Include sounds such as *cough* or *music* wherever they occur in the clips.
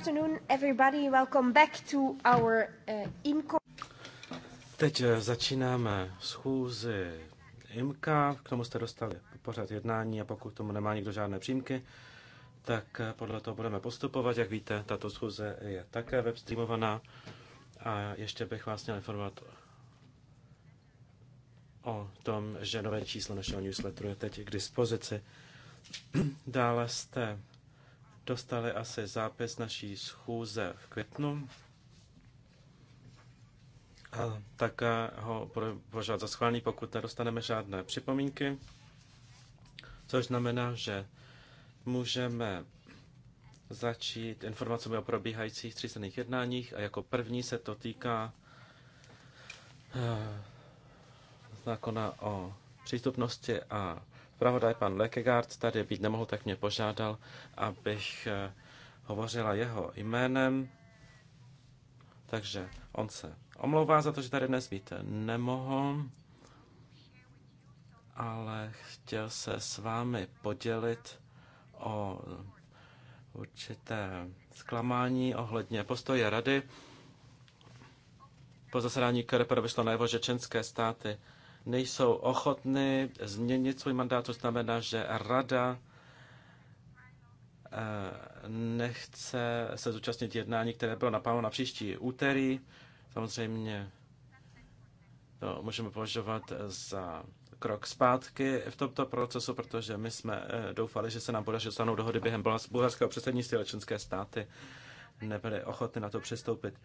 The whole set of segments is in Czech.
afternoon, everybody. Welcome back to our uh, IMCO. Teď eh, začínáme schůzi IMCA, k tomu jste dostali pořád jednání a pokud tomu nemá nikdo žádné přímky, tak eh, podle toho budeme postupovat. Jak víte, tato schůze je také webstreamovaná a ještě bych vás měl informovat o tom, že nové číslo našeho newsletteru je teď k dispozici. *clears throat* Dále jste dostali asi zápis naší schůze v květnu. A tak eh, ho považovat za schválný, pokud nedostaneme žádné připomínky, což znamená, že můžeme začít informacemi o probíhajících třízených jednáních a jako první se to týká eh, zákona o přístupnosti a zpravodaj pan Lekegard tady být nemohl, tak mě požádal, abych eh, hovořila jeho jménem. Takže on se omlouvá za to, že tady dnes být nemohl, ale chtěl se s vámi podělit o určité zklamání ohledně postoje rady. Po zasedání KRP vyšlo najevo, že členské státy nejsou ochotny změnit svůj mandát, to znamená, že rada eh, nechce se zúčastnit jednání, které bylo naplánováno na příští úterý. Samozřejmě to můžeme považovat za krok zpátky v tomto procesu, protože my jsme eh, doufali, že se nám podaří dosáhnout dohody během bulharského předsednictví, ale členské státy nebyly ochotny na to přistoupit.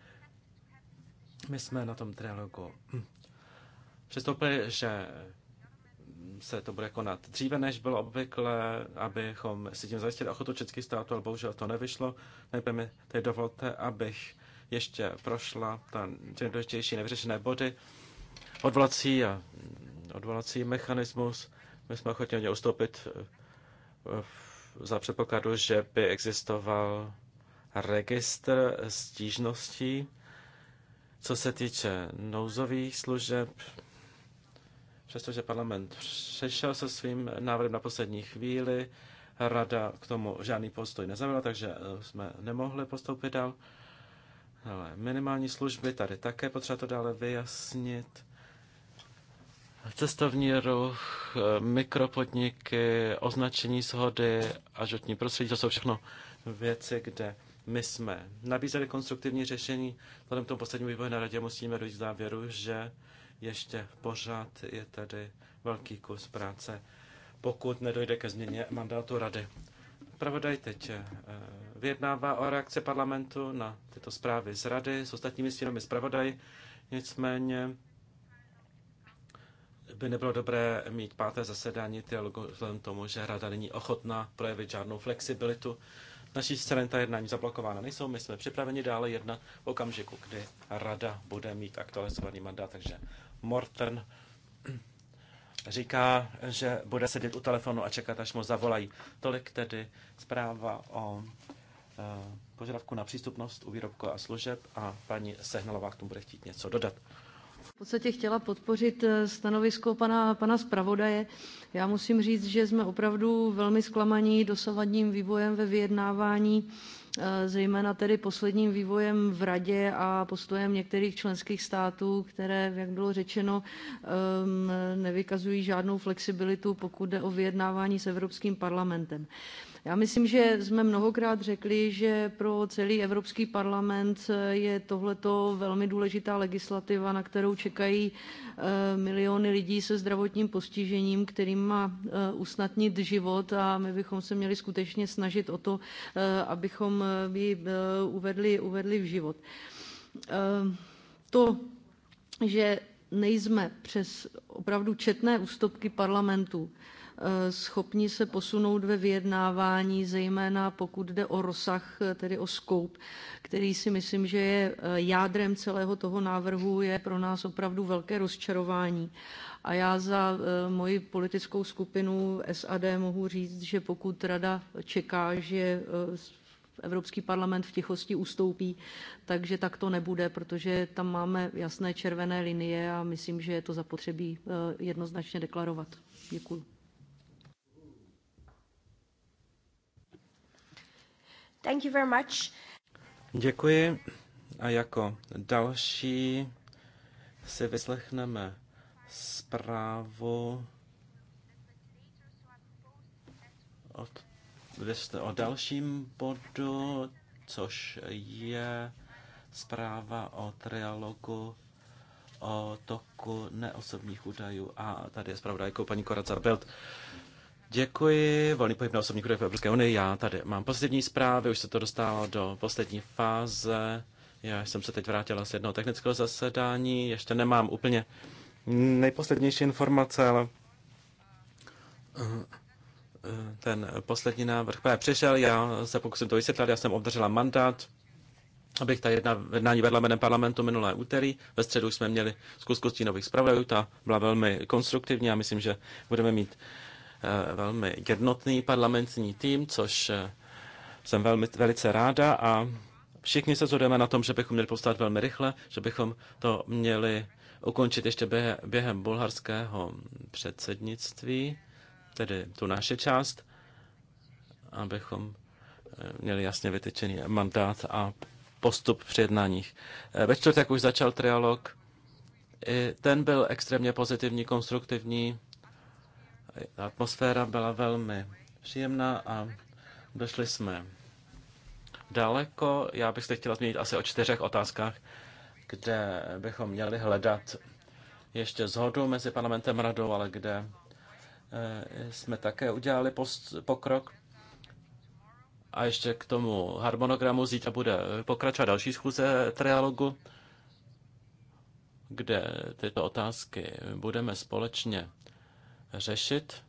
My jsme na tom trialogu přistoupili, že se to bude konat dříve, než bylo obvykle, abychom si tím zajistili ochotu českých států, ale bohužel to nevyšlo. Nejprve mi tady dovolte, abych ještě prošla ty nejdůležitější nevyřešené body. Odvolací a odvolací mechanismus. My jsme ochotni od ustoupit eh, za předpokladu, že by existoval registr stížností, co se týče nouzových služeb, Přestože parlament přešel se svým návrhem na poslední chvíli, rada k tomu žádný postoj nezavěla, takže eh, jsme nemohli postoupit dál. Ale minimální služby, tady také potřeba to dále vyjasnit. Cestovní ruch, eh, mikropodniky, označení shody a životní prostředí, to jsou všechno věci, kde my jsme nabízeli konstruktivní řešení. Vzhledem k tomu poslednímu vývoji na radě musíme dojít závěru, že ještě pořád je tady velký kus práce, pokud nedojde ke změně mandátu rady. Pravodaj teď eh, vyjednává o reakci parlamentu na tyto zprávy z rady s ostatními stěnami zpravodaj, nicméně by nebylo dobré mít páté zasedání dialogu vzhledem tomu, že rada není ochotná projevit žádnou flexibilitu. Naší strany ta jednání zablokována nejsou, my jsme připraveni dále jednat v okamžiku, kdy rada bude mít aktualizovaný mandát, takže Morten říká, že bude sedět u telefonu a čekat, až mu zavolají. Tolik tedy zpráva o eh, požadavku na přístupnost u výrobku a služeb a paní Sehnalová k tomu bude chtít něco dodat. V podstatě chtěla podpořit eh, stanovisko pana, pana zpravodaje. Já musím říct, že jsme opravdu velmi zklamaní dosavadním vývojem ve vyjednávání Eh, zejména tedy posledním vývojem v Radě a postojem některých členských států, které, jak bylo řečeno, ehm, nevykazují žádnou flexibilitu, pokud jde o vyjednávání s Evropským parlamentem. Já myslím, že jsme mnohokrát řekli, že pro celý Evropský parlament je tohleto velmi důležitá legislativa, na kterou čekají eh, miliony lidí se zdravotním postižením, kterým má eh, usnadnit život a my bychom se měli skutečně snažit o to, eh, abychom ji uvedli, uvedli v život. To, že nejsme přes opravdu četné ústupky parlamentu Eh, schopni se posunout ve vyjednávání, zejména pokud jde o rozsah, eh, tedy o scope, který si myslím, že je eh, jádrem celého toho návrhu, je pro nás opravdu velké rozčarování. A já za moji politickou skupinu SAD mohu říct, že pokud rada čeká, že Evropský parlament v tichosti ustoupí, takže tak to nebude, protože tam máme jasné červené linie a myslím, že je to zapotřebí jednoznačně deklarovat. Děkuji. Thank you very much. Děkuji. A jako další si vyslechneme zprávu od, o dalším bodu, což je zpráva o trialogu o toku neosobních údajů. A tady je zpravodajkou paní Koraca Belt. Děkuji. Volný pohyb na osobní v Evropské unii. Já tady mám pozitivní zprávy, už se to dostalo do poslední fáze. Já jsem se teď vrátila z jednoho technického zasedání. Ještě nemám úplně nejposlednější informace, ale eh, ten poslední návrh právě přišel. Já se pokusím to vysvětlit. Já jsem obdržela mandát, abych ta jedna jednání vedla jménem parlamentu minulé úterý. Ve středu jsme měli zkus nových zpravodajů. Ta byla velmi konstruktivní a myslím, že budeme mít Eh, velmi jednotný parlamentní tým, což eh, jsem velmi, velice ráda a všichni se shodujeme na tom, že bychom měli povstat velmi rychle, že bychom to měli ukončit ještě během bulharského předsednictví, tedy tu naši část, abychom eh, měli jasně vytyčený mandát a postup při jednáních. Ve čtvrtek už začal trialog. I ten byl extrémně pozitivní, konstruktivní atmosféra byla velmi příjemná a došli jsme daleko. Já bych se chtěla zmínit asi o čtyřech otázkách, kde bychom měli hledat ještě zhodu mezi parlamentem a radou, ale kde eh, jsme také udělali post, pokrok. A ještě k tomu harmonogramu zítra bude pokračovat další schůze trialogu, kde tyto otázky budeme společně řešit.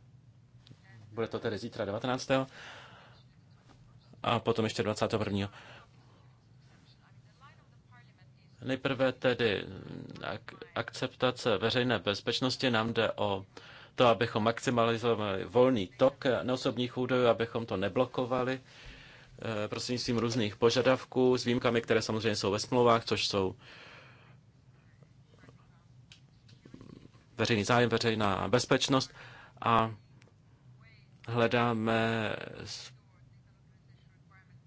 Bude to tedy zítra 19. a potom ještě 21. Nejprve tedy ak- akceptace veřejné bezpečnosti. Nám jde o to, abychom maximalizovali volný tok neosobních údajů, abychom to neblokovali eh, prostřednictvím různých požadavků s výjimkami, které samozřejmě jsou ve smlouvách, což jsou veřejný zájem, veřejná bezpečnost a hledáme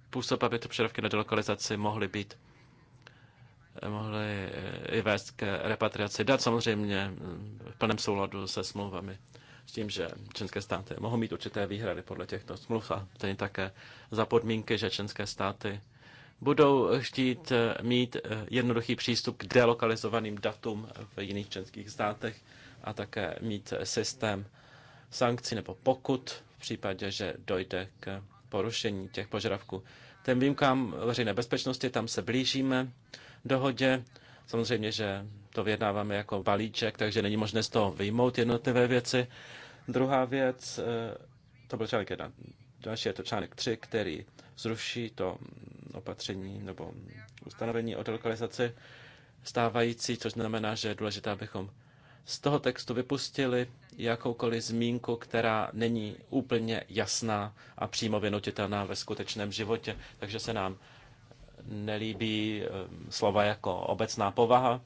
způsob, aby ty požadavky na delokalizaci mohly být mohly eh, i vést k repatriaci dat, samozřejmě eh, v plném souladu se smlouvami s tím, že členské státy mohou mít určité výhrady podle těchto smluv a tedy také za podmínky, že členské státy budou chtít eh, mít jednoduchý přístup k delokalizovaným datům v jiných členských státech a také mít systém sankcí nebo pokut v případě, že dojde k porušení těch požadavků. Ten výjimkám veřejné bezpečnosti, tam se blížíme dohodě. Samozřejmě, že to vyjednáváme jako balíček, takže není možné z toho vyjmout jednotlivé věci. Druhá věc, eh, to byl článek jedna. Další je to článek 3, který zruší to opatření nebo ustanovení o delokalizaci stávající, což znamená, že je důležité, abychom z toho textu vypustili jakoukoliv zmínku, která není úplně jasná a přímo vynutitelná ve skutečném životě. Takže se nám nelíbí eh, slova jako obecná povaha,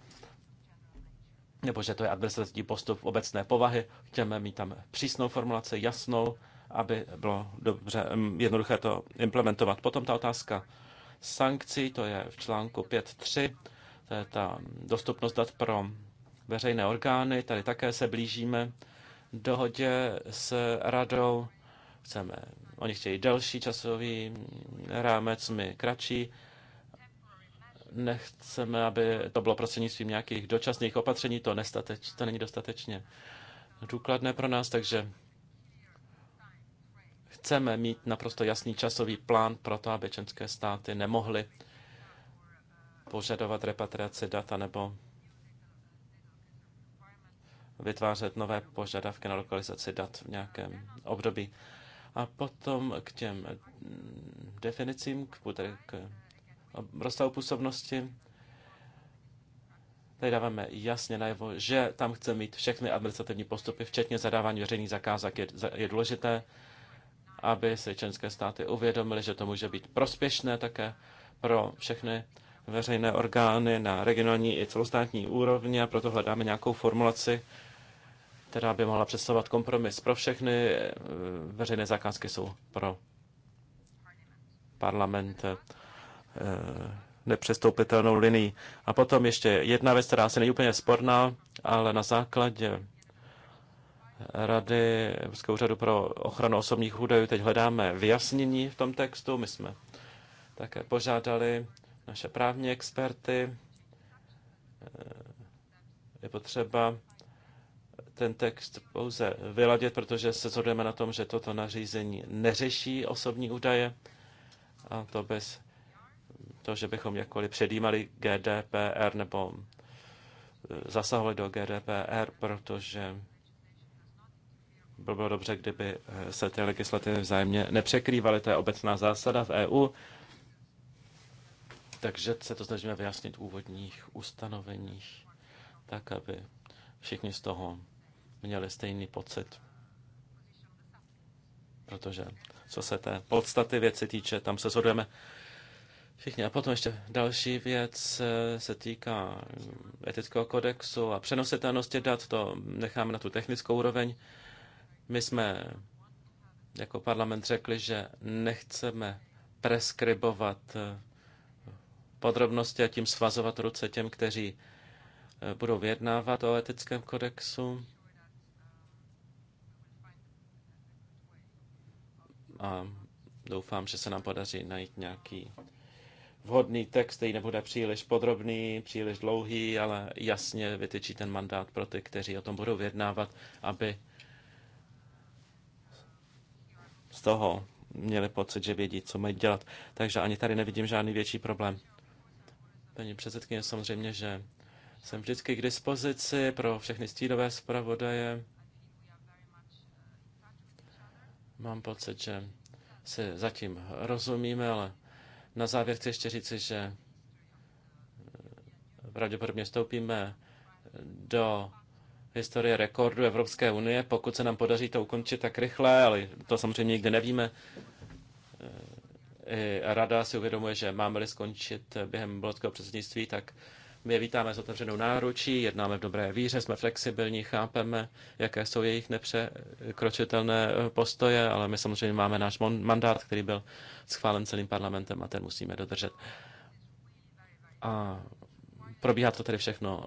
nebo že to je adversativní postup obecné povahy. Chceme mít tam přísnou formulaci, jasnou, aby bylo dobře, mm, jednoduché to implementovat. Potom ta otázka sankcí, to je v článku 5.3, to je ta dostupnost dat pro veřejné orgány. Tady také se blížíme dohodě s radou. Chceme, oni chtějí delší časový rámec, my kratší. Nechceme, aby to bylo prostřednictvím nějakých dočasných opatření, to, nestateč, to není dostatečně důkladné pro nás, takže chceme mít naprosto jasný časový plán pro to, aby členské státy nemohly požadovat repatriaci data nebo vytvářet nové požadavky na lokalizaci dat v nějakém období. A potom k těm mm, definicím, k, k rozsahu působnosti, tady dáváme jasně najevo, že tam chce mít všechny administrativní postupy, včetně zadávání veřejných zakázek, je, je důležité, aby se členské státy uvědomily, že to může být prospěšné také pro všechny veřejné orgány na regionální i celostátní úrovni a proto hledáme nějakou formulaci, která by mohla představovat kompromis pro všechny. Veřejné zakázky jsou pro parlament eh, nepřestoupitelnou linií. A potom ještě jedna věc, která asi není úplně sporná, ale na základě Rady Evropského úřadu pro ochranu osobních údajů teď hledáme vyjasnění v tom textu. My jsme také požádali naše právní experty. Eh, je potřeba ten text pouze vyladit, protože se shodujeme na tom, že toto nařízení neřeší osobní údaje a to bez to, že bychom jakkoliv předjímali GDPR nebo eh, zasahovali do GDPR, protože by bylo dobře, kdyby eh, se ty legislativy vzájemně nepřekrývaly. To je obecná zásada v EU. Takže se to snažíme vyjasnit v úvodních ustanoveních, tak aby všichni z toho měli stejný pocit. Protože co se té podstaty věci týče, tam se shodujeme všichni. A potom ještě další věc eh, se týká etického kodexu a přenositelnosti dat, to necháme na tu technickou úroveň. My jsme jako parlament řekli, že nechceme preskribovat eh, podrobnosti a tím svazovat ruce těm, kteří eh, budou vyjednávat o etickém kodexu. A doufám, že se nám podaří najít nějaký vhodný text, který nebude příliš podrobný, příliš dlouhý, ale jasně vytyčí ten mandát pro ty, kteří o tom budou vyjednávat, aby z toho měli pocit, že vědí, co mají dělat. Takže ani tady nevidím žádný větší problém paní předsedkyně, samozřejmě, že jsem vždycky k dispozici pro všechny stínové zpravodaje. Mám pocit, že si zatím rozumíme, ale na závěr chci ještě říci, že eh, pravděpodobně vstoupíme do historie rekordu Evropské unie, pokud se nám podaří to ukončit tak rychle, ale to samozřejmě nikdy nevíme. Eh, Rada si uvědomuje, že máme-li skončit během loňského předsednictví, tak my je vítáme s otevřenou náručí, jednáme v dobré víře, jsme flexibilní, chápeme, jaké jsou jejich nepřekročitelné postoje, ale my samozřejmě máme náš mandát, který byl schválen celým parlamentem a ten musíme dodržet. A probíhá to tedy všechno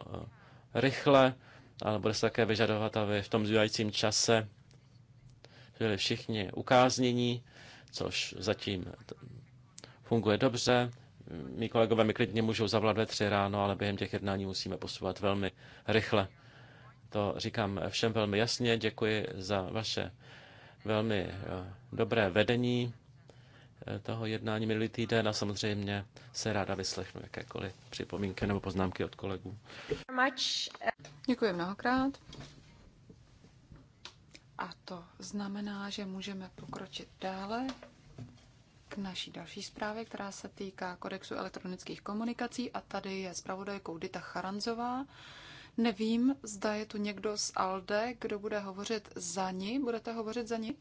eh, rychle, ale bude se také vyžadovat, aby v tom zbývajícím čase byli všichni ukáznění což zatím funguje dobře. Mí kolegové mi klidně můžou zavolat ve tři ráno, ale během těch jednání musíme posouvat velmi rychle. To říkám všem velmi jasně. Děkuji za vaše velmi eh, dobré vedení eh, toho jednání minulý týden a samozřejmě se ráda vyslechnu jakékoliv připomínky nebo poznámky od kolegů. Děkuji mnohokrát. A to znamená, že můžeme pokročit dále k naší další zprávě, která se týká kodexu elektronických komunikací a tady je zpravodajkou Dita Charanzová. Nevím, zda je tu někdo z ALDE, kdo bude hovořit za ní. Budete hovořit za ní?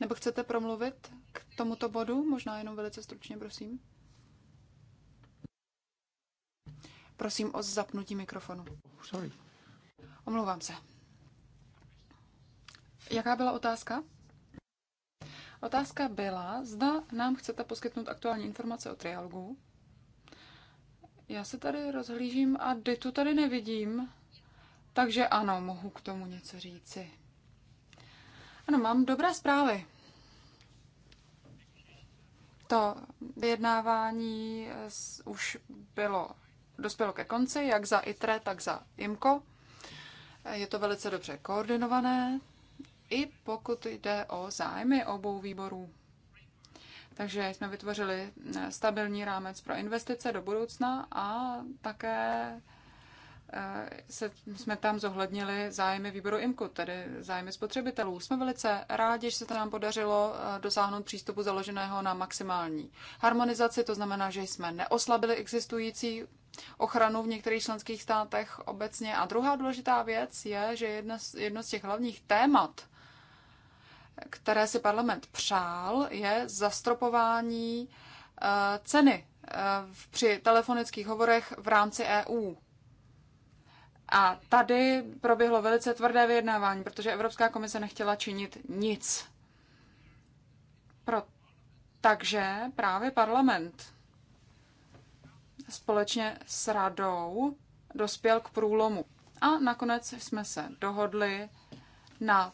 Nebo chcete promluvit k tomuto bodu? Možná jenom velice stručně, prosím. Prosím o zapnutí mikrofonu. Sorry. Omlouvám se. Jaká byla otázka? Otázka byla, zda nám chcete poskytnout aktuální informace o trialogu. Já se tady rozhlížím a Ditu tady nevidím, takže ano, mohu k tomu něco říci. Ano, mám dobré zprávy. To vyjednávání eh, už bylo, dospělo ke konci, jak za ITRE, tak za IMCO. Je to velice dobře koordinované, i pokud jde o zájmy obou výborů. Takže jsme vytvořili eh, stabilní rámec pro investice do budoucna a také eh, se, jsme tam zohlednili zájmy výboru IMKU, tedy zájmy spotřebitelů. Jsme velice rádi, že se to nám podařilo eh, dosáhnout přístupu založeného na maximální harmonizaci, to znamená, že jsme neoslabili existující ochranu v některých členských státech obecně. A druhá důležitá věc je, že jedno z, jedno z těch hlavních témat které si parlament přál, je zastropování eh, ceny eh, při telefonických hovorech v rámci EU. A tady proběhlo velice tvrdé vyjednávání, protože Evropská komise nechtěla činit nic. Pro... Takže právě parlament společně s radou dospěl k průlomu. A nakonec jsme se dohodli na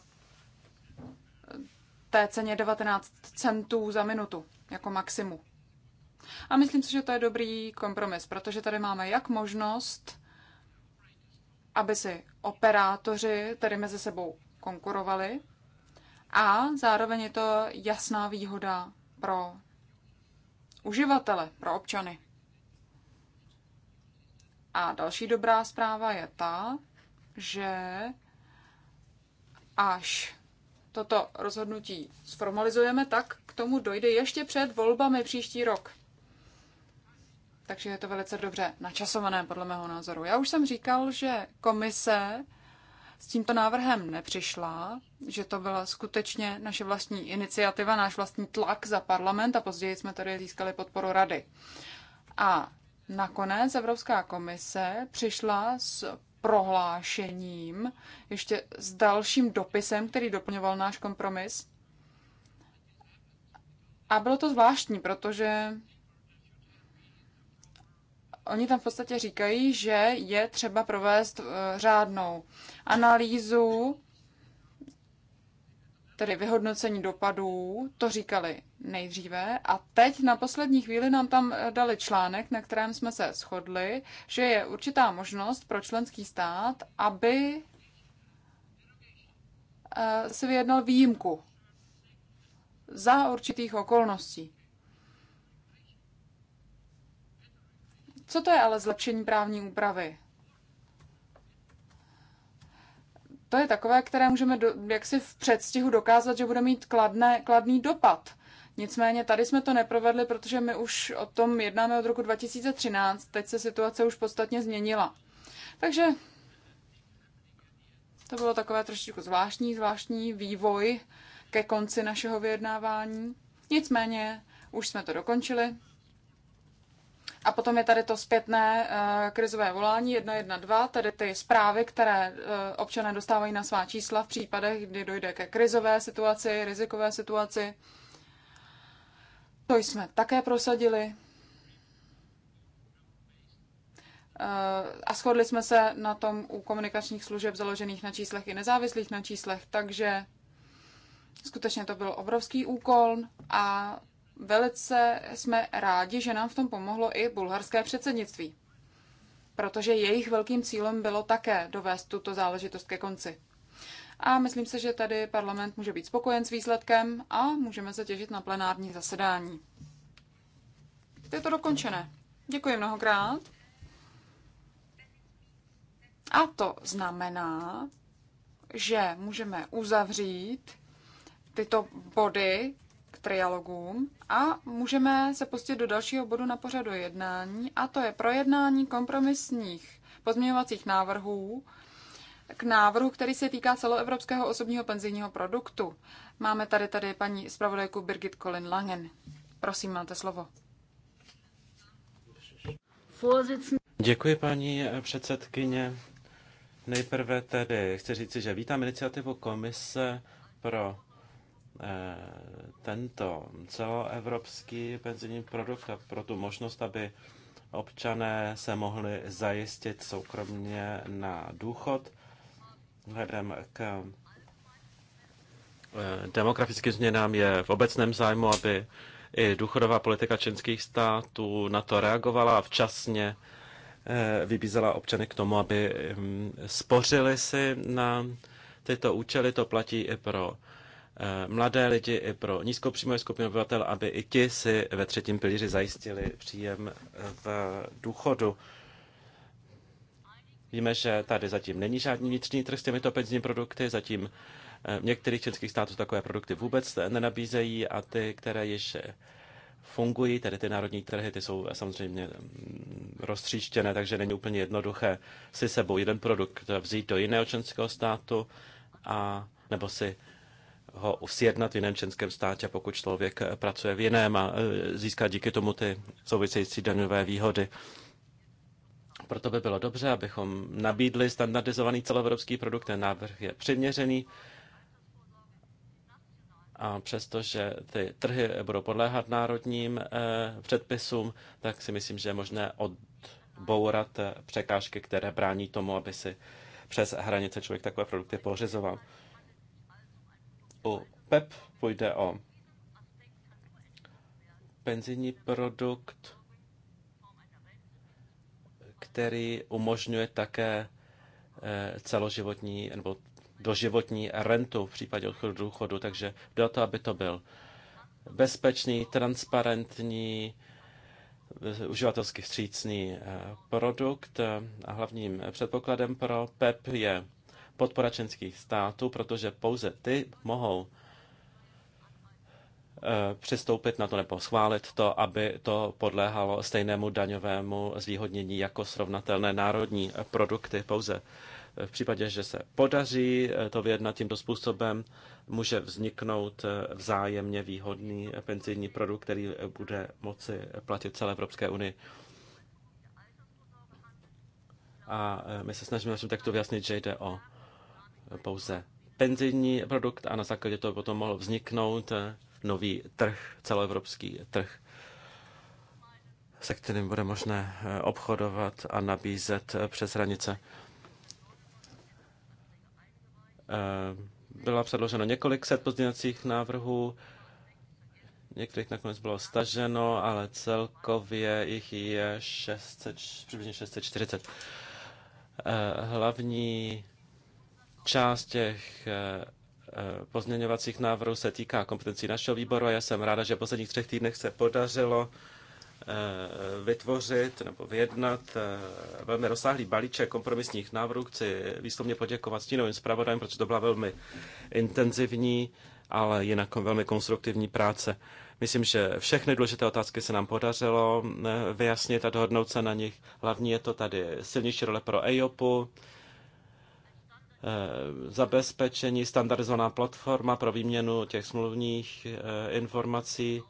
té ceně 19 centů za minutu jako maximu. A myslím si, že to je dobrý kompromis, protože tady máme jak možnost, aby si operátoři tedy mezi sebou konkurovali, a zároveň je to jasná výhoda pro uživatele, pro občany. A další dobrá zpráva je ta, že až toto rozhodnutí sformalizujeme, tak k tomu dojde ještě před volbami příští rok. Takže je to velice dobře načasované, podle mého názoru. Já už jsem říkal, že komise s tímto návrhem nepřišla, že to byla skutečně naše vlastní iniciativa, náš vlastní tlak za parlament a později jsme tady získali podporu rady. A nakonec Evropská komise přišla s prohlášením, ještě s dalším dopisem, který doplňoval náš kompromis. A bylo to zvláštní, protože oni tam v podstatě říkají, že je třeba provést eh, řádnou analýzu tedy vyhodnocení dopadů, to říkali nejdříve a teď na poslední chvíli nám tam eh, dali článek, na kterém jsme se shodli, že je určitá možnost pro členský stát, aby eh, si vyjednal výjimku za určitých okolností. Co to je ale zlepšení právní úpravy? to je takové, které můžeme do, jaksi v předstihu dokázat, že bude mít kladné, kladný dopad. Nicméně tady jsme to neprovedli, protože my už o tom jednáme od roku 2013, teď se situace už podstatně změnila. Takže to bylo takové trošičku zvláštní, zvláštní vývoj ke konci našeho vyjednávání. Nicméně už jsme to dokončili a potom je tady to zpětné eh, krizové volání 112, tedy ty zprávy, které eh, občané dostávají na svá čísla v případech, kdy dojde ke krizové situaci, rizikové situaci. To jsme také prosadili. Eh, a shodli jsme se na tom u komunikačních služeb založených na číslech i nezávislých na číslech, takže skutečně to byl obrovský úkol a velice jsme rádi, že nám v tom pomohlo i bulharské předsednictví, protože jejich velkým cílem bylo také dovést tuto záležitost ke konci. A myslím se, že tady parlament může být spokojen s výsledkem a můžeme se těžit na plenární zasedání. Je to dokončené. Děkuji mnohokrát. A to znamená, že můžeme uzavřít tyto body k trialogům a můžeme se pustit do dalšího bodu na pořadu jednání a to je projednání kompromisních pozměňovacích návrhů k návrhu, který se týká celoevropského osobního penzijního produktu. Máme tady tady paní zpravodajku Birgit Colin Langen. Prosím, máte slovo. Děkuji, paní předsedkyně. Nejprve tedy chci říci, že vítám iniciativu komise pro Eh, tento celoevropský penzijní produkt a pro tu možnost, aby občané se mohli zajistit soukromně na důchod vzhledem k eh, demografickým změnám je v obecném zájmu, aby i důchodová politika čínských států na to reagovala a včasně eh, vybízela občany k tomu, aby hm, spořili si na tyto účely. To platí i pro Eh, mladé lidi, i pro nízkopříjmové skupiny obyvatel, aby i ti si ve třetím pilíři zajistili příjem eh, v důchodu. Víme, že tady zatím není žádný vnitřní trh s těmito penzijními produkty, zatím eh, v některých českých států takové produkty vůbec nenabízejí a ty, které již fungují, tedy ty národní trhy, ty jsou samozřejmě mm, roztříštěné, takže není úplně jednoduché si sebou jeden produkt vzít do jiného členského státu a nebo si ho usjednat v jiném členském státě, pokud člověk eh, pracuje v jiném a eh, získá díky tomu ty související daňové výhody. Proto by bylo dobře, abychom nabídli standardizovaný celoevropský produkt. Ten návrh je přiměřený a přestože ty trhy budou podléhat národním eh, předpisům, tak si myslím, že je možné odbourat překážky, které brání tomu, aby si přes hranice člověk takové produkty pořizoval u PEP půjde o penzijní produkt, který umožňuje také eh, celoživotní nebo doživotní rentu v případě odchodu do důchodu. Takže jde o to, aby to byl bezpečný, transparentní, eh, uživatelsky vstřícný eh, produkt. A hlavním předpokladem pro PEP je podpora členských států, protože pouze ty mohou eh, přistoupit na to nebo schválit to, aby to podléhalo stejnému daňovému zvýhodnění jako srovnatelné národní produkty. Pouze eh, v případě, že se podaří eh, to vyjednat tímto způsobem, může vzniknout vzájemně výhodný penzijní produkt, který bude moci platit celé Evropské unii. A my se snažíme v tomto takto vyjasnit, že jde o pouze penzijní produkt a na základě toho potom mohl vzniknout eh, nový trh, celoevropský trh, se kterým bude možné eh, obchodovat a nabízet eh, přes hranice. Byla předloženo několik set pozměňovacích návrhů, některých nakonec bylo staženo, ale celkově jich je 600, přibližně 640. Hlavní Část těch eh, eh, pozměňovacích návrhů se týká kompetencí našeho výboru a já jsem ráda, že v posledních třech týdnech se podařilo eh, vytvořit nebo vyjednat velmi rozsáhlý balíček kompromisních návrhů. Chci výslovně poděkovat stínovým zpravodajům, protože to byla velmi intenzivní, ale jinak velmi konstruktivní práce. Myslím, že všechny důležité otázky se nám podařilo vyjasnit a dohodnout se na nich. Hlavní je to tady silnější role pro EIOPu, Eh, zabezpečení, standardizovaná platforma pro výměnu těch smluvních eh, informací,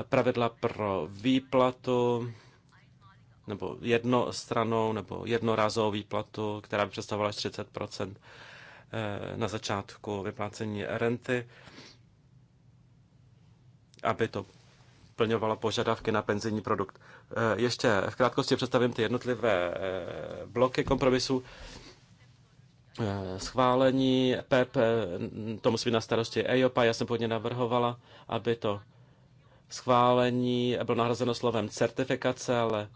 eh, pravidla pro výplatu nebo jednostranou nebo jednorázovou výplatu, která by představovala 30 na začátku vyplácení renty, aby to plňovalo požadavky na penzijní produkt. Ještě v krátkosti představím ty jednotlivé bloky kompromisu. Eh, schválení PEP, to musí být na starosti EIOPA, já jsem původně navrhovala, aby to schválení bylo nahrazeno slovem certifikace, ale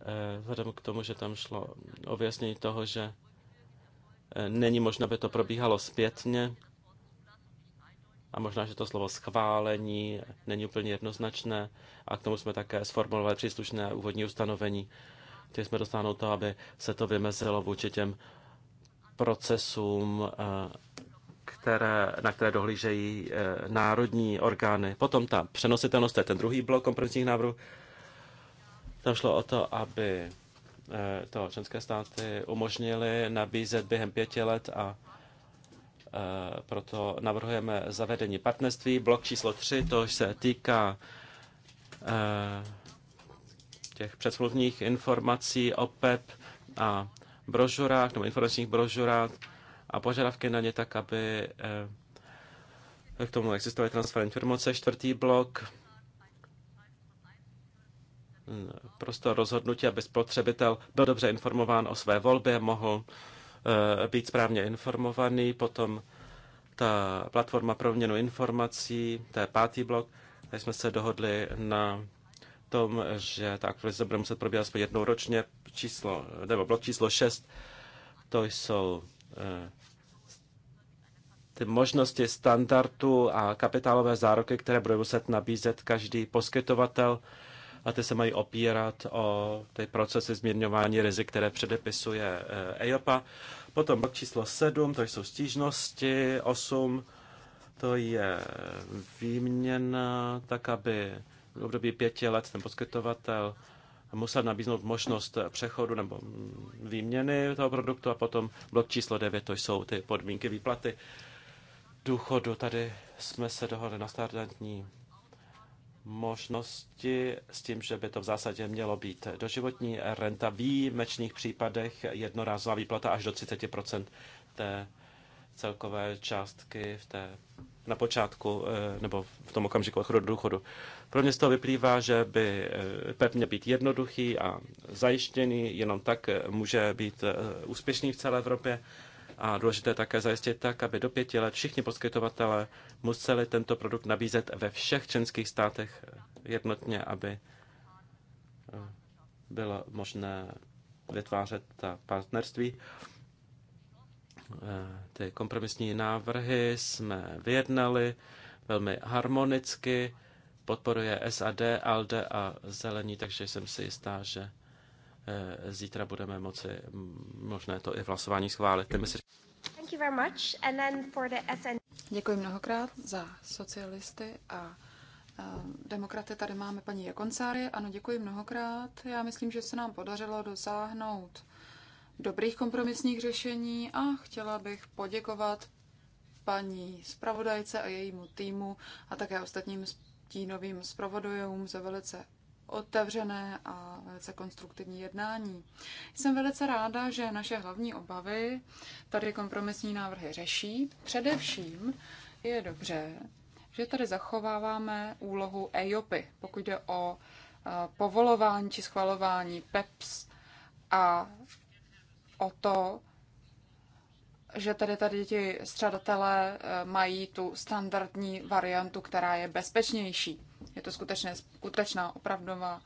eh, vzhledem k tomu, že tam šlo o vyjasnění toho, že eh, není možné, aby to probíhalo zpětně a možná, že to slovo schválení není úplně jednoznačné a k tomu jsme také sformulovali příslušné úvodní ustanovení, Chtěli jsme dostáhnout to, aby se to vymezilo vůči těm procesům, eh, které, na které dohlížejí eh, národní orgány. Potom ta přenositelnost, to je ten druhý blok kompromisních návrhů. Tam šlo o to, aby eh, to členské státy umožnili nabízet během pěti let a proto navrhujeme zavedení partnerství. Blok číslo tři to se týká těch předsmluvních informací o PEP e a brožurách nebo informačních brožurách a požadavky na ně tak, aby eh, k tomu existovaly transfer informace. Čtvrtý blok, mm, prostor rozhodnutí, aby spotřebitel byl dobře informován o své volbě, mohl eh, být správně informovaný, potom ta platforma pro měnu informací, to je pátý blok, tady jsme se dohodli na tom, že ta aktualizace bude muset probíhat aspoň jednou ročně, číslo, nebo blok číslo 6, to jsou eh, ty možnosti standardu a kapitálové zároky, které bude muset nabízet každý poskytovatel a ty se mají opírat o ty procesy změňování rizik, které předepisuje eh, EIOPA. Potom blok číslo 7, to jsou stížnosti, 8, to je výměna, tak aby v období pěti let ten poskytovatel musel nabíznout možnost přechodu nebo výměny toho produktu a potom blok číslo 9, to jsou ty podmínky výplaty důchodu. Tady jsme se dohodli na startantní možnosti s tím, že by to v zásadě mělo být doživotní renta v výjimečných případech jednorázová výplata až do 30 té celkové částky v té na počátku eh, nebo v tom okamžiku odchodu jako do důchodu. Pro mě z toho vyplývá, že by eh, PEP měl být jednoduchý a zajištěný, jenom tak eh, může být úspěšný v celé Evropě. A důležité také zajistit tak, aby do pěti let všichni poskytovatele museli tento produkt nabízet ve všech členských státech jednotně, aby bylo možné vytvářet ta partnerství. Eh, ty kompromisní návrhy jsme vyjednali velmi harmonicky, podporuje SAD, ALDE a Zelení, takže jsem si jistá, že eh, zítra budeme moci možné to i v hlasování schválit. Děkuji mnohokrát za socialisty a eh, demokraty. Tady máme paní Jakoncáry. Ano, děkuji mnohokrát. Já myslím, že se nám podařilo dosáhnout dobrých kompromisních řešení a chtěla bych poděkovat paní zpravodajce a jejímu týmu a také ostatním stínovým zpravodajům za velice otevřené a velice konstruktivní jednání. Jsem velice ráda, že naše hlavní obavy tady kompromisní návrhy řeší. Především je dobře, že tady zachováváme úlohu EIOPy, pokud jde o povolování či schvalování PEPS a o to, že tady tady děti střadatelé eh, mají tu standardní variantu, která je bezpečnější. Je to skutečně, skutečná opravdová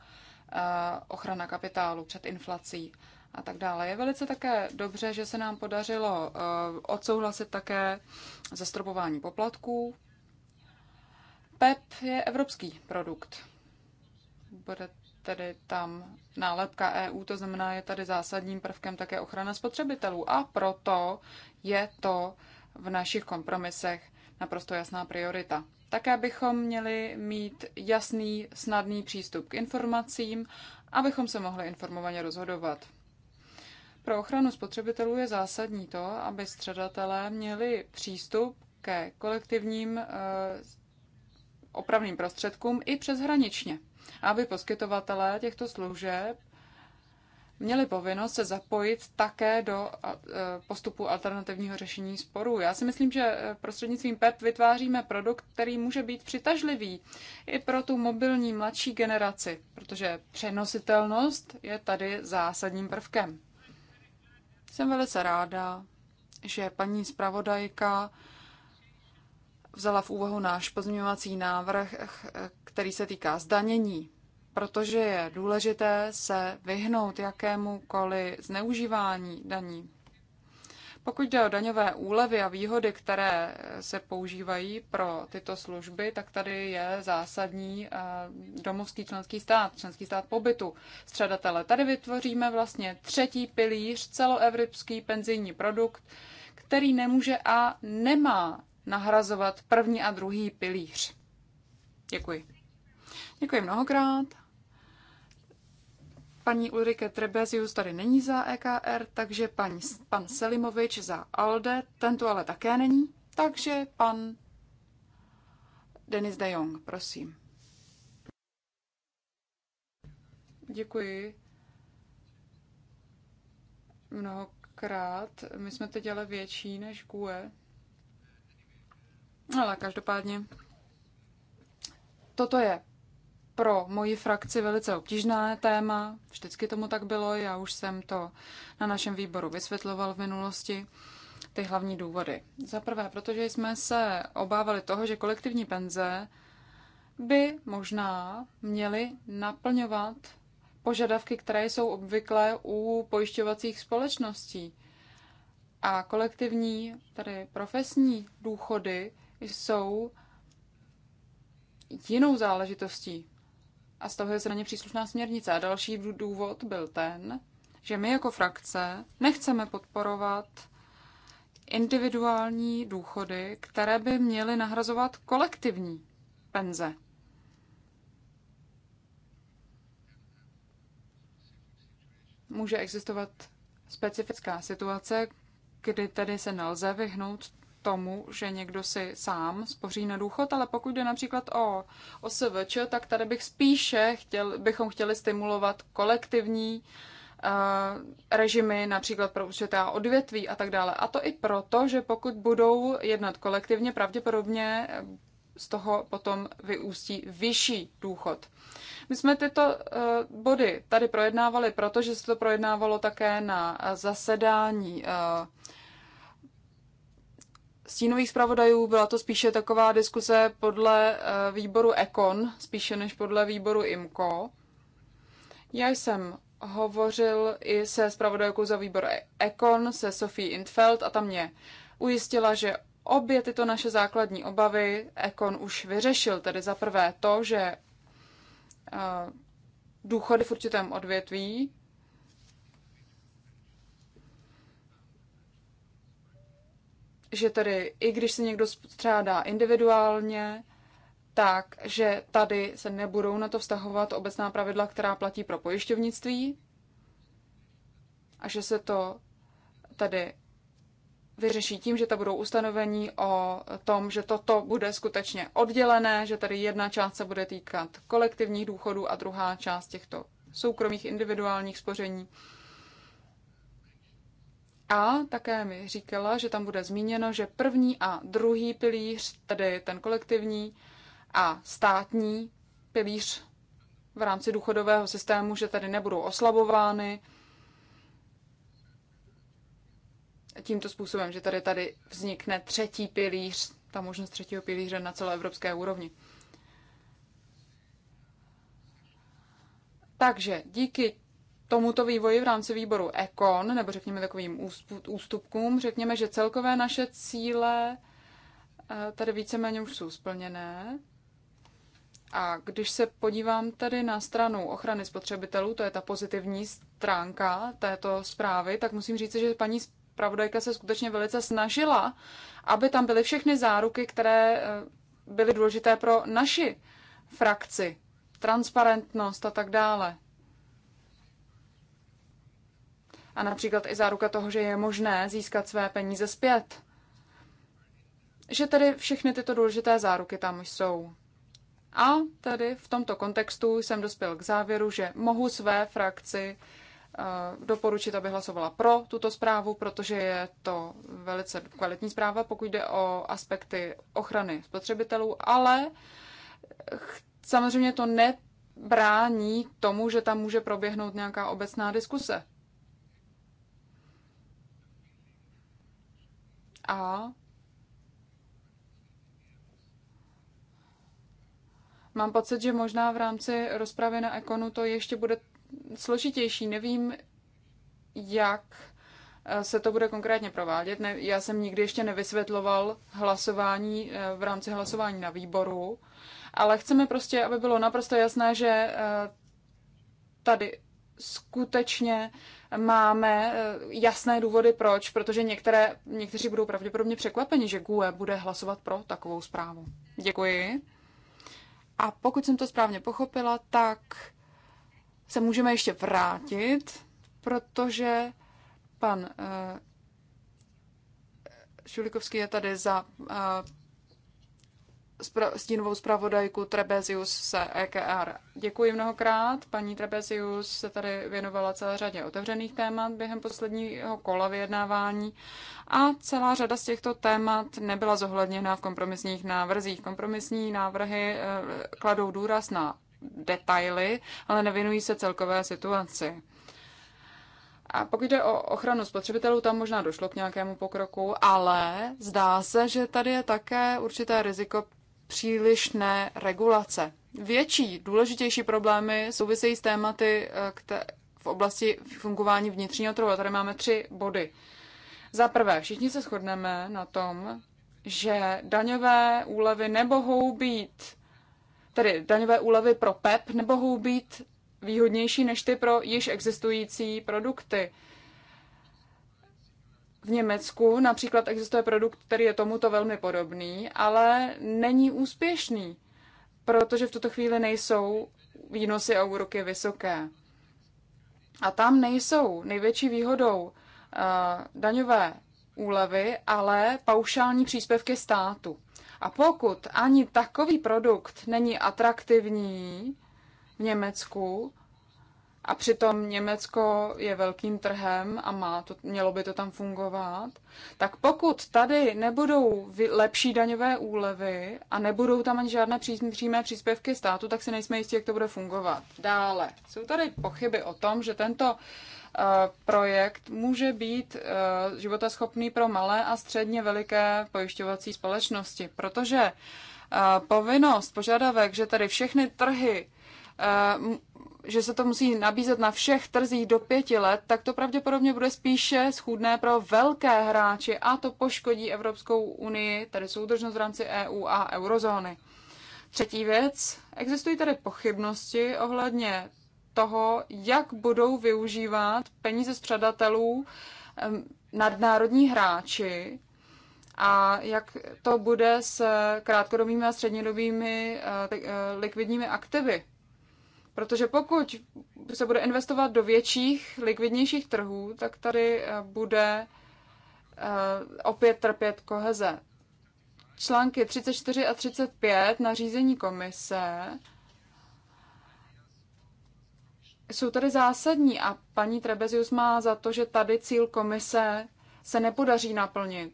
eh, ochrana kapitálu před inflací a tak dále. Je velice také dobře, že se nám podařilo eh, odsouhlasit také zastropování poplatků. PEP e je evropský produkt. Bude tedy tam nálepka EU, to znamená, je tady zásadním prvkem také ochrana spotřebitelů. A proto je to v našich kompromisech naprosto jasná priorita. Také bychom měli mít jasný, snadný přístup k informacím, abychom se mohli informovaně rozhodovat. Pro ochranu spotřebitelů je zásadní to, aby středatelé měli přístup ke kolektivním eh, opravným prostředkům i přeshraničně aby poskytovatelé těchto služeb měli povinnost se zapojit také do e, postupu alternativního řešení sporů. Já si myslím, že e, prostřednictvím PEP vytváříme produkt, který může být přitažlivý i pro tu mobilní mladší generaci, protože přenositelnost je tady zásadním prvkem. Jsem velice ráda, že paní zpravodajka vzala v úvahu náš pozměňovací návrh, který se týká zdanění, protože je důležité se vyhnout jakémukoliv zneužívání daní. Pokud jde o daňové úlevy a výhody, které se používají pro tyto služby, tak tady je zásadní eh, domovský členský stát, členský stát pobytu středatele. Tady vytvoříme vlastně třetí pilíř, celoevropský penzijní produkt, který nemůže a nemá nahrazovat první a druhý pilíř. Děkuji. Děkuji mnohokrát. Paní Ulrike Trebezius tady není za EKR, takže paní, pan Selimovič za ALDE, Ten tu ale také není, takže pan Denis de Jong, prosím. Děkuji mnohokrát. My jsme teď ale větší než GUE, ale každopádně toto je pro moji frakci velice obtížné téma. Vždycky tomu tak bylo. Já už jsem to na našem výboru vysvětloval v minulosti. Ty hlavní důvody. Za prvé, protože jsme se obávali toho, že kolektivní penze by možná měly naplňovat požadavky, které jsou obvyklé u pojišťovacích společností. A kolektivní, tedy profesní důchody jsou jinou záležitostí a stavuje se na ně příslušná směrnice. A další důvod byl ten, že my jako frakce nechceme podporovat individuální důchody, které by měly nahrazovat kolektivní penze. Může existovat specifická situace, kdy tedy se nelze vyhnout tomu, že někdo si sám spoří na důchod, ale pokud jde například o OSVČ, tak tady bych spíše chtěl, bychom chtěli stimulovat kolektivní eh, režimy, například pro určitá odvětví a tak dále. A to i proto, že pokud budou jednat kolektivně, pravděpodobně eh, z toho potom vyústí vyšší důchod. My jsme tyto eh, body tady projednávali, protože se to projednávalo také na zasedání stínových zpravodajů byla to spíše taková diskuse podle eh, výboru Econ, spíše než podle výboru IMCO. Já jsem hovořil i se zpravodajkou za výbor e- Econ, se Sophie Intfeld a tam mě ujistila, že obě tyto naše základní obavy Econ už vyřešil, tedy za prvé to, že eh, důchody v určitém odvětví že tady, i když se někdo střádá individuálně, tak, že tady se nebudou na to vztahovat obecná pravidla, která platí pro pojišťovnictví a že se to tady vyřeší tím, že to budou ustanovení o tom, že toto bude skutečně oddělené, že tady jedna část se bude týkat kolektivních důchodů a druhá část těchto soukromých individuálních spoření. A také mi říkala, že tam bude zmíněno, že první a druhý pilíř, tedy ten kolektivní a státní pilíř v rámci důchodového systému, že tady nebudou oslabovány tímto způsobem, že tady tady vznikne třetí pilíř, ta možnost třetího pilíře na celé evropské úrovni. Takže díky tomuto vývoji v rámci výboru ECON, nebo řekněme takovým ústupkům, řekněme, že celkové naše cíle eh, tady víceméně už jsou splněné. A když se podívám tady na stranu ochrany spotřebitelů, to je ta pozitivní stránka této zprávy, tak musím říct, že paní zpravodajka se skutečně velice snažila, aby tam byly všechny záruky, které eh, byly důležité pro naši frakci. Transparentnost a tak dále. a například i záruka toho, že je možné získat své peníze zpět. Že tedy všechny tyto důležité záruky tam jsou. A tedy v tomto kontextu jsem dospěl k závěru, že mohu své frakci eh, doporučit, aby hlasovala pro tuto zprávu, protože je to velice kvalitní zpráva, pokud jde o aspekty ochrany spotřebitelů, ale samozřejmě to nebrání tomu, že tam může proběhnout nějaká obecná diskuse. A mám pocit, že možná v rámci rozpravy na Ekonu to ještě bude složitější. Nevím, jak eh, se to bude konkrétně provádět. Ne, já jsem nikdy ještě nevysvětloval hlasování eh, v rámci hlasování na výboru, ale chceme prostě, aby bylo naprosto jasné, že eh, tady skutečně máme eh, jasné důvody proč, protože některé, někteří budou pravděpodobně překvapeni, že GUE bude hlasovat pro takovou zprávu. Děkuji. A pokud jsem to správně pochopila, tak se můžeme ještě vrátit, protože pan eh, Šulikovský je tady za eh, stínovou zpravodajku Trebezius se EKR. Děkuji mnohokrát. Paní Trebezius se tady věnovala celé řadě otevřených témat během posledního kola vyjednávání a celá řada z těchto témat nebyla zohledněna v kompromisních návrzích. Kompromisní návrhy eh, kladou důraz na detaily, ale nevěnují se celkové situaci. A pokud jde o ochranu spotřebitelů, tam možná došlo k nějakému pokroku, ale zdá se, že tady je také určité riziko přílišné regulace. Větší, důležitější problémy souvisejí s tématy eh, v oblasti fungování vnitřního trhu. A tady máme tři body. Za prvé, všichni se shodneme na tom, že daňové úlevy nebohou být, tedy daňové úlevy pro PEP e nebohou být výhodnější než ty pro již existující produkty v Německu například existuje produkt, který je tomuto velmi podobný, ale není úspěšný, protože v tuto chvíli nejsou výnosy a úroky vysoké. A tam nejsou největší výhodou uh, daňové úlevy, ale paušální příspěvky státu. A pokud ani takový produkt není atraktivní v Německu, a přitom Německo je velkým trhem a má to, mělo by to tam fungovat. Tak pokud tady nebudou lepší daňové úlevy a nebudou tam ani žádné přímé příspěvky státu, tak si nejsme jistí, jak to bude fungovat. Dále jsou tady pochyby o tom, že tento eh, projekt může být eh, životaschopný pro malé a středně veliké pojišťovací společnosti, protože eh, povinnost, požadavek, že tady všechny trhy že se to musí nabízet na všech trzích do pěti let, tak to pravděpodobně bude spíše schůdné pro velké hráči a to poškodí Evropskou unii, tedy soudržnost v rámci EU a eurozóny. Třetí věc, existují tady pochybnosti ohledně toho, jak budou využívat peníze z předatelů nadnárodní hráči a jak to bude s krátkodobými a střednědobými eh, eh, likvidními aktivy Protože pokud se bude investovat do větších, likvidnějších trhů, tak tady eh, bude eh, opět trpět koheze. Články 34 a 35 na řízení komise jsou tady zásadní a paní Trebezius má za to, že tady cíl komise se nepodaří naplnit.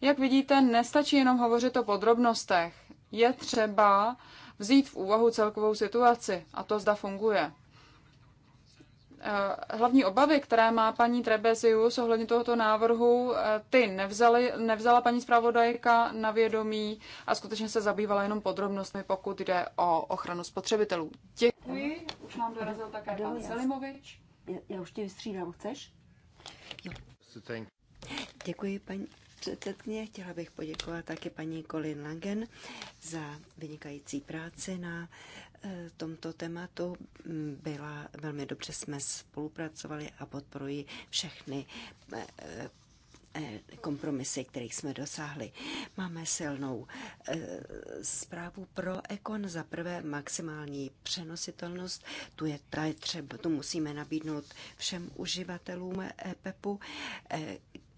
Jak vidíte, nestačí jenom hovořit o podrobnostech. Je třeba vzít v úvahu celkovou situaci a to zda funguje. Eh, hlavní obavy, které má paní Trebezius ohledně tohoto návrhu, eh, ty nevzali, nevzala paní zpravodajka na vědomí a skutečně se zabývala jenom podrobnostmi, pokud jde o ochranu spotřebitelů. Děkuji. Už nám dorazil také pan Selimovič. Já, já už ti vystřídám, chceš? Jo. Děkuji, paní předsedkyně. Chtěla bych poděkovat také paní Colin Langen za vynikající práci na eh, tomto tématu. Byla, velmi dobře jsme spolupracovali a podporuji všechny eh, eh, kompromisy, kterých jsme dosáhli. Máme silnou zprávu pro ekon. Za prvé maximální přenositelnost. Tu je, ta je třeba, tu musíme nabídnout všem uživatelům EPEPu,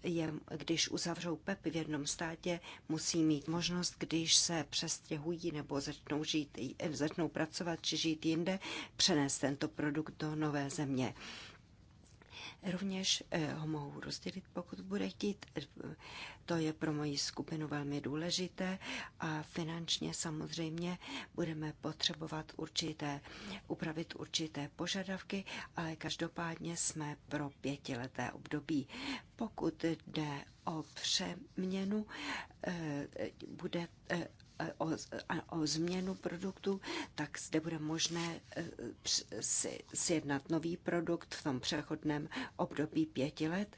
je, když uzavřou PEP v jednom státě, musí mít možnost, když se přestěhují nebo začnou, žít, eh, začnou pracovat či žít jinde, přenést tento produkt do nové země. Rovněž eh, ho mohu rozdělit, pokud bude chtít. To je pro moji skupinu velmi důležité a finančně samozřejmě budeme potřebovat určité, upravit určité požadavky, ale každopádně jsme pro pětileté období. Pokud jde o přeměnu, eh, bude eh, o, o změnu produktu, tak zde bude možné e, sjednat nový produkt v tom přechodném období pěti let.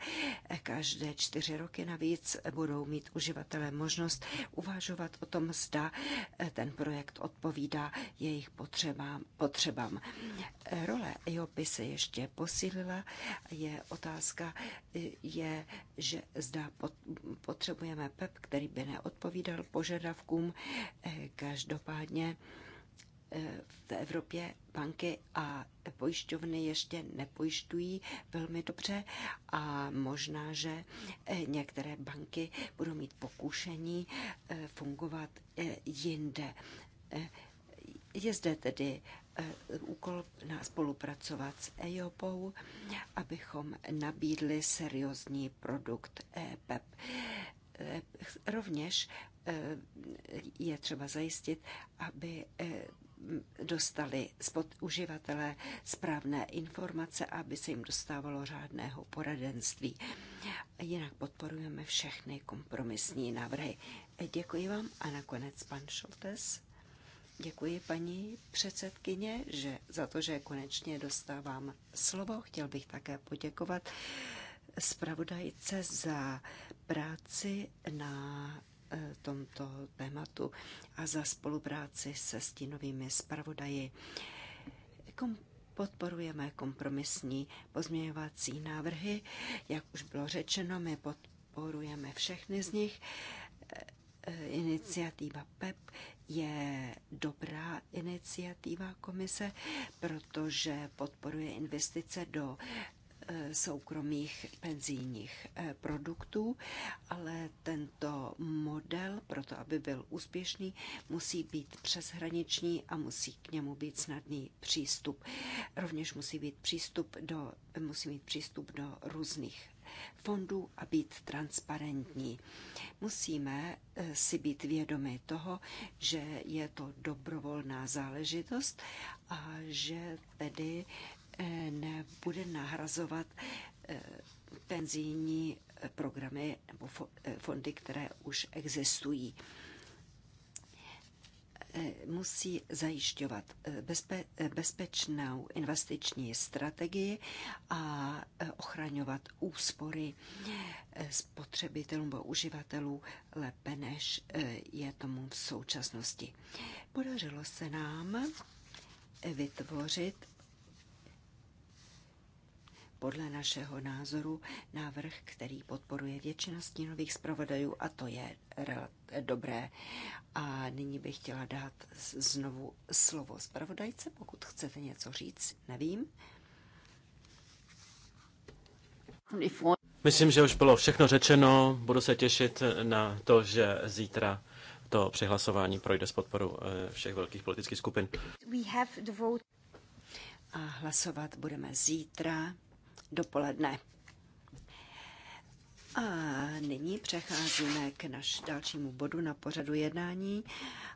E, každé čtyři roky navíc budou mít uživatelé možnost uvažovat o tom, zda e, ten projekt odpovídá jejich potřebám. potřebám. Role EOPy se ještě posílila. Je otázka, je, že zda potřebujeme PEP, který by neodpovídal požadavkům Eh, každopádně eh, v Evropě banky a pojišťovny ještě nepojišťují velmi dobře a možná, že eh, některé banky budou mít pokušení fungovat jinde. Je zde tedy úkol na spolupracovat s EIOPou, abychom nabídli seriózní produkt EPEP. E rovněž Eh, je třeba zajistit, aby eh, dostali spod uživatelé správné informace, aby se jim dostávalo řádného poradenství. Jinak podporujeme všechny kompromisní návrhy. Eh, děkuji vám a nakonec pan Šoltes. Děkuji paní předsedkyně že za to, že konečně dostávám slovo. Chtěl bych také poděkovat zpravodajce za práci na Eh, tomto tématu a za spolupráci se stínovými zpravodaji. Kom- podporujeme kompromisní pozměňovací návrhy. Jak už bylo řečeno, my podporujeme všechny z nich. Eh, eh, iniciativa PEP e je dobrá iniciativa komise, protože podporuje investice do Eh, soukromých penzijních eh, produktů, ale tento model, proto aby byl úspěšný, musí být přeshraniční a musí k němu být snadný přístup. Rovněž musí, být přístup do, musí mít přístup do různých fondů a být transparentní. Musíme eh, si být vědomi toho, že je to dobrovolná záležitost a že tedy nebude nahrazovat eh, penzijní programy nebo eh, fondy, které už existují. Eh, musí zajišťovat bezpe- bezpečnou investiční strategii a ochraňovat úspory spotřebitelů nebo uživatelů lépe, než je tomu v současnosti. Podařilo se nám vytvořit podle našeho názoru návrh, který podporuje většina stínových zpravodajů a to je dobré. A nyní bych chtěla dát znovu slovo zpravodajce, pokud chcete něco říct, nevím. Myslím, že už bylo všechno řečeno. Budu se těšit na to, že zítra to přihlasování projde s podporou eh, všech velkých politických skupin. A hlasovat budeme zítra dopoledne. A nyní přecházíme k naš dalšímu bodu na pořadu jednání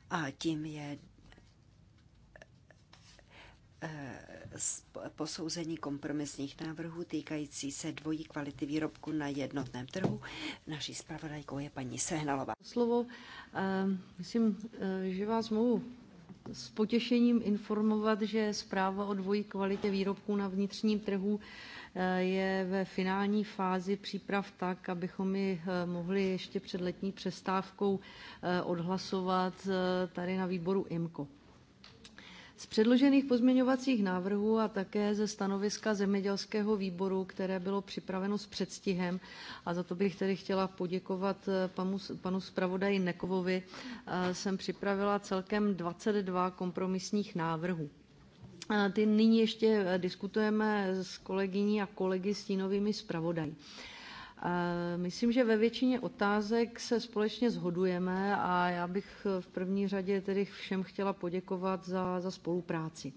a tím je e, posouzení kompromisních návrhů týkající se dvojí kvality výrobku na jednotném trhu. Naší zpravodajkou je paní Sehnalová. Slovo, e, myslím, e, že vás mohu s potěšením informovat, že zpráva o dvojí kvalitě výrobků na vnitřním trhu je ve finální fázi příprav tak, abychom ji eh, mohli ještě před letní přestávkou eh, odhlasovat eh, tady na výboru Imko. Z předložených pozměňovacích návrhů a také ze stanoviska zemědělského výboru, které bylo připraveno s předstihem, a za to bych tedy chtěla poděkovat panu, panu zpravodaji Nekovovi, jsem připravila celkem 22 kompromisních návrhů. Ty nyní ještě eh, diskutujeme s kolegyní a kolegy stínovými zpravodají. Eh, myslím, že ve většině otázek se společně zhodujeme a já bych v první řadě tedy všem chtěla poděkovat za, za spolupráci.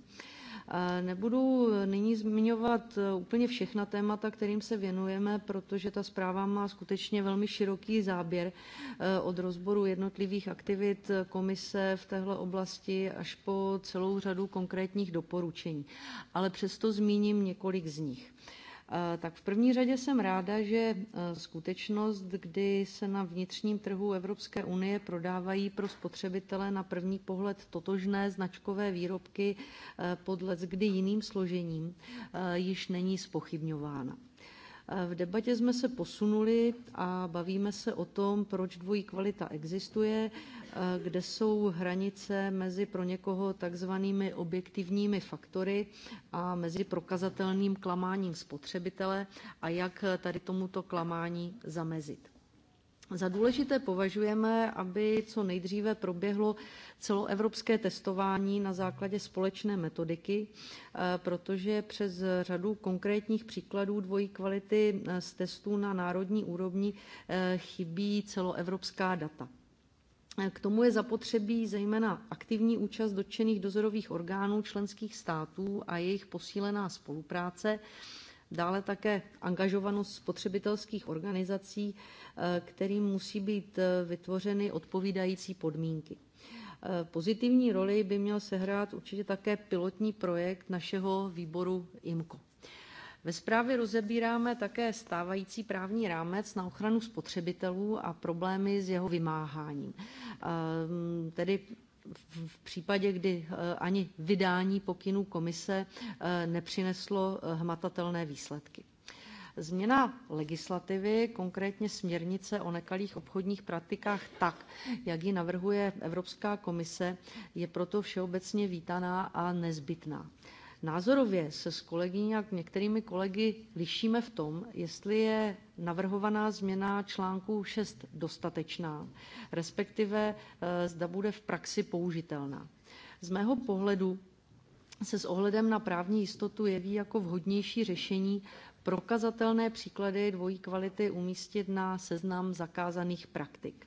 Nebudu nyní zmiňovat eh, úplně všechna témata, kterým se věnujeme, protože ta zpráva má skutečně velmi široký záběr eh, od rozboru jednotlivých aktivit eh, komise v téhle oblasti až po celou řadu konkrétních doporučení. Ale přesto zmíním několik z nich. Eh, tak v první řadě jsem ráda, že eh, skutečnost, kdy se na vnitřním trhu Evropské unie prodávají pro spotřebitele na první pohled totožné značkové výrobky eh, pod kdy jiným složením, již není spochybňována. V debatě jsme se posunuli a bavíme se o tom, proč dvojí kvalita existuje, kde jsou hranice mezi pro někoho takzvanými objektivními faktory a mezi prokazatelným klamáním spotřebitele a jak tady tomuto klamání zamezit. Za důležité považujeme, aby co nejdříve proběhlo celoevropské testování na základě společné metodiky, e, protože přes řadu konkrétních příkladů dvojí kvality e, z testů na národní úrovni e, chybí celoevropská data. K tomu je zapotřebí zejména aktivní účast dotčených dozorových orgánů členských států a jejich posílená spolupráce, dále také angažovanost spotřebitelských organizací, eh, kterým musí být eh, vytvořeny odpovídající podmínky. Eh, pozitivní roli by měl sehrát určitě také pilotní projekt našeho výboru IMCO. Ve zprávě rozebíráme také stávající právní rámec na ochranu spotřebitelů a problémy s jeho vymáháním. Ehm, tedy v případě, kdy eh, ani vydání pokynů komise eh, nepřineslo eh, hmatatelné výsledky. Změna legislativy, konkrétně směrnice o nekalých obchodních praktikách tak, jak ji navrhuje Evropská komise, je proto všeobecně vítaná a nezbytná. Názorově se s kolegyní a některými kolegy lišíme v tom, jestli je navrhovaná změna článku 6 dostatečná, respektive eh, zda bude v praxi použitelná. Z mého pohledu se s ohledem na právní jistotu jeví jako vhodnější řešení prokazatelné příklady dvojí kvality umístit na seznam zakázaných praktik.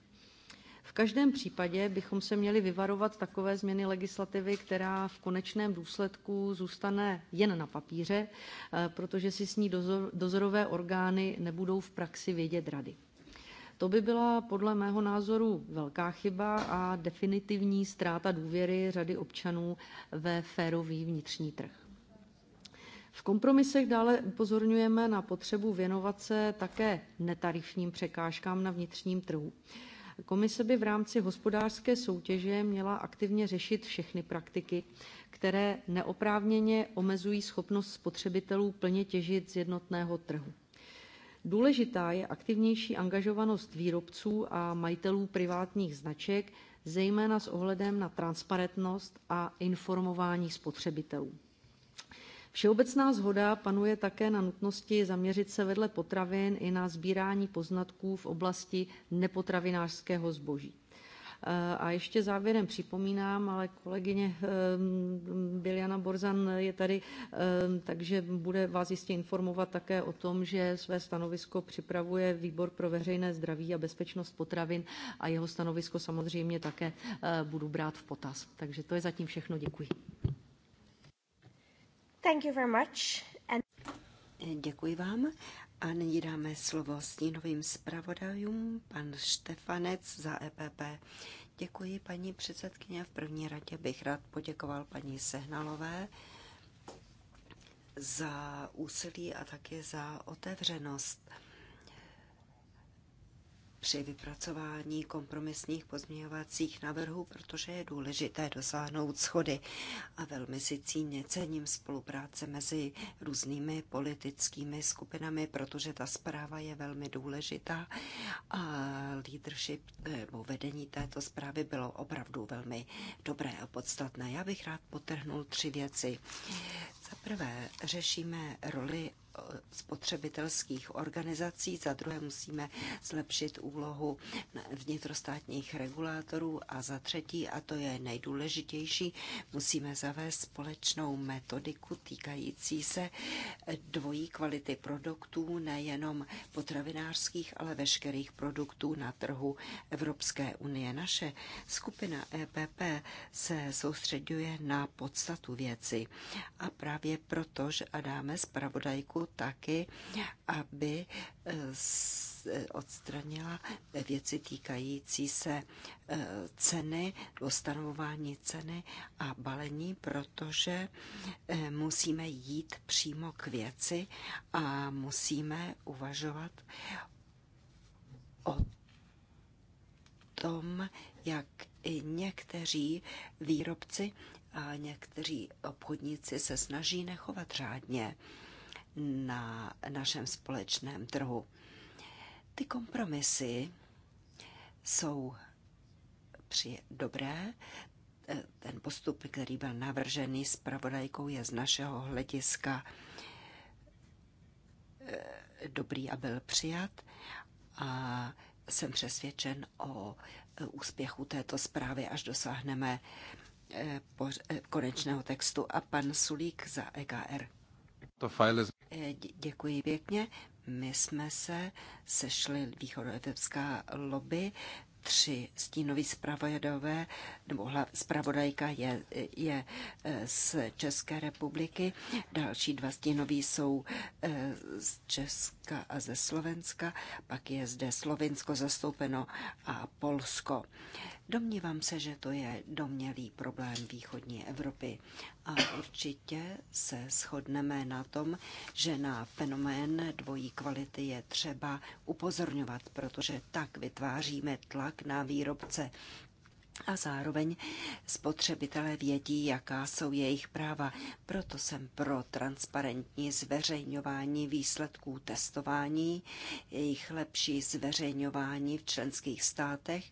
V každém případě bychom se měli vyvarovat takové změny legislativy, která v konečném důsledku zůstane jen na papíře, eh, protože si s ní dozor, dozorové orgány nebudou v praxi vědět rady. To by byla podle mého názoru velká chyba a definitivní ztráta důvěry řady občanů ve férový vnitřní trh. V kompromisech dále upozorňujeme na potřebu věnovat se také netarifním překážkám na vnitřním trhu. Komise by v rámci hospodářské soutěže měla aktivně řešit všechny praktiky, které neoprávněně omezují schopnost spotřebitelů plně těžit z jednotného trhu. Důležitá je aktivnější angažovanost výrobců a majitelů privátních značek, zejména s ohledem na transparentnost a informování spotřebitelů. Všeobecná zhoda panuje také na nutnosti zaměřit se vedle potravin i na sbírání poznatků v oblasti nepotravinářského zboží. Eh, a ještě závěrem připomínám, ale kolegyně eh, Biljana Borzan je tady, eh, takže bude vás jistě informovat také o tom, že své stanovisko připravuje Výbor pro veřejné zdraví a bezpečnost potravin a jeho stanovisko samozřejmě také budu brát v potaz. Takže to je zatím všechno. Děkuji. Thank you very much. And... Děkuji vám. A nyní dáme slovo stínovým zpravodajům, pan Štefanec za EPP. Děkuji, paní předsedkyně. V první radě bych rád poděkoval paní Sehnalové za úsilí a také za otevřenost při vypracování kompromisních pozměňovacích návrhů, protože je důležité dosáhnout schody. A velmi si cíně cením spolupráce mezi různými politickými skupinami, protože ta zpráva je velmi důležitá a leadership nebo vedení této zprávy bylo opravdu velmi dobré a podstatné. Já bych rád potrhnul tři věci. Za prvé řešíme roli spotřebitelských organizací, za druhé musíme zlepšit úlohu vnitrostátních regulátorů a za třetí, a to je nejdůležitější, musíme zavést společnou metodiku týkající se dvojí kvality produktů, nejenom potravinářských, ale veškerých produktů na trhu Evropské unie. Naše skupina EPP se soustředuje na podstatu věci a právě proto, že a dáme zpravodajku taky, aby eh, eh, odstranila věci týkající se eh, ceny, ustanovování ceny a balení, protože musíme jít přímo k věci a musíme uvažovat o tom, jak i někteří výrobci a někteří obchodníci se snaží nechovat řádně na našem společném trhu. Ty kompromisy jsou při dobré. Ten postup, který byl navržený pravodajkou, je z našeho hlediska eh, dobrý a byl přijat. A jsem přesvědčen o eh, úspěchu této zprávy, až dosáhneme eh, konečného textu. A pan Sulík za EKR. Eh, děkuji pěkně. My jsme se sešli východoevropská lobby tři stínoví zpravodajové, nebo zpravodajka je, je eh, z České republiky, další dva stínoví jsou eh, z Česka a ze Slovenska, pak je zde Slovinsko zastoupeno a Polsko. Domnívám se, že to je domělý problém východní Evropy a určitě se shodneme na tom, že na fenomén dvojí kvality je třeba upozorňovat, protože tak vytváříme tlak na výrobce a zároveň spotřebitelé vědí, jaká jsou jejich práva. Proto jsem pro transparentní zveřejňování výsledků testování, jejich lepší zveřejňování v členských státech,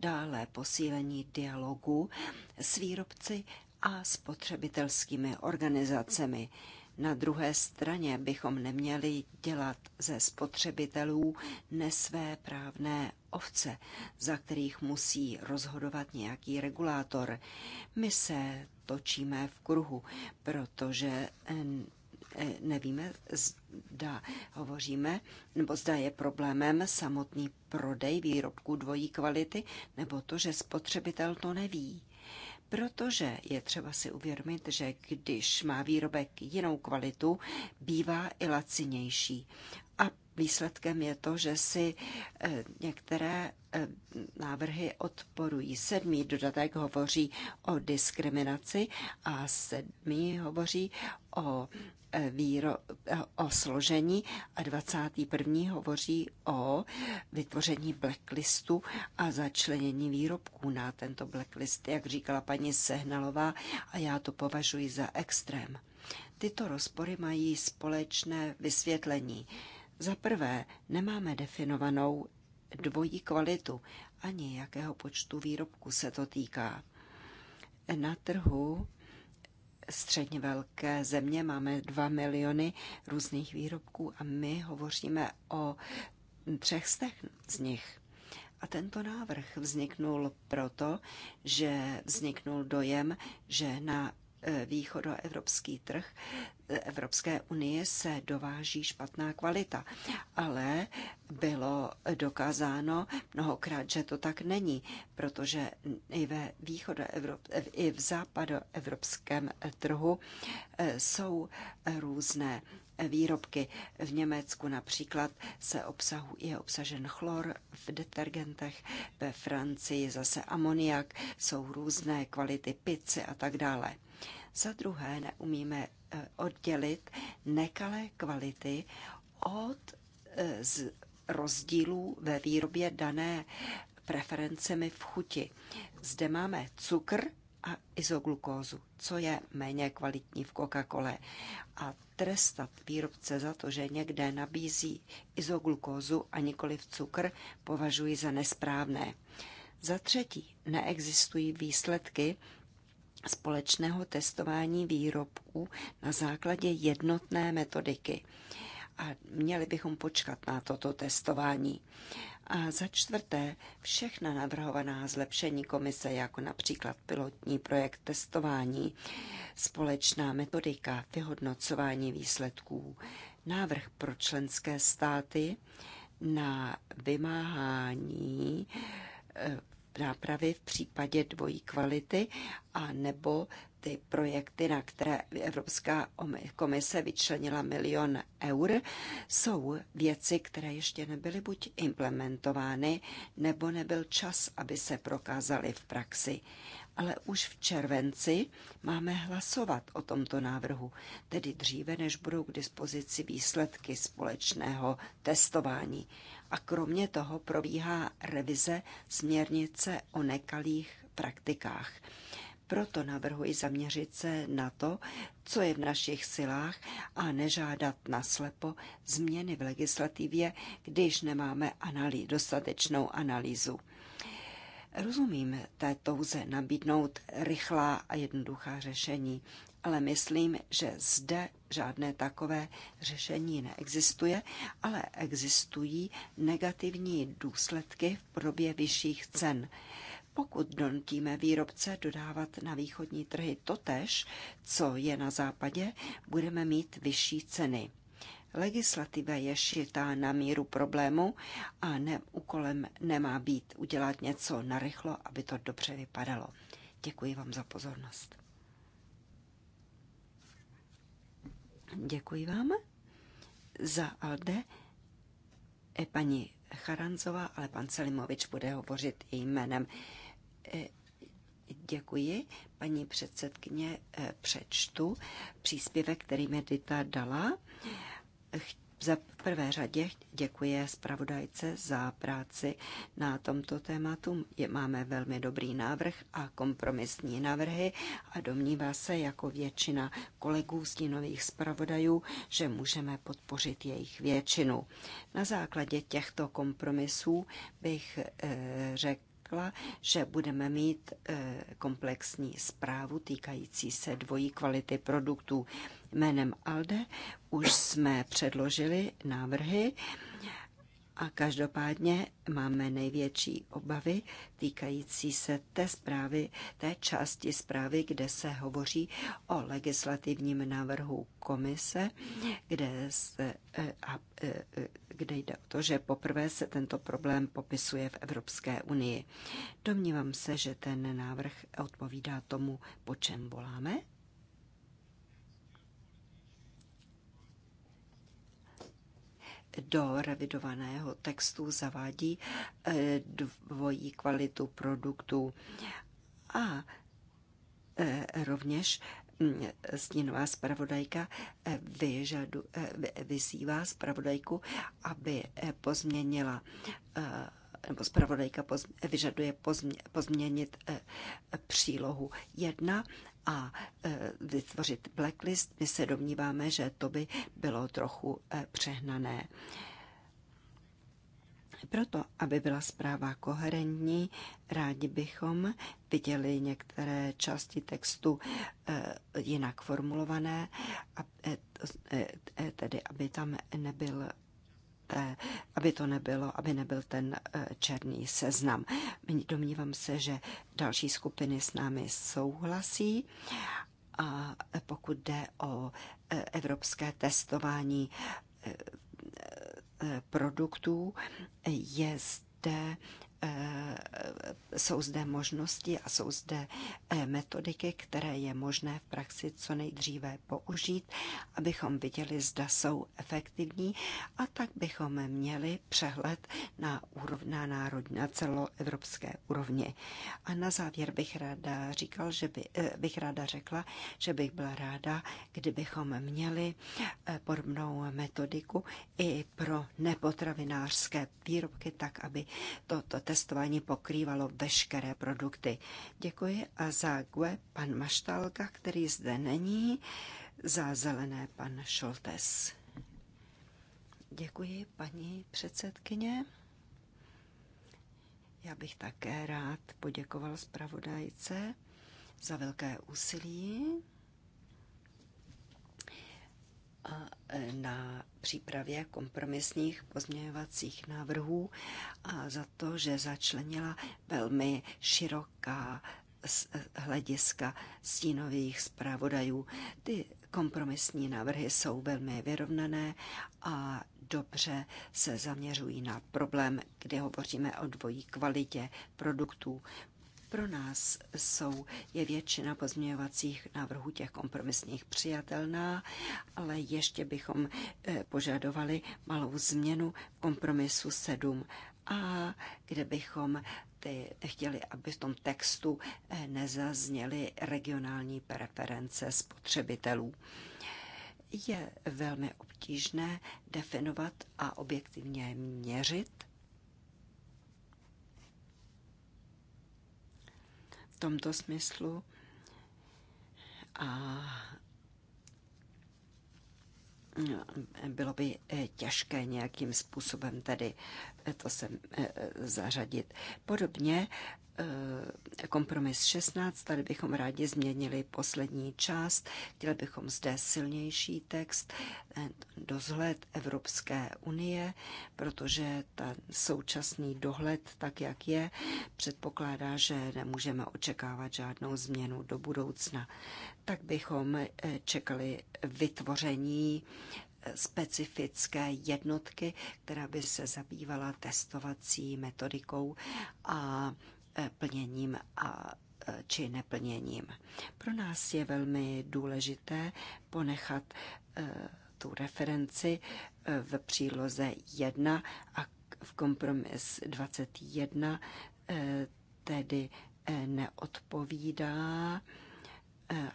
dále posílení dialogu s výrobci a spotřebitelskými organizacemi. Hmm na druhé straně bychom neměli dělat ze spotřebitelů nesvé právné ovce, za kterých musí rozhodovat nějaký regulátor. My se točíme v kruhu, protože eh, eh, nevíme, zda hovoříme, nebo zda je problémem samotný prodej výrobku dvojí kvality, nebo to, že spotřebitel to neví protože je třeba si uvědomit, že když má výrobek jinou kvalitu, bývá i lacinější. Výsledkem je to, že si eh, některé eh, návrhy odporují. Sedmý dodatek hovoří o diskriminaci a sedmý hovoří o, eh, výro, o složení a dvacátý první hovoří o vytvoření blacklistu a začlenění výrobků na tento blacklist, jak říkala paní Sehnalová, a já to považuji za extrém. Tyto rozpory mají společné vysvětlení. Za prvé, nemáme definovanou dvojí kvalitu, ani jakého počtu výrobku se to týká. Na trhu středně velké země máme 2 miliony různých výrobků a my hovoříme o třech z, nich. A tento návrh vzniknul proto, že vzniknul dojem, že na východoevropský trh Evropské unie se dováží špatná kvalita, ale bylo dokázáno mnohokrát, že to tak není, protože i ve východoevropském, i v západoevropském trhu eh, jsou různé výrobky. V Německu například se obsahu, je obsažen chlor v detergentech, ve Francii zase amoniak, jsou různé kvality pici a tak dále. Za druhé neumíme eh, oddělit nekalé kvality od eh, z rozdílů ve výrobě dané preferencemi v chuti. Zde máme cukr a izoglukózu, co je méně kvalitní v Coca-Cole. A trestat výrobce za to, že někde nabízí izoglukózu a nikoli v cukr, považuji za nesprávné. Za třetí, neexistují výsledky společného testování výrobků na základě jednotné metodiky. A měli bychom počkat na toto testování. A za čtvrté, všechna navrhovaná zlepšení komise, jako například pilotní projekt testování, společná metodika vyhodnocování výsledků, návrh pro členské státy na vymáhání eh, nápravy v případě dvojí kvality a nebo ty projekty, na které Evropská komise vyčlenila milion eur, jsou věci, které ještě nebyly buď implementovány, nebo nebyl čas, aby se prokázaly v praxi. Ale už v červenci máme hlasovat o tomto návrhu, tedy dříve, než budou k dispozici výsledky společného testování a kromě toho probíhá revize směrnice o nekalých praktikách. Proto navrhuji zaměřit se na to, co je v našich silách a nežádat naslepo změny v legislativě, když nemáme analý, dostatečnou analýzu. Rozumím té touze nabídnout rychlá a jednoduchá řešení, ale myslím, že zde žádné takové řešení neexistuje, ale existují negativní důsledky v podobě vyšších cen. Pokud donutíme výrobce dodávat na východní trhy totež, co je na západě, budeme mít vyšší ceny. Legislativa je šitá na míru problému a ne, úkolem nemá být udělat něco narychlo, aby to dobře vypadalo. Děkuji vám za pozornost. Děkuji vám. Za Alde je paní Charanzová, ale pan Selimovič bude hovořit i jménem. E, děkuji, paní předsedkyně, e, přečtu příspěvek, který mi Dita dala. Za prvé řadě děkuje zpravodajce za práci na tomto tématu. Je, máme velmi dobrý návrh a kompromisní návrhy a domnívá se jako většina kolegů stínových zpravodajů, že můžeme podpořit jejich většinu. Na základě těchto kompromisů bych e, eh, řekl, řekla, že budeme mít eh, komplexní zprávu týkající se dvojí kvality produktů jménem ALDE už jsme předložili návrhy a každopádně máme největší obavy týkající se té zprávy, té části zprávy, kde se hovoří o legislativním návrhu komise, kde, se, e, a, e, e, kde jde o to, že poprvé se tento problém popisuje v Evropské unii. Domnívám se, že ten návrh odpovídá tomu, po čem voláme. do revidovaného textu zavádí eh, dvojí kvalitu produktů. A eh, rovněž mm, stínová zpravodajka eh, vyžadu, vysívá zpravodajku, aby pozměnila nebo zpravodajka pozmě, vyžaduje pozmě, pozměnit přílohu 1 a e, vytvořit blacklist, my se domníváme, že to by bylo trochu e, přehnané. Proto, aby byla zpráva koherentní, rádi bychom viděli některé části textu e, jinak formulované, a, tedy aby tam nebyl Eh, aby to nebylo, aby nebyl ten eh, černý seznam. Domnívám se, že další skupiny s námi souhlasí a pokud jde o eh, evropské testování produktů, je zde Eh, jsou zde možnosti a jsou zde eh, metodiky, které je možné v praxi co nejdříve použít, abychom viděli, zda jsou efektivní a tak bychom měli přehled na, úrovni, na, národní, na celoevropské úrovni. A na závěr bych ráda, říkal, že by, eh, bych ráda řekla, že bych byla ráda, kdybychom měli podobnou metodiku i pro nepotravinářské výrobky, tak aby toto to testování pokrývalo veškeré produkty. Děkuji a za GUE pan Maštalka, který zde není, za zelené pan Šoltes. Děkuji, paní předsedkyně. Já bych také rád poděkoval zpravodajce za velké úsilí E, na přípravě kompromisních pozměňovacích návrhů a za to, že začlenila velmi široká e, hlediska stínových zpravodajů. Ty kompromisní návrhy jsou velmi vyrovnané a dobře se zaměřují na problém, kdy hovoříme o dvojí kvalitě produktů. Pro nás jsou, je většina pozměňovacích návrhů těch kompromisních přijatelná, ale ještě bychom eh, požadovali malou změnu kompromisu 7 a kde bychom ty chtěli, aby v tom textu eh, nezazněly regionální preference spotřebitelů. Je velmi obtížné definovat a objektivně měřit tomto smyslu. A mm, bylo by eh, těžké nějakým způsobem tedy eh, to sem eh, zařadit. Podobně Eh, kompromis 16, tady bychom rádi změnili poslední část, chtěli bychom zde silnější text, eh, dozhled Evropské unie, protože ta současný dohled, tak jak je, předpokládá, že nemůžeme očekávat žádnou změnu do budoucna. Tak bychom eh, čekali vytvoření specifické jednotky, která by se zabývala testovací metodikou a E, plněním a e, či neplněním. Pro nás je velmi důležité ponechat e, tu referenci v příloze 1 a v kompromis 21 tedy neodpovídá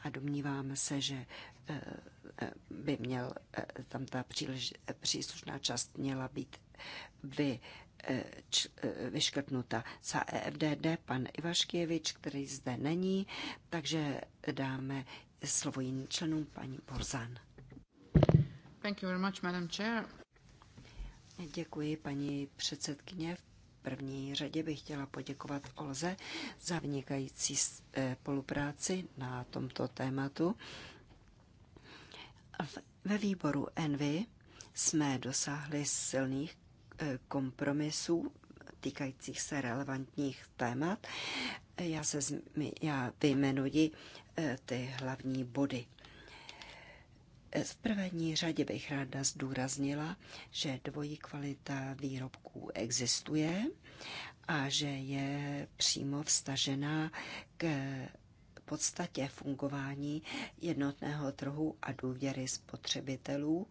a domníváme se, že by měl tam ta přílež, příslušná část měla být vy Eh, eh, vyškrtnuta. Za EFDD pan Ivaškěvič, který zde není, takže dáme slovo jiným členům, paní Borzan. Thank you very much, Madam Chair. Děkuji, paní předsedkyně. V první řadě bych chtěla poděkovat Olze za vynikající eh, spolupráci na tomto tématu. Ve výboru Envy jsme dosáhli silných kompromisů týkajících se relevantních témat. Já, se, já vyjmenuji eh, ty hlavní body. Eh, v první řadě bych ráda zdůraznila, že dvojí kvalita výrobků existuje a že je přímo vstažená k podstatě fungování jednotného trhu a důvěry spotřebitelů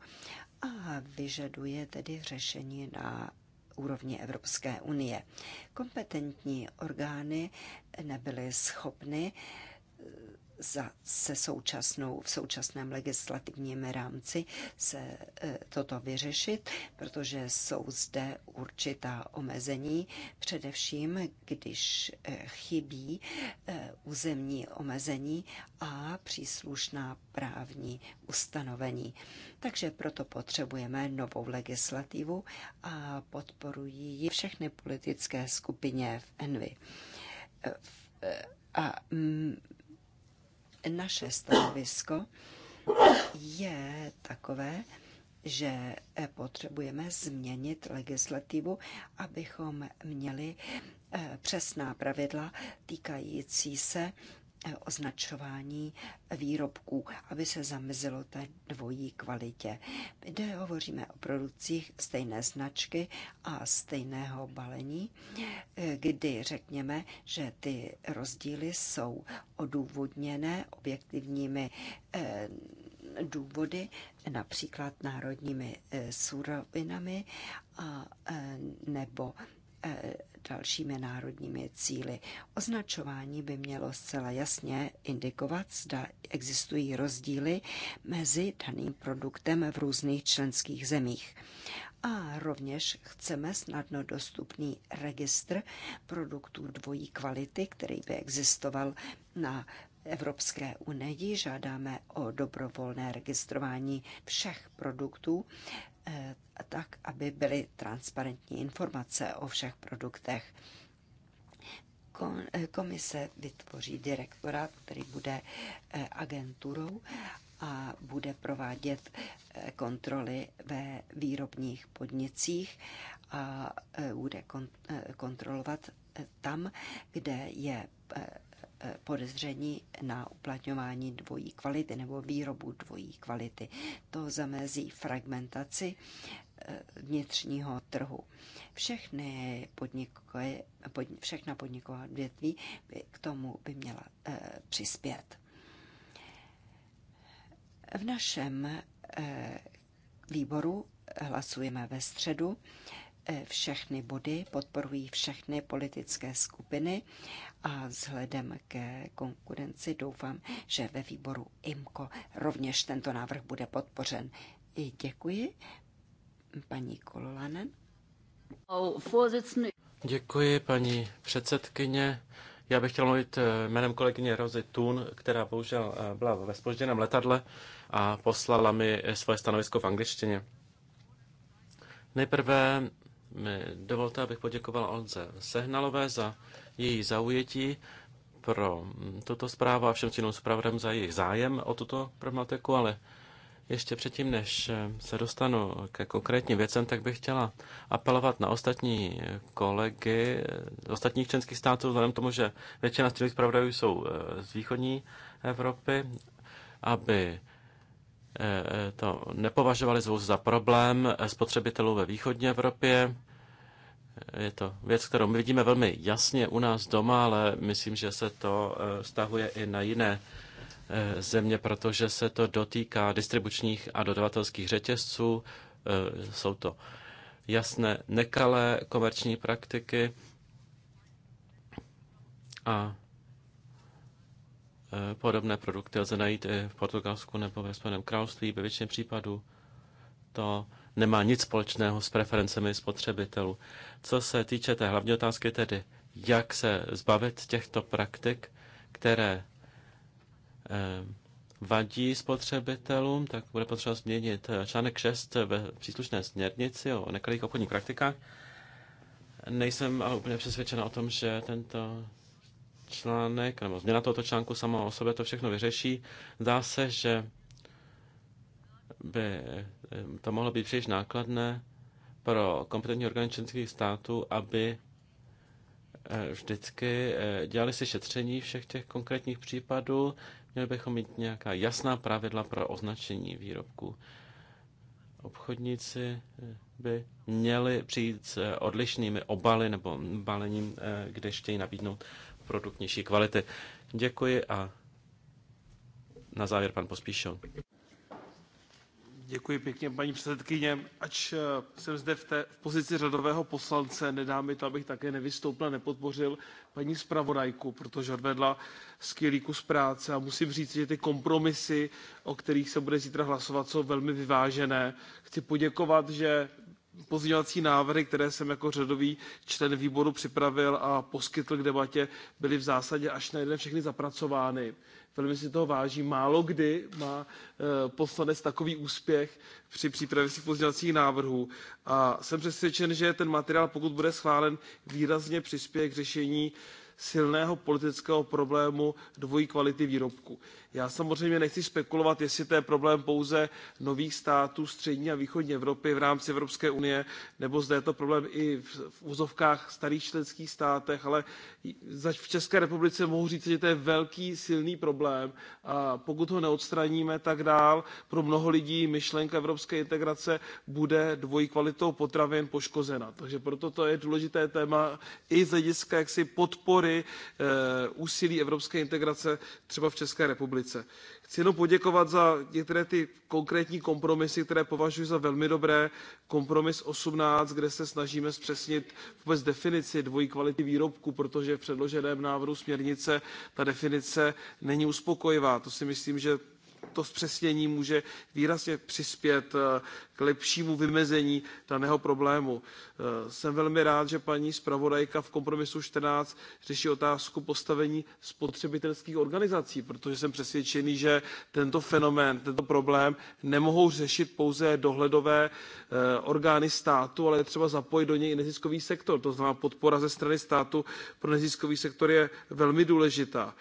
a vyžaduje tedy řešení na úrovni Evropské unie. Kompetentní orgány nebyly schopny za, se současnou, v současném legislativním rámci se e, toto vyřešit, protože jsou zde určitá omezení, především když e, chybí e, územní omezení a příslušná právní ustanovení. Takže proto potřebujeme novou legislativu a podporují ji všechny politické skupině v ENVI. E, v, a mm, naše stanovisko je takové, že eh, potřebujeme změnit legislativu, abychom měli eh, přesná pravidla týkající se Eh, označování výrobků, aby se zamezilo té dvojí kvalitě. Kde hovoříme o produkcích stejné značky a stejného balení, eh, kdy řekněme, že ty rozdíly jsou odůvodněné objektivními eh, důvody, například národními surovinami a nebo dalšími národními cíly. Označování by mělo zcela jasně indikovat, zda existují rozdíly mezi daným produktem v různých členských zemích. A rovněž chceme snadno dostupný registr produktů dvojí kvality, který by existoval na Evropské unii žádáme o dobrovolné registrování všech produktů Eh, tak, aby byly transparentní informace o všech produktech. Eh, komise vytvoří direktorát, který bude eh, agenturou a bude provádět kontroly ve výrobních podnicích a bude kontrolovat tam, kde je podezření na uplatňování dvojí kvality nebo výrobu dvojí kvality. To zamezí fragmentaci eh, vnitřního trhu. Všechny podnikové, pod, všechna podniková odvětví by k tomu by měla eh, přispět. V našem eh, výboru hlasujeme ve středu. Eh, všechny body podporují všechny politické skupiny a vzhledem ke konkurenci doufám, že ve výboru IMKO rovněž tento návrh bude podpořen. I děkuji, paní Kololanen. Děkuji, paní předsedkyně. Já bych chtěl mluvit eh, jménem kolegyně Rozy Tun, která bohužel eh, byla ve spožděném letadle a poslala mi eh, svoje stanovisko v angličtině. Nejprve mi dovolte, abych poděkoval Olze Sehnalové za její zaujetí pro tuto zprávu a všem činnou zpravodem za jejich zájem o tuto problematiku, ale ještě předtím, než se dostanu ke konkrétním věcem, tak bych chtěla apelovat na ostatní kolegy ostatních členských států, vzhledem tomu, že většina středních zpravodajů jsou e, z východní Evropy, aby e, e, to nepovažovali zvůz za problém spotřebitelů ve východní Evropě, je to věc, kterou my vidíme velmi jasně u nás doma, ale myslím, že se to stahuje eh, i na jiné eh, země, protože se to dotýká distribučních a dodavatelských řetězců. Eh, jsou to jasné nekalé komerční praktiky a podobné produkty lze najít i v Portugalsku nebo ve Spojeném království. Ve většině případů to nemá nic společného s preferencemi spotřebitelů. Co se týče té hlavní otázky tedy, jak se zbavit těchto praktik, které eh, vadí spotřebitelům, tak bude potřeba změnit eh, článek 6 ve příslušné směrnici o nekalých obchodních praktikách. Nejsem ale úplně přesvědčena o tom, že tento článek, nebo změna tohoto článku sama o sobě to všechno vyřeší. Zdá se, že by to mohlo být příliš nákladné pro kompetentní orgány členských států, aby eh, vždycky eh, dělali si šetření všech těch konkrétních případů. Měli bychom mít nějaká jasná pravidla pro označení výrobků. Obchodníci eh, by měli přijít s odlišnými obaly nebo balením, kde chtějí nabídnout produkt nižší kvality. Děkuji a na závěr pan Pospíšil. Děkuji paní předsedkyně. Ač eh, jsem zde v, pozici řadového poslance, nedá mi to, abych také nevystoupil a nepodpořil paní zpravodajku, protože odvedla skvělý kus práce a musím říci že ty kompromisy, o kterých se bude zítra hlasovat, jsou velmi vyvážené. Chci poděkovat, že pozměňovací návrhy, které jsem jako řadový člen výboru připravil a poskytl k debatě, byly v zásadě až na jeden všechny zapracovány velmi si toho vážím. Málo kdy má eh, poslanec takový úspěch při přípravě svých pozdělacích návrhů a jsem přesvědčen, že ten materiál, pokud bude schválen, výrazně přispěje k řešení silného politického problému dvojí kvality výrobků já samozřejmě nechci spekulovat jestli to je problém pouze nových států střední a východní evropy v rámci evropské unie nebo zda je to problém i v uvozovkách starých členských státech ale v české republice mohu říci že to je velký silný problém a pokud ho neodstraníme tak dál pro mnoho lidí myšlenka evropské integrace bude dvojí kvalitou potravin poškozena. takže proto to je důležité téma i z hlediska podpory eh, úsilí evropské integrace třeba v české republice republice. Chci jenom poděkovat za některé ty konkrétní kompromisy, které považuji za velmi dobré. Kompromis 18, kde se snažíme zpřesnit vůbec definici dvojí kvality výrobku, protože v předloženém návrhu směrnice ta definice není uspokojivá. To si myslím, že to zpřesnění může výrazně přispět eh, k lepšímu vymezení daného problému. Eh, jsem velmi rád že paní zpravodajka v kompromisu fourteen řeší otázku postavení spotřebitelských organizací protože jsem přesvědčený že tento fenomén tento problém nemohou řešit pouze dohledové eh, orgány státu ale je třeba zapojit do něj i neziskový sektor to znamená podpora ze strany státu pro neziskový sektor je velmi důležitá.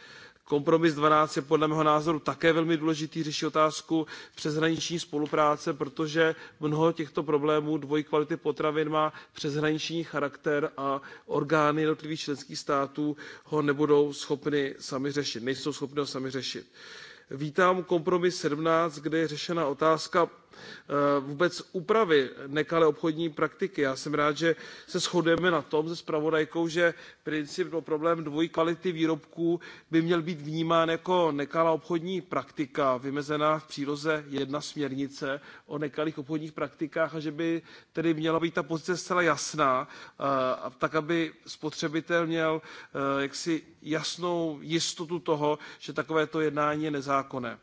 Kompromis 12 je podle mého názoru také velmi důležitý, řeší otázku přeshraniční spolupráce, protože mnoho těchto problémů dvojí kvality potravin má přeshraniční charakter a orgány jednotlivých členských států ho nebudou schopny sami řešit, nejsou schopny ho sami řešit. Vítám kompromis 17, kde je řešena otázka Eh, vůbec úpravy nekalé obchodní praktiky. já jsem rád že se shodujeme na tom se zpravodajkou že princip nebo problém dvojí kvality výrobků by měl být vnímán jako nekalá obchodní praktika vymezená v příloze one směrnice o nekalých obchodních praktikách a že by tedy měla být ta pozice zcela jasná eh, tak aby spotřebitel měl eh, jaksi jasnou jistotu toho že takovéto jednání je nezákonné.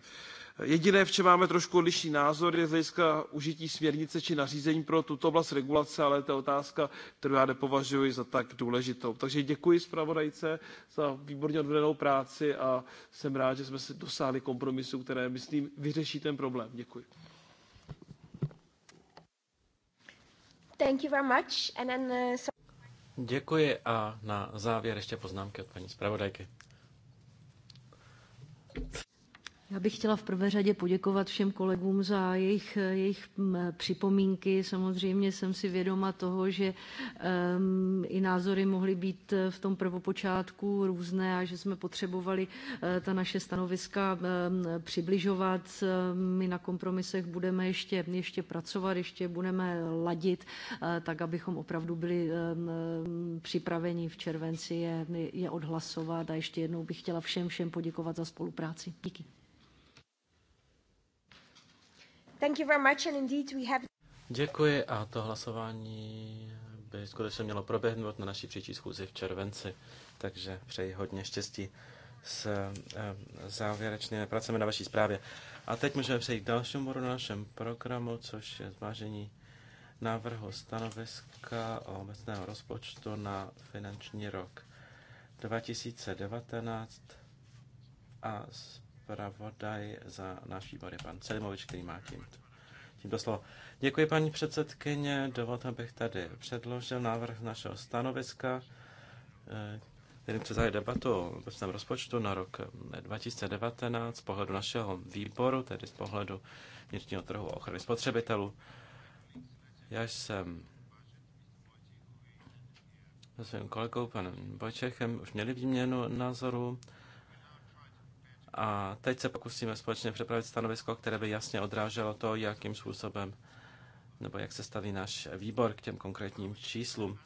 Jediné, v čem máme trošku odlišný názor, je z hlediska užití směrnice či nařízení pro tuto oblast regulace, ale to je otázka, kterou já nepovažuji za tak důležitou. Takže děkuji zpravodajce za výborně odvedenou práci a jsem rád, že jsme dosáhli kompromisu, které, myslím, vyřeší ten problém. Děkuji. Thank you very much. And then, uh, Děkuji a na závěr ještě poznámky od paní zpravodajky. Já bych chtěla v prvé řadě poděkovat všem kolegům za jejich, jejich mm, připomínky. Samozřejmě jsem si vědoma toho, že um, i názory mohly být v tom prvopočátku různé a že jsme potřebovali uh, ta naše stanoviska um, přibližovat. My na kompromisech budeme ještě, ještě pracovat, ještě budeme ladit, uh, tak abychom opravdu byli um, připraveni v červenci je, je odhlasovat. A ještě jednou bych chtěla všem, všem poděkovat za spolupráci. Díky. Thank you very much and indeed we have... Děkuji a to hlasování by skutečně mělo proběhnout na naší příští schůzi v červenci, takže přeji hodně štěstí s závěrečnými pracemi na vaší zprávě. A teď můžeme přejít k dalšímu bodu na našem programu, což je zvážení návrhu stanoviska o obecného rozpočtu na finanční rok 2019 a zpravodaj za náš výbor je pan Selimovič, který má tím, tímto slovo. Děkuji, paní předsedkyně. Dovolte, abych tady předložil návrh našeho stanoviska, eh, kterým chci zahájit debatu o rozpočtu na rok 2019 eh, z pohledu našeho výboru, tedy z pohledu vnitřního trhu ochrany spotřebitelů. Já jsem se svým kolegou, panem Bojčechem, už měli výměnu názoru a teď se pokusíme společně připravit stanovisko, které by jasně odráželo to, jakým způsobem nebo jak se staví náš výbor k těm konkrétním číslům.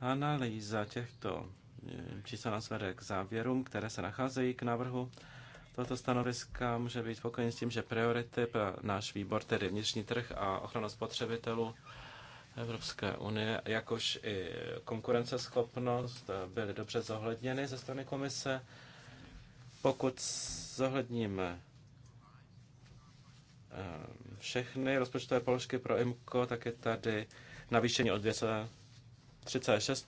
Analýza těchto eh, čísel nás vede k závěrům, které se nacházejí k návrhu toto stanoviska. Může být spokojen s tím, že priority pro náš výbor, tedy vnitřní trh a ochrana spotřebitelů Evropské unie, jakož i konkurenceschopnost, eh, byly dobře zohledněny ze strany komise pokud zohledníme eh, všechny rozpočtové položky pro IMCO, tak je tady navýšení o 236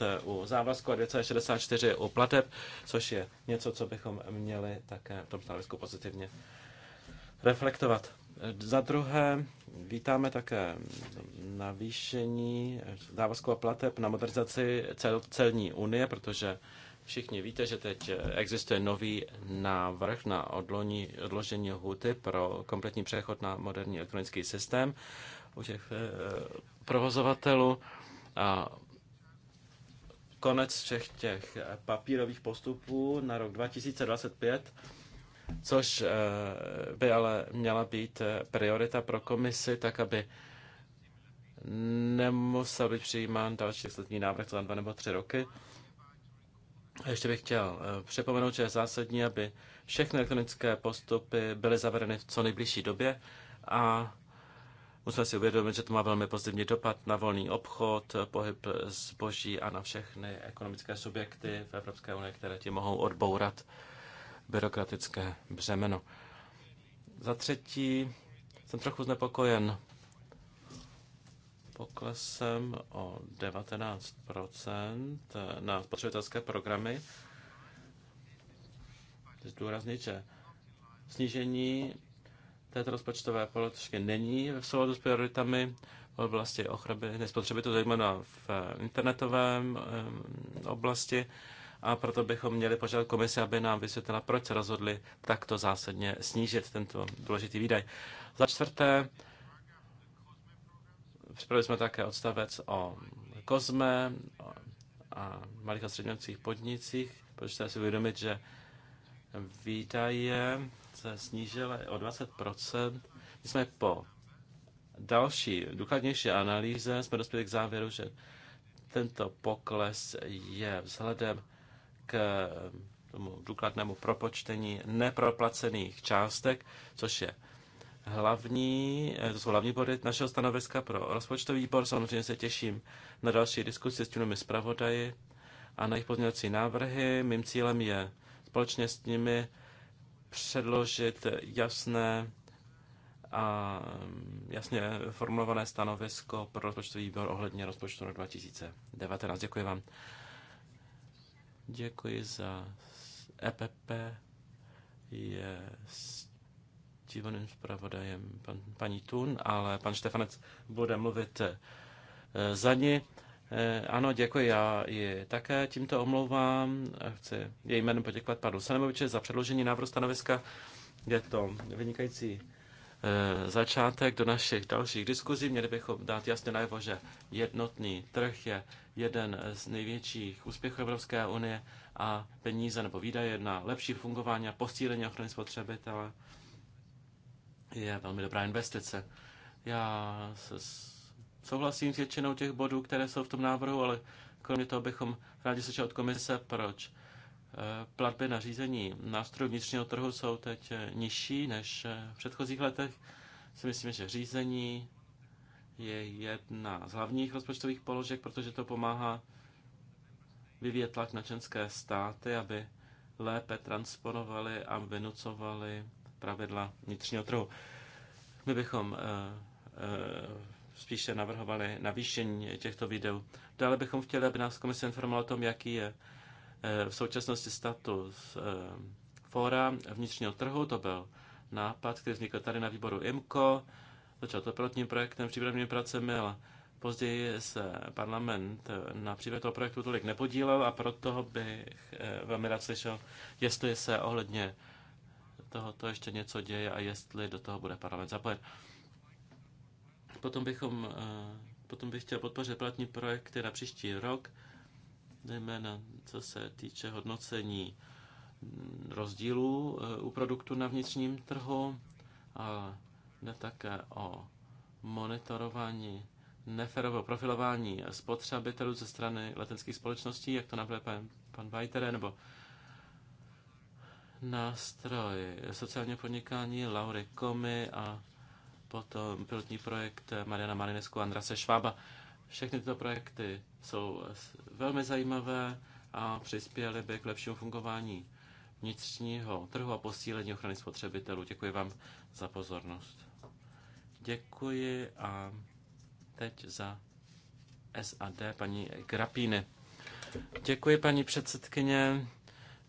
eh, u závazku a 264 u plateb, což je něco, co bychom měli také v tom stanovisku pozitivně reflektovat. Eh, za druhé, vítáme také navýšení závazku a plateb na modernizaci cel, celní unie, protože Všichni víte, že teď existuje nový návrh na odložení, odložení huty pro kompletní přechod na moderní elektronický systém u těch eh, provozovatelů. A konec všech těch papírových postupů na rok 2025, což eh, by ale měla být eh, priorita pro komisi, tak aby nemusel být přijímán další legislativní návrh za dva nebo tři roky. A ještě bych chtěl eh, připomenout, že je zásadní, aby všechny elektronické postupy byly zavedeny v co nejbližší době a musíme si uvědomit, že to má velmi pozitivní dopad na volný obchod, pohyb zboží a na všechny ekonomické subjekty v Evropské unii, které ti mohou odbourat byrokratické břemeno. Za třetí, jsem trochu znepokojen poklesem o 19 na spotřebitelské programy. Zdůraznit, že snížení této rozpočtové položky není v souladu s prioritami v oblasti ochrany nespotřebitelů, zejména v internetovém oblasti. A proto bychom měli požádat komisi, aby nám vysvětlila, proč se rozhodli takto zásadně snížit tento důležitý výdaj. Za čtvrté, Připravili jsme také odstavec o kozme a malých a středních podnicích, protože jsme si uvědomit, že výdaje se snížily o 20%. My jsme po další, důkladnější analýze jsme dospěli k závěru, že tento pokles je vzhledem k tomu důkladnému propočtení neproplacených částek, což je hlavní, eh, to jsou hlavní body našeho stanoviska pro rozpočtový výbor. Samozřejmě se těším na další diskusi s těmi zpravodaji a na jejich pozměňovací návrhy. Mým cílem je společně s nimi předložit jasné a mm, jasně formulované stanovisko pro rozpočtový výbor ohledně rozpočtu na 2019. Děkuji vám. Děkuji za EPP. Je stívaným zpravodajem pan, paní Tun, ale pan Štefanec bude mluvit eh, za ní. Eh, ano, děkuji, já ji také tímto omlouvám. Chci její jménem poděkovat panu Sanemoviče za předložení návrhu stanoviska. Je to vynikající eh, začátek do našich dalších diskuzí. Měli bychom dát jasně najevo, že jednotný trh je jeden z největších úspěchů Evropské unie a peníze nebo výdaje na lepší fungování a posílení ochrany spotřebitele je velmi dobrá investice. Já se souhlasím s většinou těch bodů, které jsou v tom návrhu, ale kromě toho bychom rádi slyšeli od komise, proč eh, platby na řízení nástrojů vnitřního trhu jsou teď eh, nižší než eh, v předchozích letech. Si myslím, že řízení je jedna z hlavních rozpočtových položek, protože to pomáhá vyvíjet tlak na členské státy, aby lépe transponovali a vynucovali pravidla vnitřního trhu. My bychom eh, eh, spíše navrhovali navýšení těchto videů. Dále bychom chtěli, aby nás komise informovala o tom, jaký je eh, v současnosti status fóra vnitřního trhu. To byl nápad, který vznikl tady na výboru IMCO. Začal to pilotním projektem, přípravnými pracemi, ale později se parlament na příběh toho projektu tolik nepodílel a proto bych velmi rád slyšel, jestli se ohledně tohoto ještě něco děje a jestli do toho bude parlament zapojen. Potom, bychom, eh, potom bych chtěl podpořit platní projekty na příští rok, zejména co se týče hodnocení mm, rozdílů eh, u produktů na vnitřním trhu, a jde také o monitorování neferového profilování spotřebitelů ze strany leteckých společností, jak to navrhuje pan, pan Vajtere, nebo nástroj sociálního podnikání Laury Komy a potom pilotní projekt Mariana Marinesku a Andrase Švába. Všechny tyto projekty jsou velmi zajímavé a přispěly by k lepšímu fungování vnitřního trhu a posílení ochrany spotřebitelů. Děkuji vám za pozornost. Děkuji a teď za SAD paní Grapíny. Děkuji paní předsedkyně.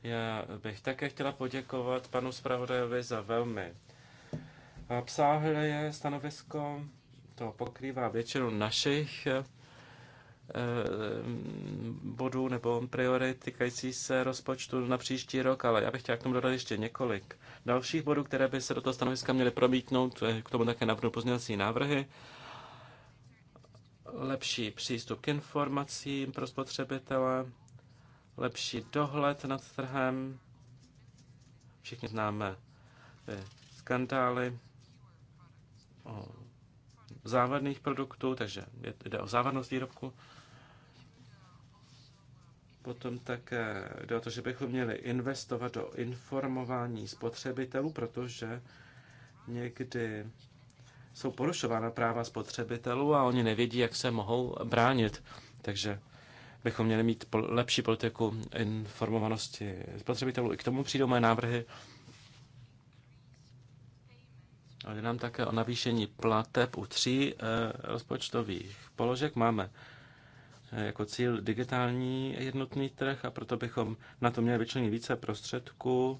Já bych také chtěla poděkovat panu zpravodajovi za velmi obsáhlé stanovisko. To pokrývá většinu našich eh, eh, bodů nebo priorit týkající se rozpočtu na příští rok, ale já bych chtěl k tomu dodat ještě několik dalších bodů, které by se do toho stanoviska měly promítnout. Eh, k tomu také navrhnu pozměňovací návrhy. Lepší přístup k informacím pro spotřebitele, lepší dohled nad trhem. Všichni známe ty eh, skandály o závadných produktů, takže jde o závadnost výrobku. Potom také jde o to, že bychom měli investovat do informování spotřebitelů, protože někdy jsou porušována práva spotřebitelů a oni nevědí, jak se mohou bránit. Takže bychom měli mít lepší politiku informovanosti spotřebitelů. I k tomu přijdou moje návrhy. Ale nám také o navýšení plateb u tří eh, rozpočtových položek. Máme eh, jako cíl digitální jednotný trh a proto bychom na to měli vyčlenit více prostředků.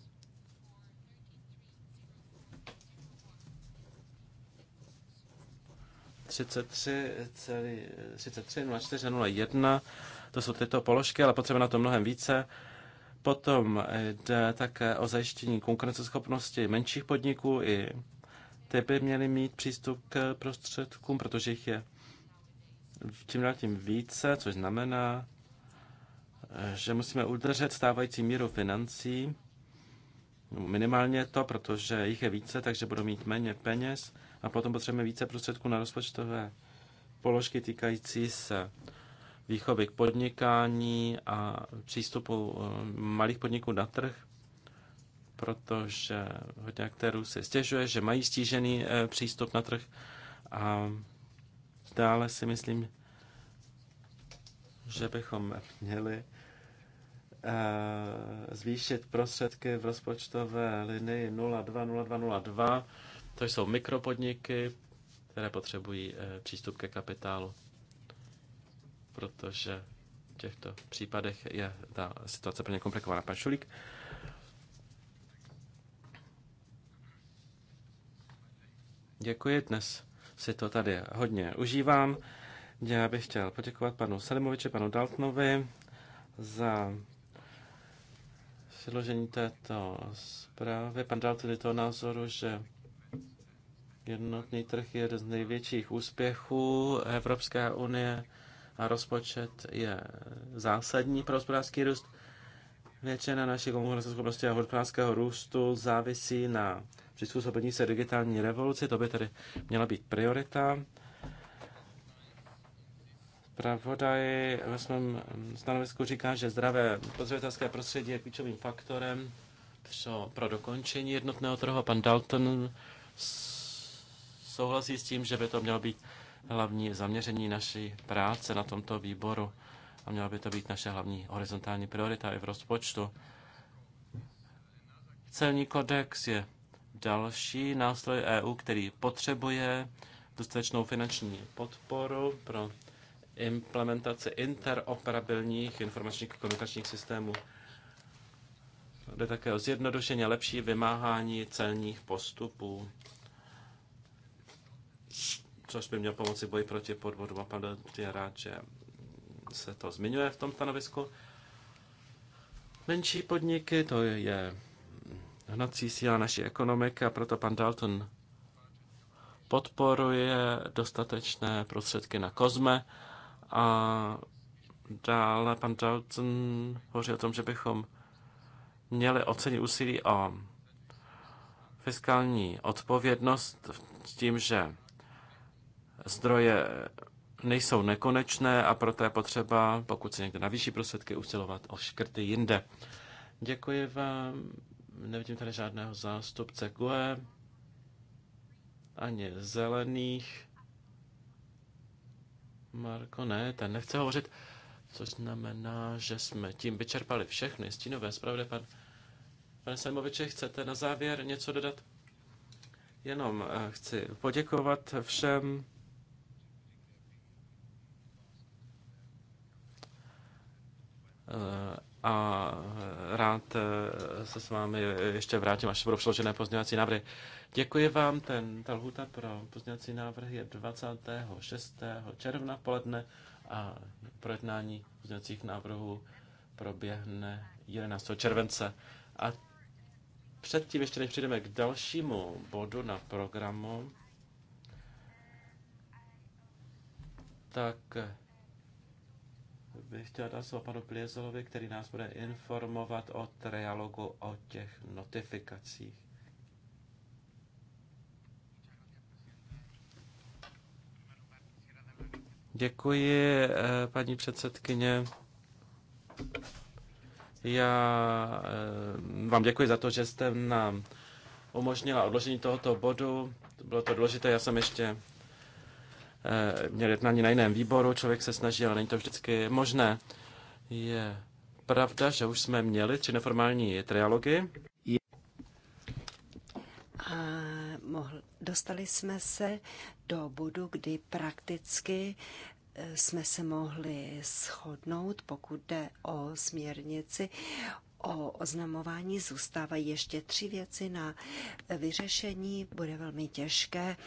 Eh, na 33,0401 to jsou tyto položky, ale potřebujeme na to mnohem více. Potom jde také o zajištění konkurenceschopnosti menších podniků. I ty by měly mít přístup k prostředkům, protože jich je tím dál tím více, což znamená, že musíme udržet stávající míru financí, minimálně to, protože jich je více, takže budou mít méně peněz a potom potřebujeme více prostředků na rozpočtové položky týkající se výchovy k podnikání a přístupu eh, malých podniků na trh, protože hodně aktérů se stěžuje, že mají stížený eh, přístup na trh a dále si myslím, že bychom měli eh, zvýšit prostředky v rozpočtové linii 020202. To jsou mikropodniky, které potřebují přístup ke kapitálu protože v těchto případech je ta situace plně komplikovaná. Pan Šulík. Děkuji, dnes si to tady hodně užívám. Já bych chtěl poděkovat panu Selimoviči, panu Daltnovi za předložení této zprávy. Pan Dalton je toho názoru, že jednotný trh je jeden z největších úspěchů Evropské unie a rozpočet je zásadní pro hospodářský růst. Většina naší konkurenceschopnosti a hospodářského růstu závisí na přizpůsobení se digitální revoluci, to by tedy měla být priorita. Pravodaj ve svém stanovisku říká, že zdravé pozvětelské prostředí je klíčovým faktorem pro, pro dokončení jednotného trhu. Pan Dalton souhlasí s tím, že by to mělo být hlavní zaměření naší práce na tomto výboru a měla by to být naše hlavní horizontální priorita i v rozpočtu. Celní kodex je další nástroj EU, který potřebuje dostatečnou finanční podporu pro implementaci interoperabilních informačních a komunikačních systémů. Jde také o zjednodušení a lepší vymáhání celních postupů což by mělo pomoci boji proti podvodům. A pan je rád, že se to zmiňuje v tom stanovisku. Menší podniky, to je hnací síla naší ekonomiky a proto pan Dalton podporuje dostatečné prostředky na kozme a dále pan Dalton hovoří o tom, že bychom měli ocenit úsilí o fiskální odpovědnost s tím, že zdroje nejsou nekonečné a proto je potřeba, pokud se někde navýší prostředky, usilovat o škrty jinde. Děkuji vám. Nevidím tady žádného zástupce GUE, ani zelených. Marko, ne, ten nechce hovořit, což znamená, že jsme tím vyčerpali všechny stínové zpravde. Pan, pane Semoviče, chcete na závěr něco dodat? Jenom eh, chci poděkovat všem Eh, a eh, rád eh, se s vámi ještě vrátím, až budou přeložené pozměňovací návrhy. Děkuji vám, ten, ta lhuta pro pozměňovací návrh je 26. června v poledne a projednání pozměňovacích návrhů proběhne 11. července. A předtím, ještě než přijdeme k dalšímu bodu na programu, tak bych chtěl dát slovo panu Pliezelovi, který nás bude informovat o trialogu o těch notifikacích. Děkuji, eh, paní předsedkyně. Já eh, vám děkuji za to, že jste nám umožnila odložení tohoto bodu. Bylo to důležité, já jsem ještě Eh, měl jednání na jiném výboru, člověk se snaží, ale není to vždycky možné. Je pravda, že už jsme měli tři neformální trialogy. A mohl, dostali jsme se do bodu, kdy prakticky eh, jsme se mohli shodnout, pokud jde o směrnici o oznamování zůstávají ještě tři věci na vyřešení. Bude velmi těžké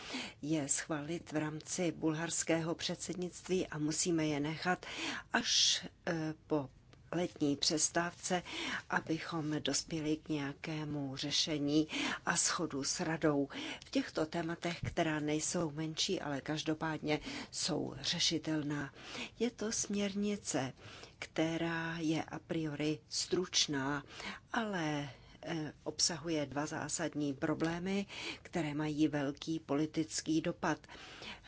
je schválit v rámci bulharského předsednictví a musíme je nechat až e, po letní přestávce, abychom dospěli k nějakému řešení a schodu s radou v těchto tématech, která nejsou menší, ale každopádně jsou řešitelná. Je to směrnice která je a priori stručná, ale eh, obsahuje dva zásadní problémy, které mají velký politický dopad.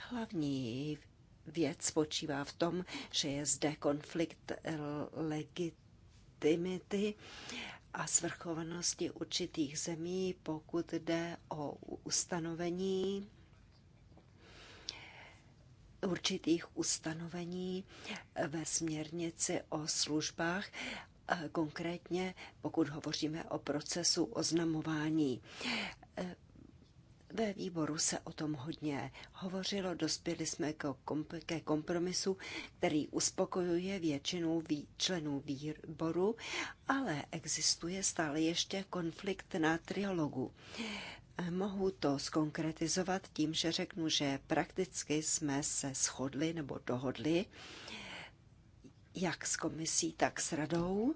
Hlavní věc spočívá v tom, že je zde konflikt legitimity a svrchovanosti určitých zemí, pokud jde o ustanovení určitých ustanovení eh, ve směrnici o službách, eh, konkrétně pokud hovoříme o procesu oznamování. Eh, ve výboru se o tom hodně hovořilo, dospěli jsme ke kompromisu, který uspokojuje většinu členů výboru, ale existuje stále ještě konflikt na trialogu. Mohu to skonkretizovat tím, že řeknu, že prakticky jsme se shodli nebo dohodli, jak s komisí, tak s radou,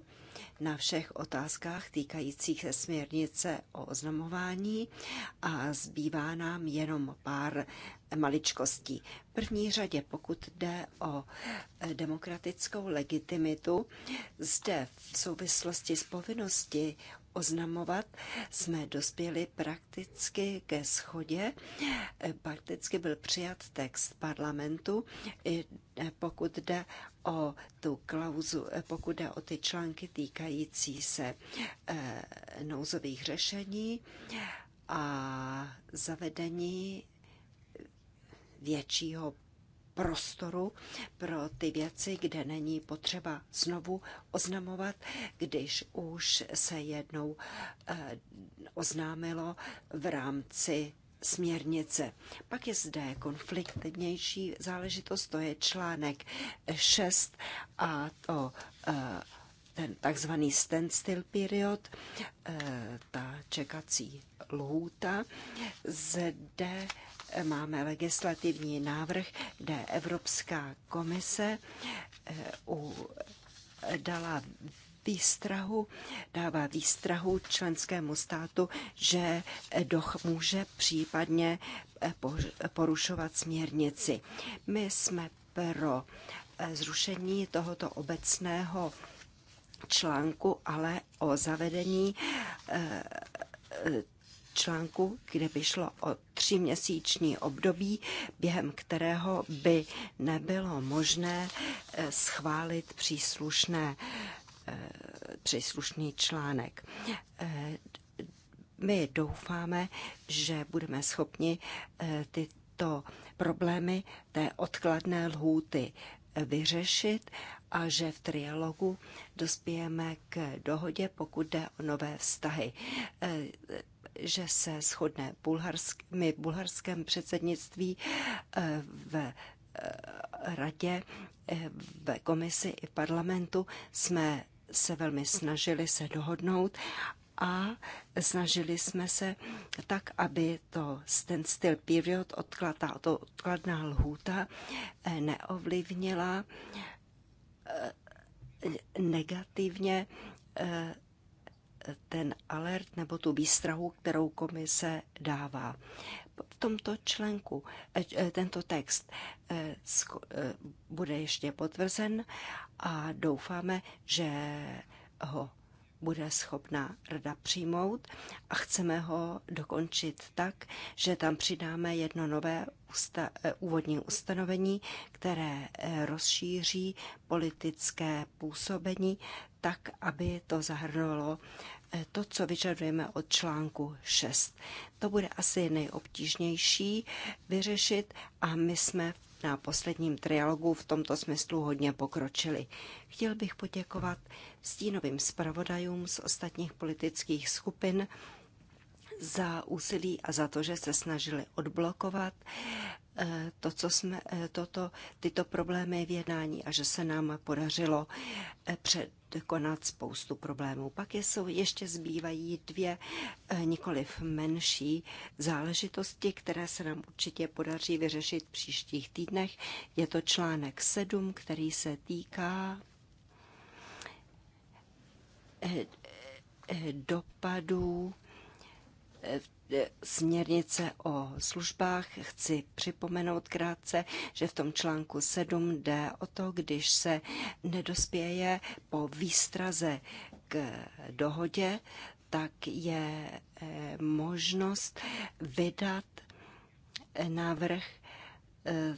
na všech otázkách týkajících se směrnice o oznamování a zbývá nám jenom pár maličkostí. V první řadě, pokud jde o eh, demokratickou legitimitu, zde v souvislosti s povinnosti oznamovat, jsme dospěli prakticky ke schodě. Eh, prakticky byl přijat text parlamentu, eh, pokud jde o tu klauzu, eh, pokud jde o ty články týkající se nouzových řešení a zavedení většího prostoru pro ty věci, kde není potřeba znovu oznamovat, když už se jednou eh, oznámilo v rámci směrnice. Pak je zde konfliktnější záležitost, to je článek 6 a to eh, ten takzvaný standstill period, eh, ta čekací lhůta. Zde máme legislativní návrh, kde Evropská komise eh, dala výstrahu, dává výstrahu členskému státu, že doch může případně eh, porušovat směrnici. My jsme pro eh, zrušení tohoto obecného článku, ale o zavedení článku, kde by šlo o tříměsíční období, během kterého by nebylo možné eh, schválit příslušné, eh, příslušný článek. Eh, my doufáme, že budeme schopni tyto problémy té odkladné lhůty vyřešit a že v trialogu dospějeme k dohodě, pokud jde o nové vztahy že se shodne bulharsk, my bulharském předsednictví eh, v eh, radě, eh, v komisi i parlamentu jsme se velmi snažili se dohodnout a snažili jsme se tak, aby to ten styl period, odklad, ta odkladná lhůta, neovlivnila negativně ten alert nebo tu výstrahu, kterou komise dává. V tomto článku eh, eh, tento text eh, bude ještě potvrzen a doufáme, že ho bude schopná rada přijmout a chceme ho dokončit tak, že tam přidáme jedno nové usta- úvodní ustanovení, které rozšíří politické působení tak, aby to zahrnulo eh, to, co vyžadujeme od článku 6. To bude asi nejobtížnější vyřešit a my jsme na posledním trialogu v tomto smyslu hodně pokročili. Chtěl bych poděkovat stínovým zpravodajům z ostatních politických skupin za úsilí a za to, že se snažili odblokovat Eh, to, co jsme, eh, toto, tyto problémy v jednání a že se nám podařilo eh, konat spoustu problémů. Pak je, jsou, ještě zbývají dvě nikoliv menší záležitosti, které se nám určitě podaří vyřešit v příštích týdnech. Je to článek 7, který se týká dopadů směrnice o službách chci připomenout krátce, že v tom článku 7 jde o to, když se nedospěje po výstraze k dohodě, tak je eh, možnost vydat eh, návrh eh,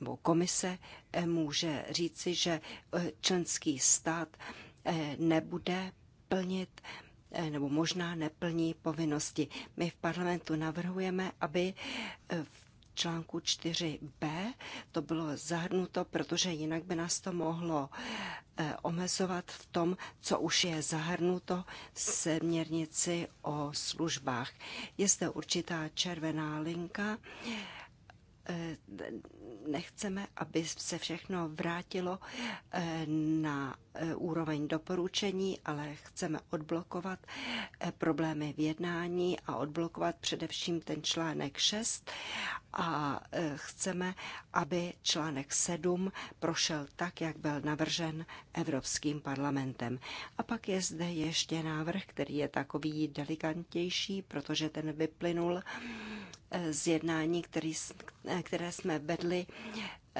nebo komise může říci, že členský stát nebude plnit Eh, nebo možná neplní povinnosti. My v parlamentu navrhujeme, aby eh, v článku 4b to bylo zahrnuto, protože jinak by nás to mohlo eh, omezovat v tom, co už je zahrnuto v směrnici o službách. Je zde určitá červená linka, nechceme, aby se všechno vrátilo na E, úroveň doporučení, ale chceme odblokovat e, problémy v jednání a odblokovat především ten článek 6 a e, chceme, aby článek 7 prošel tak, jak byl navržen Evropským parlamentem. A pak je zde ještě návrh, který je takový delikantnější, protože ten vyplynul z jednání, který, které jsme vedli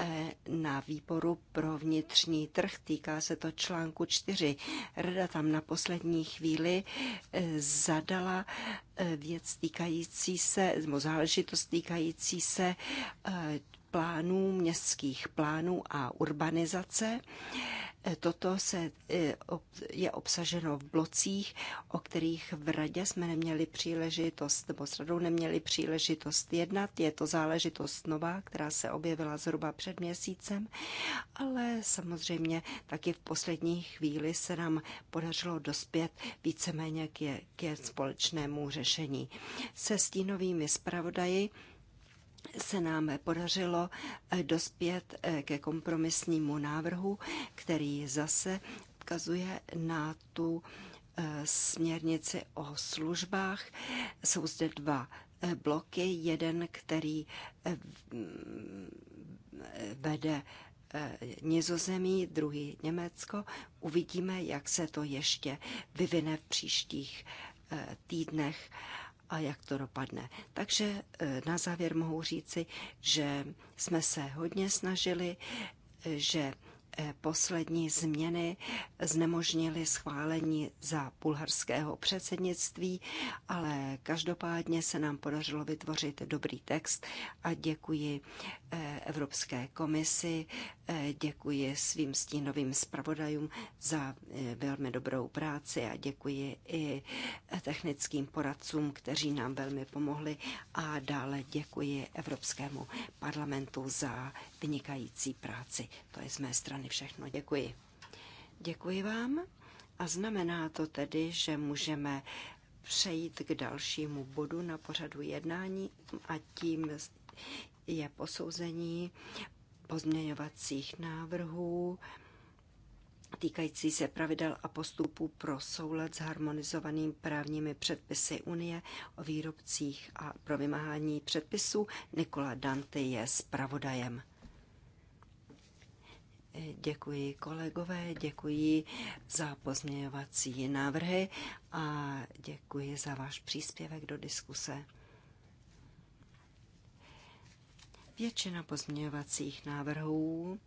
E, na výboru pro vnitřní trh. Týká se to článku 4. Rada tam na poslední chvíli e, zadala e, věc týkající se, nebo záležitost týkající se plánů, městských plánů a urbanizace E, toto se e, je obsaženo v blocích, o kterých v radě jsme neměli příležitost, nebo s radou neměli příležitost jednat. Je to záležitost nová, která se objevila zhruba před měsícem, ale samozřejmě taky v poslední chvíli se nám podařilo dospět víceméně k, je, k je společnému řešení. Se stínovými zpravodaji se nám podařilo eh, dospět eh, ke kompromisnímu návrhu, který zase ukazuje na tu eh, směrnici o službách. Jsou zde dva bloky. Jeden, který mm, vede Nizozemí, druhý Německo. Uvidíme, jak se to ještě vyvine v příštích týdnech a jak to dopadne. Takže e, na závěr mohu říci, že jsme se hodně snažili, e, že e, poslední změny znemožnili schválení za bulharského předsednictví, ale každopádně se nám podařilo vytvořit dobrý text a děkuji Evropské komisi E, děkuji svým stínovým zpravodajům za e, velmi dobrou práci a děkuji i technickým poradcům, kteří nám velmi pomohli a dále děkuji Evropskému parlamentu za vynikající práci. To je z mé strany všechno. Děkuji. Děkuji vám a znamená to tedy, že můžeme přejít k dalšímu bodu na pořadu jednání a tím je posouzení pozměňovacích návrhů týkající se pravidel a postupů pro soulad s harmonizovaným právními předpisy Unie o výrobcích a pro vymáhání předpisů. Nikola Dante je zpravodajem. Děkuji kolegové, děkuji za pozměňovací návrhy a děkuji za váš příspěvek do diskuse. Většina pozměňovacích návrhů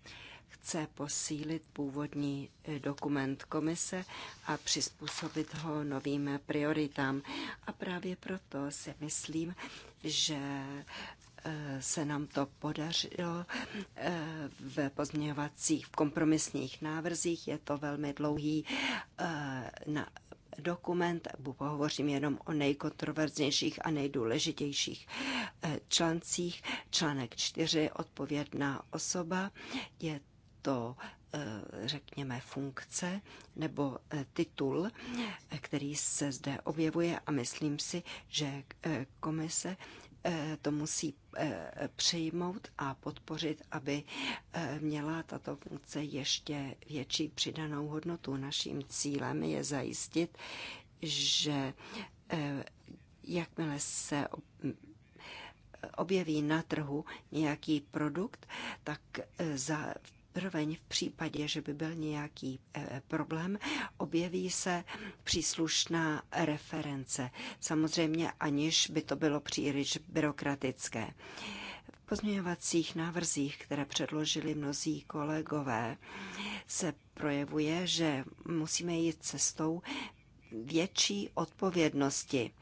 chce posílit původní eh, dokument komise a přizpůsobit ho novým prioritám. A právě proto si myslím, že eh, se nám to podařilo eh, v pozměňovacích, v kompromisních návrzích. Je to velmi dlouhý dokument, pohovořím jenom o nejkontroverznějších a nejdůležitějších eh, člancích. Článek 4, odpovědná osoba, je to eh, řekněme, funkce nebo eh, titul, který se zde objevuje a myslím si, že komise Eh, to musí eh, přijmout a podpořit, aby eh, měla tato funkce ještě větší přidanou hodnotu. Naším cílem je zajistit, že jakmile se objeví na trhu nějaký produkt, tak za, Zároveň v případě, že by byl nějaký eh, problém, objeví se příslušná reference. Samozřejmě aniž by to bylo příliš byrokratické. V pozměňovacích návrzích, které předložili mnozí kolegové, se projevuje, že musíme jít cestou větší odpovědnosti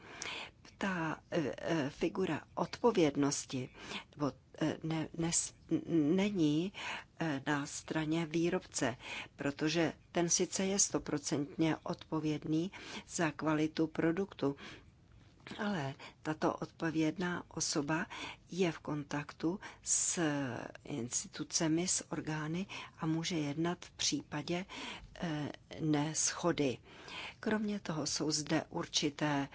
ta eh, eh, figura odpovědnosti nebo Eh, ne, nes, není eh, na straně výrobce, protože ten sice je stoprocentně odpovědný za kvalitu produktu, ale tato odpovědná osoba je v kontaktu s institucemi, s orgány a může jednat v případě eh, neschody. Kromě toho jsou zde určité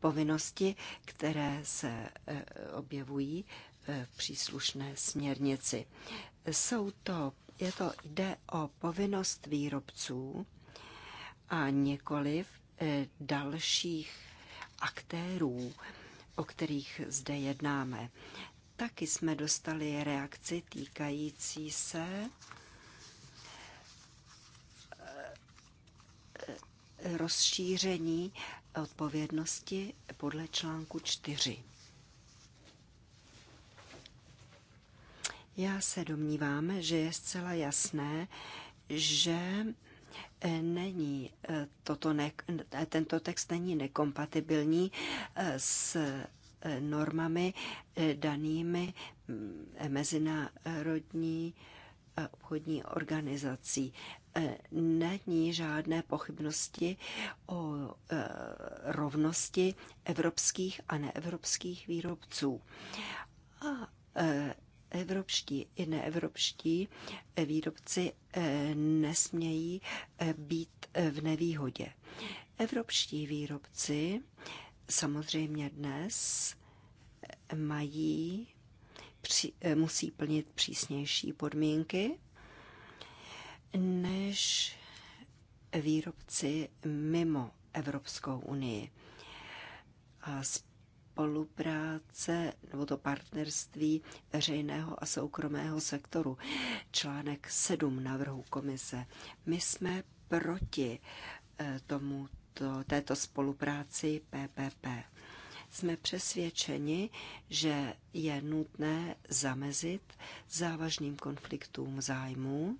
povinnosti, které se objevují Eh, příslušné směrnici. Jsou to, je to, jde o povinnost výrobců a několiv eh, dalších aktérů, o kterých zde jednáme. Taky jsme dostali reakci týkající se eh, rozšíření odpovědnosti podle článku 4. Já se domnívám, že je zcela jasné, že eh, není eh, toto ne, eh, tento text není nekompatibilní s normami danými mm, mezinárodní obchodní organizací. Není žádné pochybnosti o rovnosti evropských a neevropských výrobců. A evropští i neevropští výrobci eh, nesmějí eh, být eh, v nevýhodě. Evropští výrobci samozřejmě dnes mají, musí plnit přísnější podmínky než výrobci mimo Evropskou unii. A spolupráce nebo to partnerství veřejného a soukromého sektoru. Článek 7 návrhu komise. My jsme proti eh, tomu, této spolupráci PPP. Jsme přesvědčeni, že je nutné zamezit závažným konfliktům zájmů,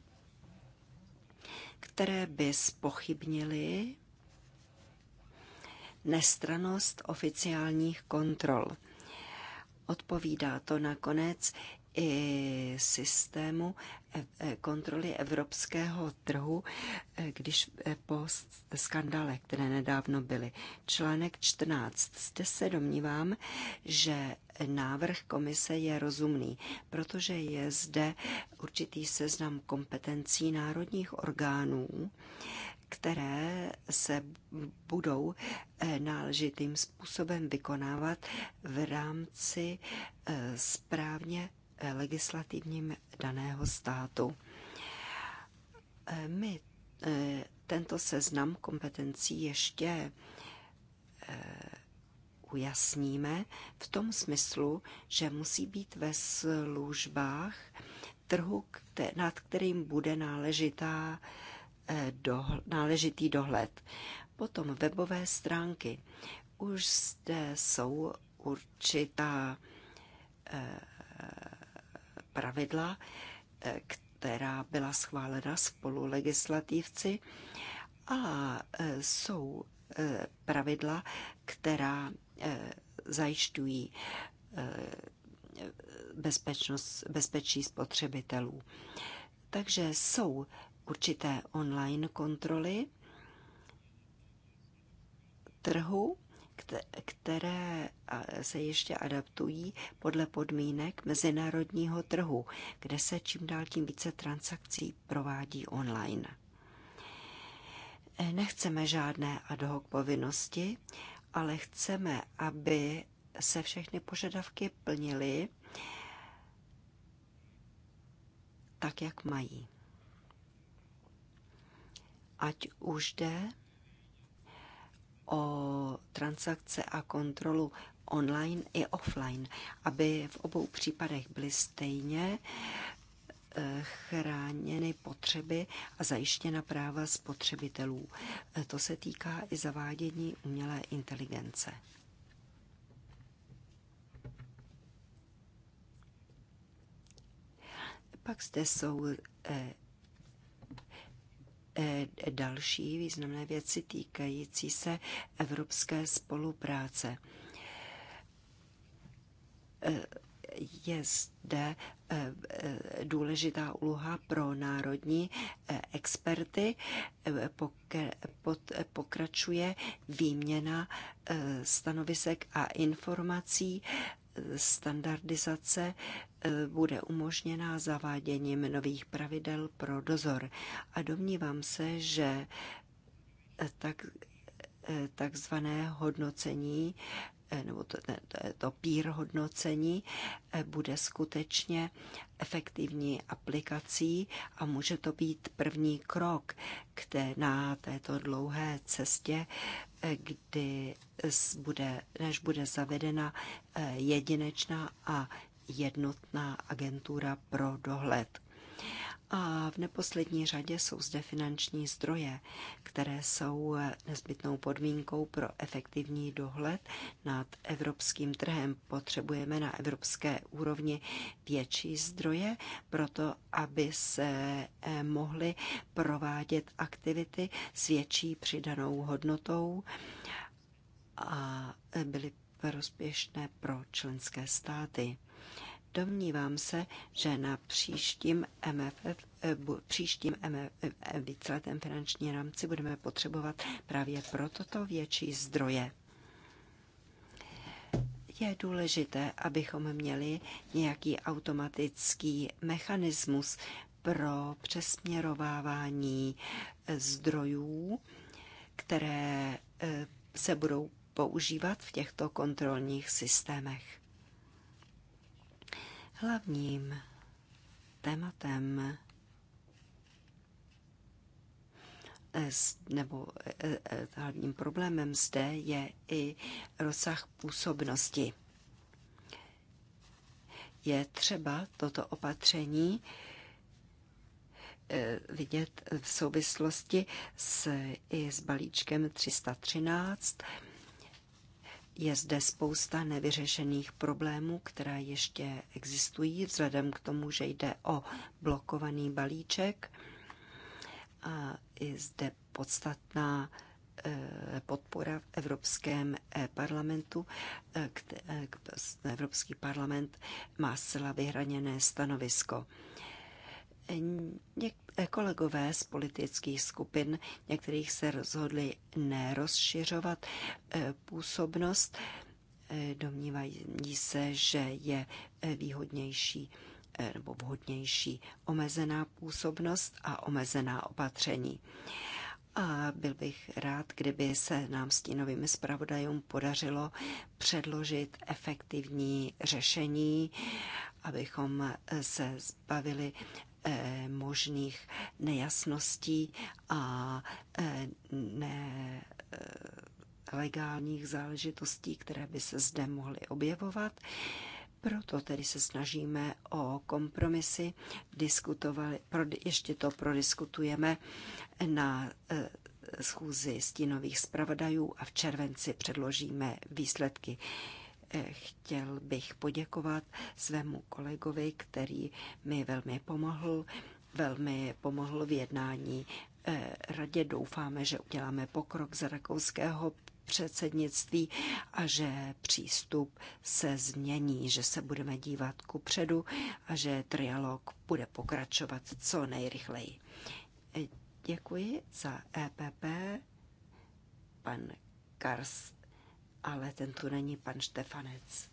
které by spochybnili nestranost oficiálních kontrol. Odpovídá to nakonec i systému e, e, kontroly evropského trhu, e, když po skandale, které nedávno byly. Článek 14. Zde se domnívám, že návrh komise je rozumný, protože je zde určitý seznam kompetencí národních orgánů, které se budou eh, náležitým způsobem vykonávat v rámci eh, správně eh, legislativním daného státu. My tento seznam kompetencí ještě ujasníme v tom smyslu, že musí být ve službách trhu, nad kterým bude náležitá Eh, do náležitý dohled. Potom webové stránky. Už zde jsou určitá eh, pravidla, eh, která byla schválena spolu legislativci a jsou pravidla, která zajišťují bezpečnost, bezpečí spotřebitelů. Takže jsou určité online kontroly trhu, které se ještě adaptují podle podmínek mezinárodního trhu, kde se čím dál tím více transakcí provádí online. Nechceme žádné ad hoc povinnosti, ale chceme, aby se všechny požadavky plnily tak, jak mají ať už jde o transakce a kontrolu online i offline, aby v obou případech byly stejně eh, chráněny potřeby a zajištěna práva spotřebitelů. Eh, to se týká i zavádění umělé inteligence. Pak zde jsou eh, Eh, další významné věci týkající se evropské spolupráce. Eh, je zde eh, důležitá úloha pro národní experty. Pokračuje výměna stanovisek a informací standardizace eh, bude umožněná zaváděním nových pravidel pro dozor. A domnívám se, že eh, tak, eh, takzvané hodnocení nebo to, to pír hodnocení bude skutečně efektivní aplikací a může to být první krok k té, na této dlouhé cestě kdy bude, než bude zavedena eh, jedinečná a jednotná agentura pro dohled. A v neposlední řadě jsou zde finanční zdroje, které jsou nezbytnou podmínkou pro efektivní dohled nad evropským trhem. Potřebujeme na evropské úrovni větší zdroje, proto aby se eh, mohly provádět aktivity s větší přidanou hodnotou a eh, byly prospěšné pro členské státy. Domnívám se, že na příštím MFF, eh, příštím MFF, eh, víceletém finanční rámci budeme potřebovat právě pro toto větší zdroje. Je důležité, abychom měli nějaký automatický mechanismus pro přesměrovávání eh, zdrojů, které se budou používat v těchto kontrolních systémech. Hlavním tématem nebo e, e, e, hlavním problémem zde je i rozsah působnosti. Je třeba toto opatření vidět v souvislosti s, i s balíčkem 313 je zde spousta nevyřešených problémů, která ještě existují, vzhledem k tomu, že jde o blokovaný balíček. A je zde podstatná eh, podpora v Evropském eh, parlamentu. Eh, Evropský parlament má zcela vyhraněné stanovisko. Něk- eh, kolegové z politických skupin, některých se rozhodli nerozšiřovat eh, působnost, eh, domnívají se, že je výhodnější nebo vhodnější omezená působnost a omezená opatření. A byl bych rád, kdyby se nám s tím novým zpravodajům podařilo předložit efektivní řešení, abychom se zbavili Eh, možných nejasností a eh, ne eh, legálních záležitostí, které by se zde mohly objevovat. Proto tedy se snažíme o kompromisy, diskutovali, ještě to prodiskutujeme na schůzi stínových zpravodajů a v červenci předložíme výsledky. Chtěl bych poděkovat svému kolegovi, který mi velmi pomohl, velmi pomohl v jednání eh, radě. Doufáme, že uděláme pokrok z rakouského předsednictví a že přístup se změní, že se budeme dívat ku předu a že trialog bude pokračovat co nejrychleji. Eh, děkuji za EPP, pan Karst ale ten tu není pan Štefanec.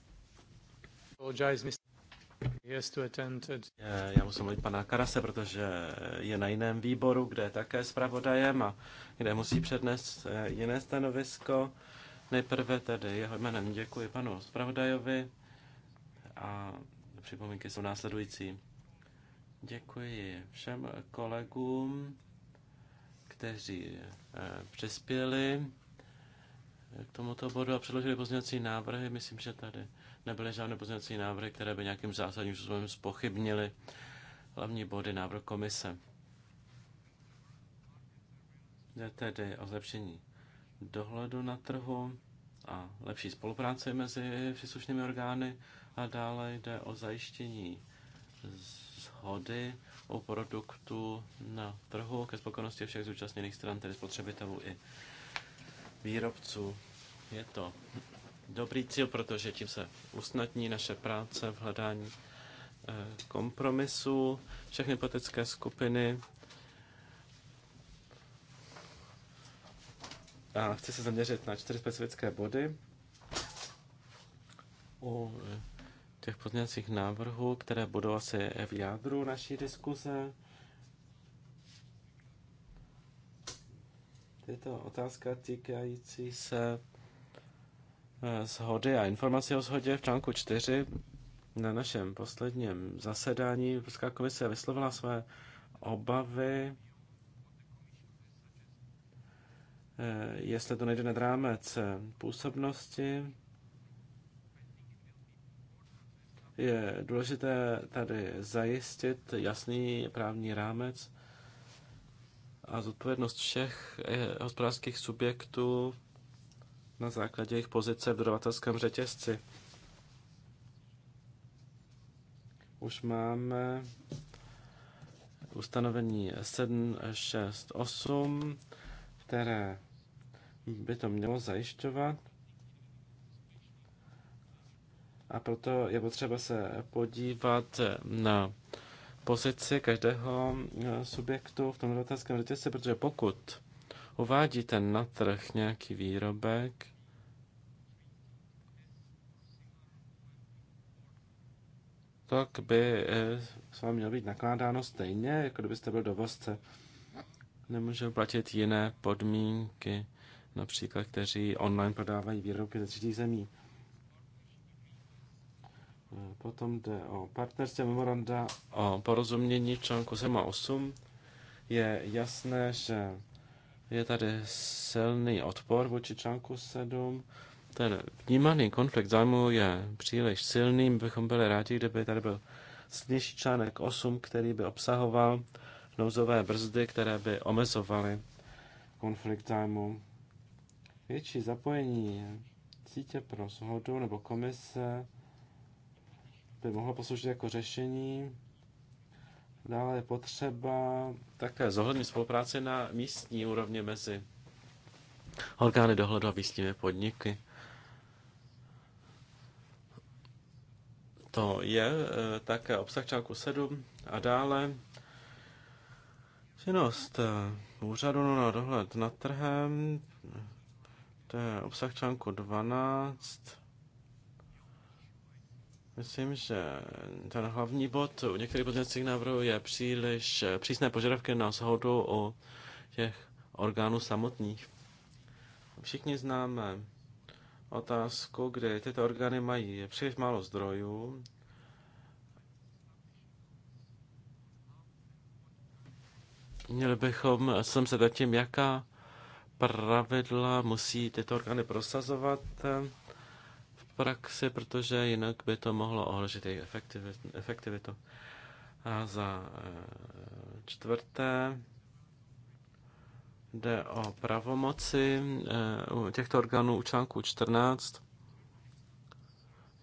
Já musím mluvit pana Karase, protože je na jiném výboru, kde je také zpravodajem a kde musí přednést eh, jiné stanovisko. Nejprve tedy jeho jménem děkuji panu zpravodajovi a připomínky jsou následující. Děkuji všem kolegům, kteří eh, přispěli k tomuto bodu a předložili pozměňovací návrhy. Myslím, že tady nebyly žádné pozměňovací návrhy, které by nějakým zásadním způsobem spochybnily hlavní body návrhu komise. Jde tedy o zlepšení dohledu na trhu a lepší spolupráce mezi příslušnými orgány a dále jde o zajištění shody o produktu na trhu ke spokojenosti všech zúčastněných stran, tedy spotřebitelů i výrobců. Je to dobrý cíl, protože tím se usnadní naše práce v hledání eh, kompromisu. Všechny politické skupiny A chci se zaměřit na čtyři specifické body u eh, těch pozměňovacích návrhů, které budou asi v jádru naší diskuze. Je to otázka týkající se eh, shody a informací o shodě v článku 4. Na našem posledním zasedání Evropská komise vyslovila své obavy, eh, jestli to nejde nad rámec působnosti. Je důležité tady zajistit jasný právní rámec a zodpovědnost všech eh, hospodářských subjektů na základě jejich pozice v dodavatelském řetězci. Už máme ustanovení 8, které by to mělo zajišťovat. A proto je potřeba se podívat na pozici každého eh, subjektu v tom dodatelském řetězci, protože pokud uvádíte na trh nějaký výrobek, tak by eh, s vámi mělo být nakládáno stejně, jako kdybyste byl dovozce. Nemůže platit jiné podmínky, například kteří online prodávají výrobky ze třetích zemí. Potom jde o partnerství memoranda o porozumění článku 7 a 8. Je jasné, že je tady silný odpor vůči článku 7. Ten vnímaný konflikt zájmu je příliš silný. bychom byli rádi, kdyby tady byl silnější článek 8, který by obsahoval nouzové brzdy, které by omezovaly konflikt zájmu. Větší zapojení sítě pro shodu nebo komise by mohlo posloužit jako řešení. Dále je potřeba také zohlednit spolupráci na místní úrovni mezi orgány dohledu a místními podniky. To je eh, také obsah článku 7 a dále činnost eh, úřadu na dohled nad trhem, to je obsah článku 12, Myslím, že ten hlavní bod u některých pozměňovacích návrhů je příliš eh, přísné požadavky na shodu o těch orgánů samotných. Všichni známe otázku, kdy tyto orgány mají příliš málo zdrojů, Měli bychom jsem se nad tím, jaká pravidla musí tyto orgány prosazovat praxi, protože jinak by to mohlo ohrožit jejich efektivitu. A za eh, čtvrté jde o pravomoci eh, těchto orgánů u článku 14.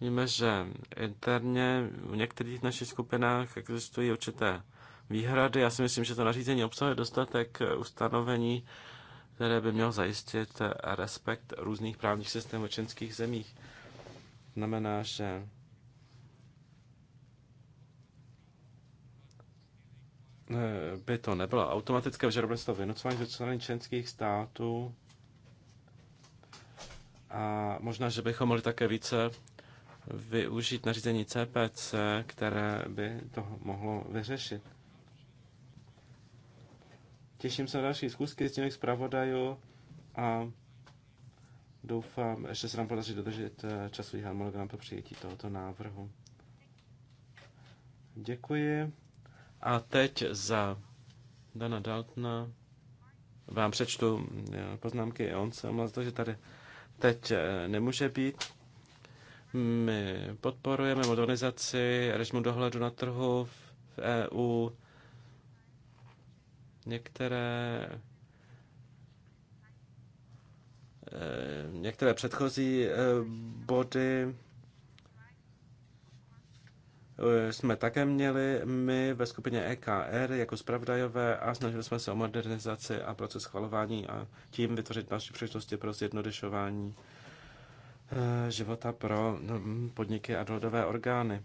Víme, že interně v některých našich skupinách existují určité výhrady. Já si myslím, že to nařízení obsahuje dostatek eh, ustanovení, které by mělo zajistit respekt různých právních systémů členských zemích. Znamená, že by to nebylo automatické, že bude to vynucování ze strany členských států. A možná, že bychom mohli také více využít nařízení CPC, které by to mohlo vyřešit. Těším se na další zkusky z těch zpravodajů a Doufám, že se nám podaří dodržet eh, časový harmonogram pro přijetí tohoto návrhu. Děkuji. A teď za Dana Daltna vám přečtu eh, poznámky. On se omlazil, to, že tady teď eh, nemůže být. My podporujeme modernizaci režimu dohledu na trhu v EU. Některé Eh, některé předchozí eh, body eh, jsme také měli my ve skupině EKR jako zpravodajové a snažili jsme se o modernizaci a proces schvalování a tím vytvořit další příležitosti pro zjednodušování života pro mm, podniky a dohodové orgány.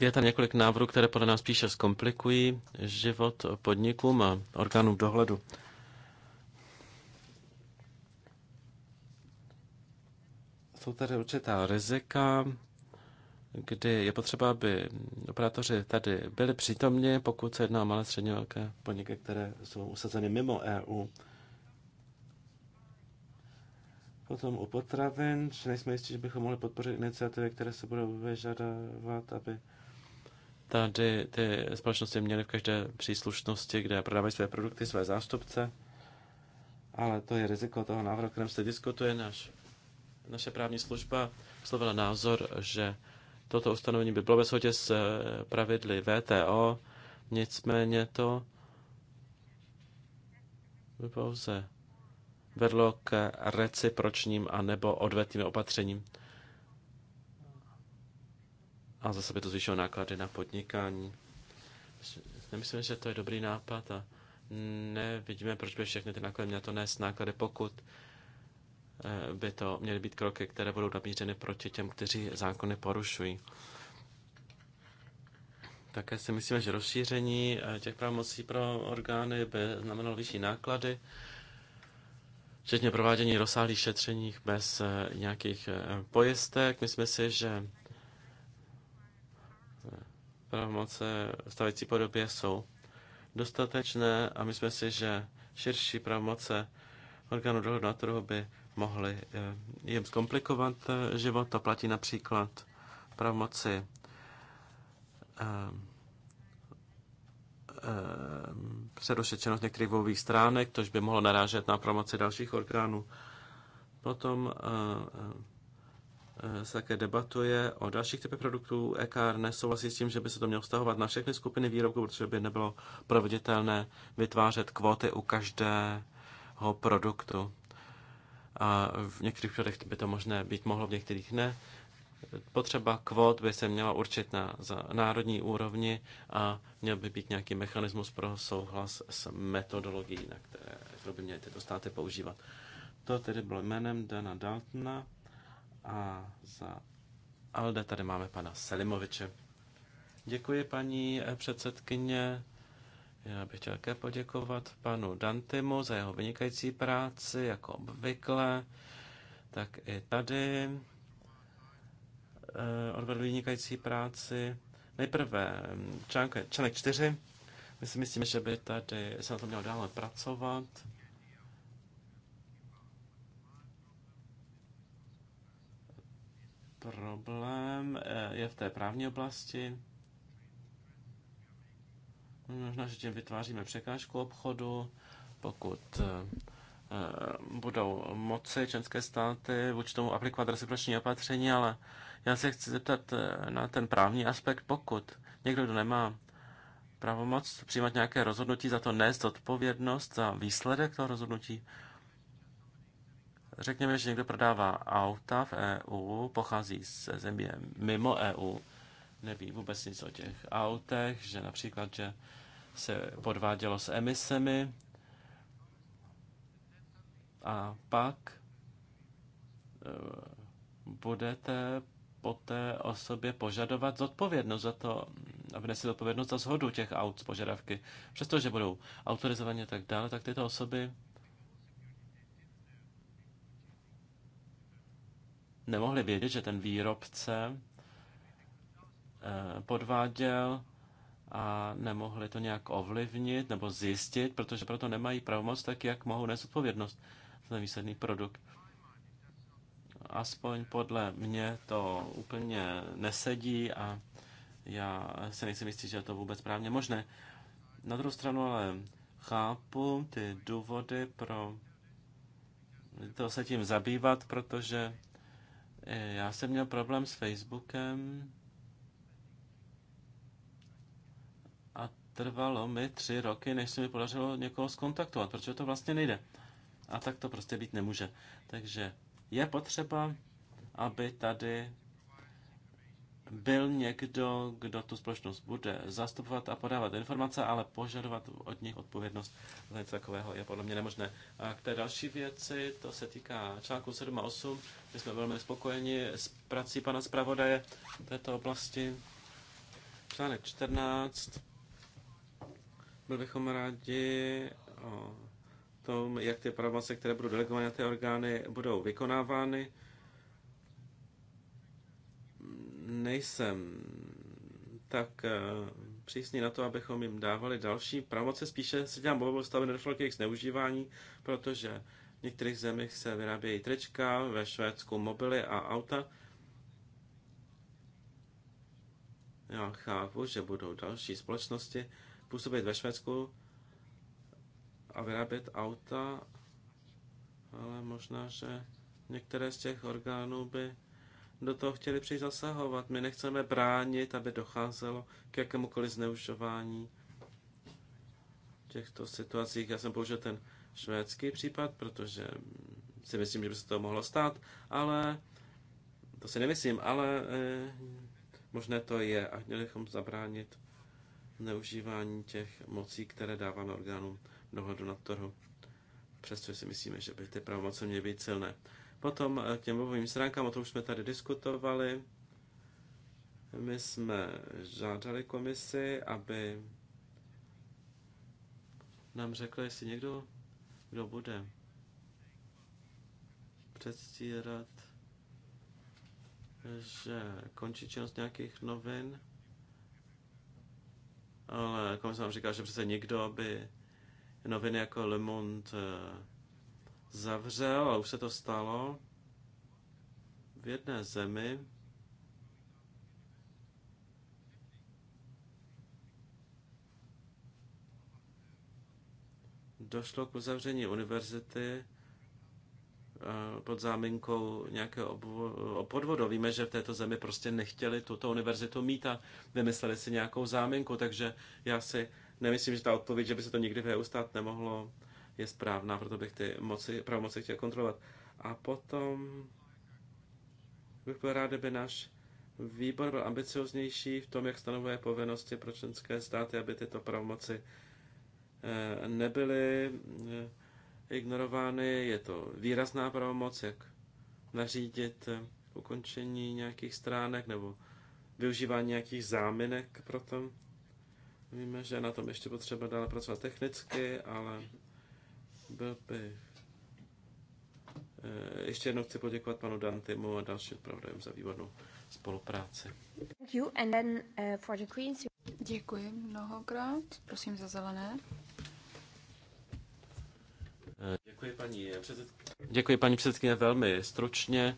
je tam několik návrhů, které podle nás spíše zkomplikují život podnikům a orgánům dohledu. Jsou tady určitá rizika, kdy je potřeba, aby operátoři tady byli přítomni, pokud se jedná o malé středně velké podniky, které jsou usazeny mimo EU. Potom u potravin, že nejsme jistí, že bychom mohli podpořit iniciativy, které se budou vyžadovat, aby Tady ty společnosti měly v každé příslušnosti, kde prodávají své produkty, své zástupce, ale to je riziko toho návrhu, kterém se diskutuje. Naš, naše právní služba slovila názor, že toto ustanovení by bylo ve shodě s eh, pravidly VTO, nicméně to by pouze vedlo k recipročním a nebo odvetným opatřením a zase by to zvýšilo náklady na podnikání. Nemyslím, že to je dobrý nápad a nevidíme, proč by všechny ty náklady měly to nést náklady, pokud eh, by to měly být kroky, které budou namířeny proti těm, kteří zákony porušují. Také si myslíme, že rozšíření eh, těch pravomocí pro orgány by znamenalo vyšší náklady, včetně provádění rozsáhlých šetřeních bez eh, nějakých pojistek. Myslíme si, že pravomoce v stávající podobě jsou dostatečné a myslím si, že širší pravomoce orgánů dohledu na trhu by mohly eh, jim zkomplikovat eh, život. To platí například pravomoci eh, přerušit činnost některých webových stránek, tož by mohlo narážet na promoci dalších orgánů. Potom Eh, se také debatuje o dalších typech produktů. EKR nesouhlasí s tím, že by se to mělo vztahovat na všechny skupiny výrobků, protože by nebylo proveditelné vytvářet kvóty u každého produktu. A v některých případech by to možné být mohlo, v některých ne. Potřeba kvót by se měla určit na za národní úrovni a měl by být nějaký mechanismus pro souhlas s metodologií, na které, kterou by měly tyto státy používat. To tedy bylo jménem Dana Daltona. A za Alde tady máme pana Selimoviče. Děkuji, paní eh, předsedkyně. Já bych chtěl také poděkovat panu Dantimu za jeho vynikající práci, jako obvykle. Tak i tady eh, odvedl vynikající práci. Nejprve mm, článek, článek 4. My si myslíme, že by tady se na to mělo dále pracovat. Problém eh, je v té právní oblasti. Možná, že tím vytváříme překážku obchodu, pokud eh, eh, budou moci členské státy vůči tomu aplikovat reciproční opatření, ale já se chci zeptat na ten právní aspekt, pokud někdo, kdo nemá pravomoc přijímat nějaké rozhodnutí, za to nést odpovědnost za výsledek toho rozhodnutí, Řekněme, že někdo prodává auta v EU, pochází ze země mimo EU, neví vůbec nic o těch autech, že například, že se podvádělo s emisemi a pak e, budete po té osobě požadovat zodpovědnost za to, aby nesli odpovědnost za zhodu těch aut z požadavky. Přestože budou autorizovaně tak dále, tak tyto osoby nemohli vědět, že ten výrobce eh, podváděl a nemohli to nějak ovlivnit nebo zjistit, protože proto nemají pravomoc, tak jak mohou nést odpovědnost za výsledný produkt. Aspoň podle mě to úplně nesedí a já se nejsem jistý, že je to vůbec právně možné. Na druhou stranu ale chápu ty důvody pro to se tím zabývat, protože já jsem měl problém s Facebookem a trvalo mi tři roky, než se mi podařilo někoho skontaktovat, protože to vlastně nejde. A tak to prostě být nemůže. Takže je potřeba, aby tady byl někdo, kdo tu společnost bude zastupovat a podávat informace, ale požadovat od nich odpovědnost za něco takového je podle mě nemožné. A k té další věci, to se týká článku 7 a 8, my jsme velmi spokojeni s prací pana zpravodaje v této oblasti. Článek 14, byl bychom rádi o tom, jak ty pravomoce, které budou delegované na ty orgány, budou vykonávány nejsem tak eh, přísný na to, abychom jim dávali další pravomoce. Spíše se dělám obavu, stavu nedošlo k jejich zneužívání, protože v některých zemích se vyrábějí trička, ve Švédsku mobily a auta. Já chápu, že budou další společnosti působit ve Švédsku a vyrábět auta, ale možná, že některé z těch orgánů by do toho chtěli příliš zasahovat. My nechceme bránit, aby docházelo k jakémukoliv zneužování těchto situacích. Já jsem použil ten švédský případ, protože si myslím, že by se to mohlo stát, ale to si nemyslím, ale e, možné to je a měli bychom zabránit neužívání těch mocí, které dáváme orgánům dohledu nad trhu. Přesto si myslíme, že by ty pravomoce měly být silné. Potom eh, k těm webovým stránkám, o tom už jsme tady diskutovali. My jsme žádali komisi, aby nám řekla, jestli někdo, kdo bude předstírat, že končí činnost nějakých novin, ale komise nám říká, že přece nikdo, by noviny jako Le Monde eh, zavřel, a už se to stalo, v jedné zemi, došlo k uzavření univerzity eh, pod záminkou nějakého podvodu. Eh, Víme, že v této zemi prostě nechtěli tuto univerzitu mít a vymysleli si nějakou záminku, takže já si nemyslím, že ta odpověď, že by se to nikdy v EU stát nemohlo, je správná, proto bych ty moci, pravomoci chtěl kontrolovat. A potom bych byl rád, kdyby náš výbor byl ambicioznější v tom, jak stanovuje povinnosti pro členské státy, aby tyto pravomoci eh, nebyly eh, ignorovány. Je to výrazná pravomoc, jak nařídit eh, ukončení nějakých stránek nebo využívání nějakých záminek pro to. Víme, že na tom ještě potřeba dále pracovat technicky, ale BP. Eh, ještě jednou chci poděkovat panu Dantemu a dalším pravdajům za výbornou spolupráci. Eh, děkuji mnohokrát. Prosím za zelené. Eh, děkuji paní, předsedky... Děkuji paní předsedkyně velmi stručně,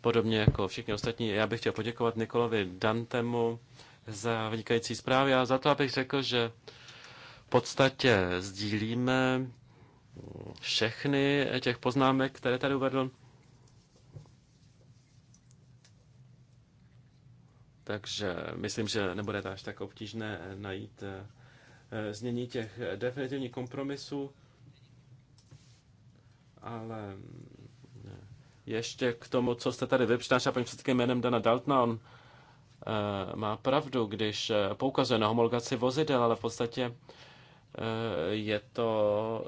podobně jako všichni ostatní. Já bych chtěl poděkovat Nikolovi Dantemu za vynikající zprávy a za to, abych řekl, že v podstatě sdílíme všechny těch poznámek, které tady uvedl. Takže myslím, že nebude to až tak obtížné najít eh, znění těch definitivních kompromisů, ale eh, ještě k tomu, co jste tady vypřinášel paní předsedkyně jménem Dana Daltna, on eh, má pravdu, když poukazuje na homologaci vozidel, ale v podstatě Eh, je to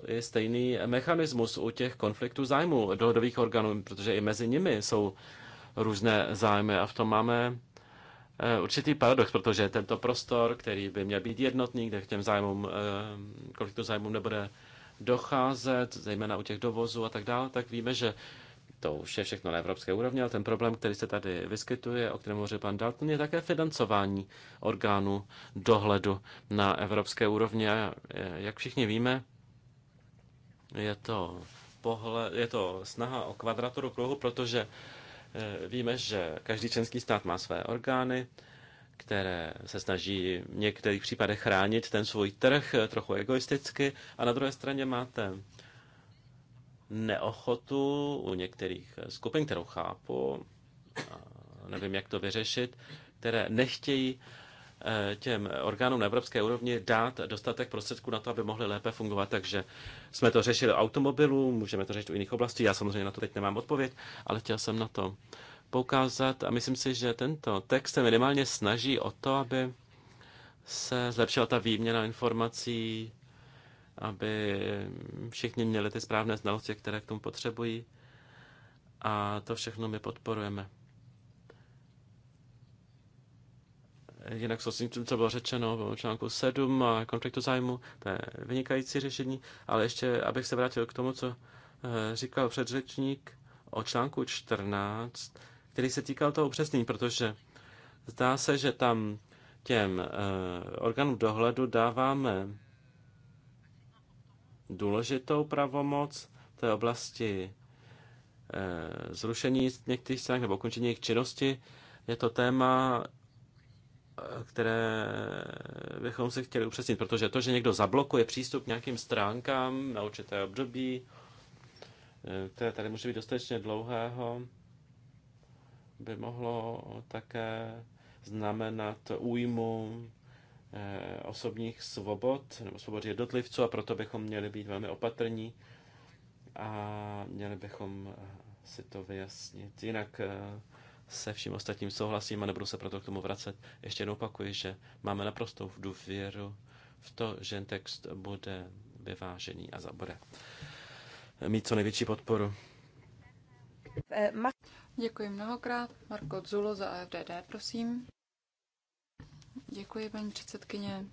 je stejný mechanismus u těch konfliktů zájmů dohodových orgánů, protože i mezi nimi jsou různé zájmy a v tom máme eh, určitý paradox, protože tento prostor, který by měl být jednotný, kde k těm zájmům, eh, konfliktu zájmům nebude docházet, zejména u těch dovozů a tak dále, tak víme, že to už je všechno na evropské úrovni, ale ten problém, který se tady vyskytuje, o kterém hovoří pan Dalton, je také financování orgánů dohledu na evropské úrovni. A e, jak všichni víme, je to, pohled, je to snaha o kvadraturu kruhu, protože e, víme, že každý členský stát má své orgány, které se snaží v některých případech chránit ten svůj trh e, trochu egoisticky a na druhé straně máte neochotu u některých skupin, kterou chápu, nevím, jak to vyřešit, které nechtějí eh, těm orgánům na evropské úrovni dát dostatek prostředků na to, aby mohly lépe fungovat. Takže jsme to řešili automobilů, můžeme to řešit u jiných oblastí. Já samozřejmě na to teď nemám odpověď, ale chtěl jsem na to poukázat a myslím si, že tento text se minimálně snaží o to, aby se zlepšila ta výměna informací aby všichni měli ty správné znalosti, které k tomu potřebují. A to všechno my podporujeme. Jinak s tím, co bylo řečeno v článku 7 a konfliktu zájmu, to je vynikající řešení, ale ještě, abych se vrátil k tomu, co eh, říkal předřečník o článku 14, který se týkal toho upřesnění, protože zdá se, že tam těm eh, orgánům dohledu dáváme důležitou pravomoc v té oblasti eh, zrušení některých stran nebo ukončení jejich činnosti. Je to téma, eh, které bychom se chtěli upřesnit, protože to, že někdo zablokuje přístup k nějakým stránkám na určité období, eh, které tady může být dostatečně dlouhého, by mohlo také znamenat újmu Eh, osobních svobod nebo svobod jednotlivců a proto bychom měli být velmi opatrní a měli bychom eh, si to vyjasnit. Jinak eh, se vším ostatním souhlasím a nebudu se proto k tomu vracet. Ještě jednou opakuji, že máme naprostou důvěru v to, že text bude vyvážený a zabude mít co největší podporu. Děkuji mnohokrát. Marko Zulo za AFDD, prosím. Děkuji, paní předsedkyně.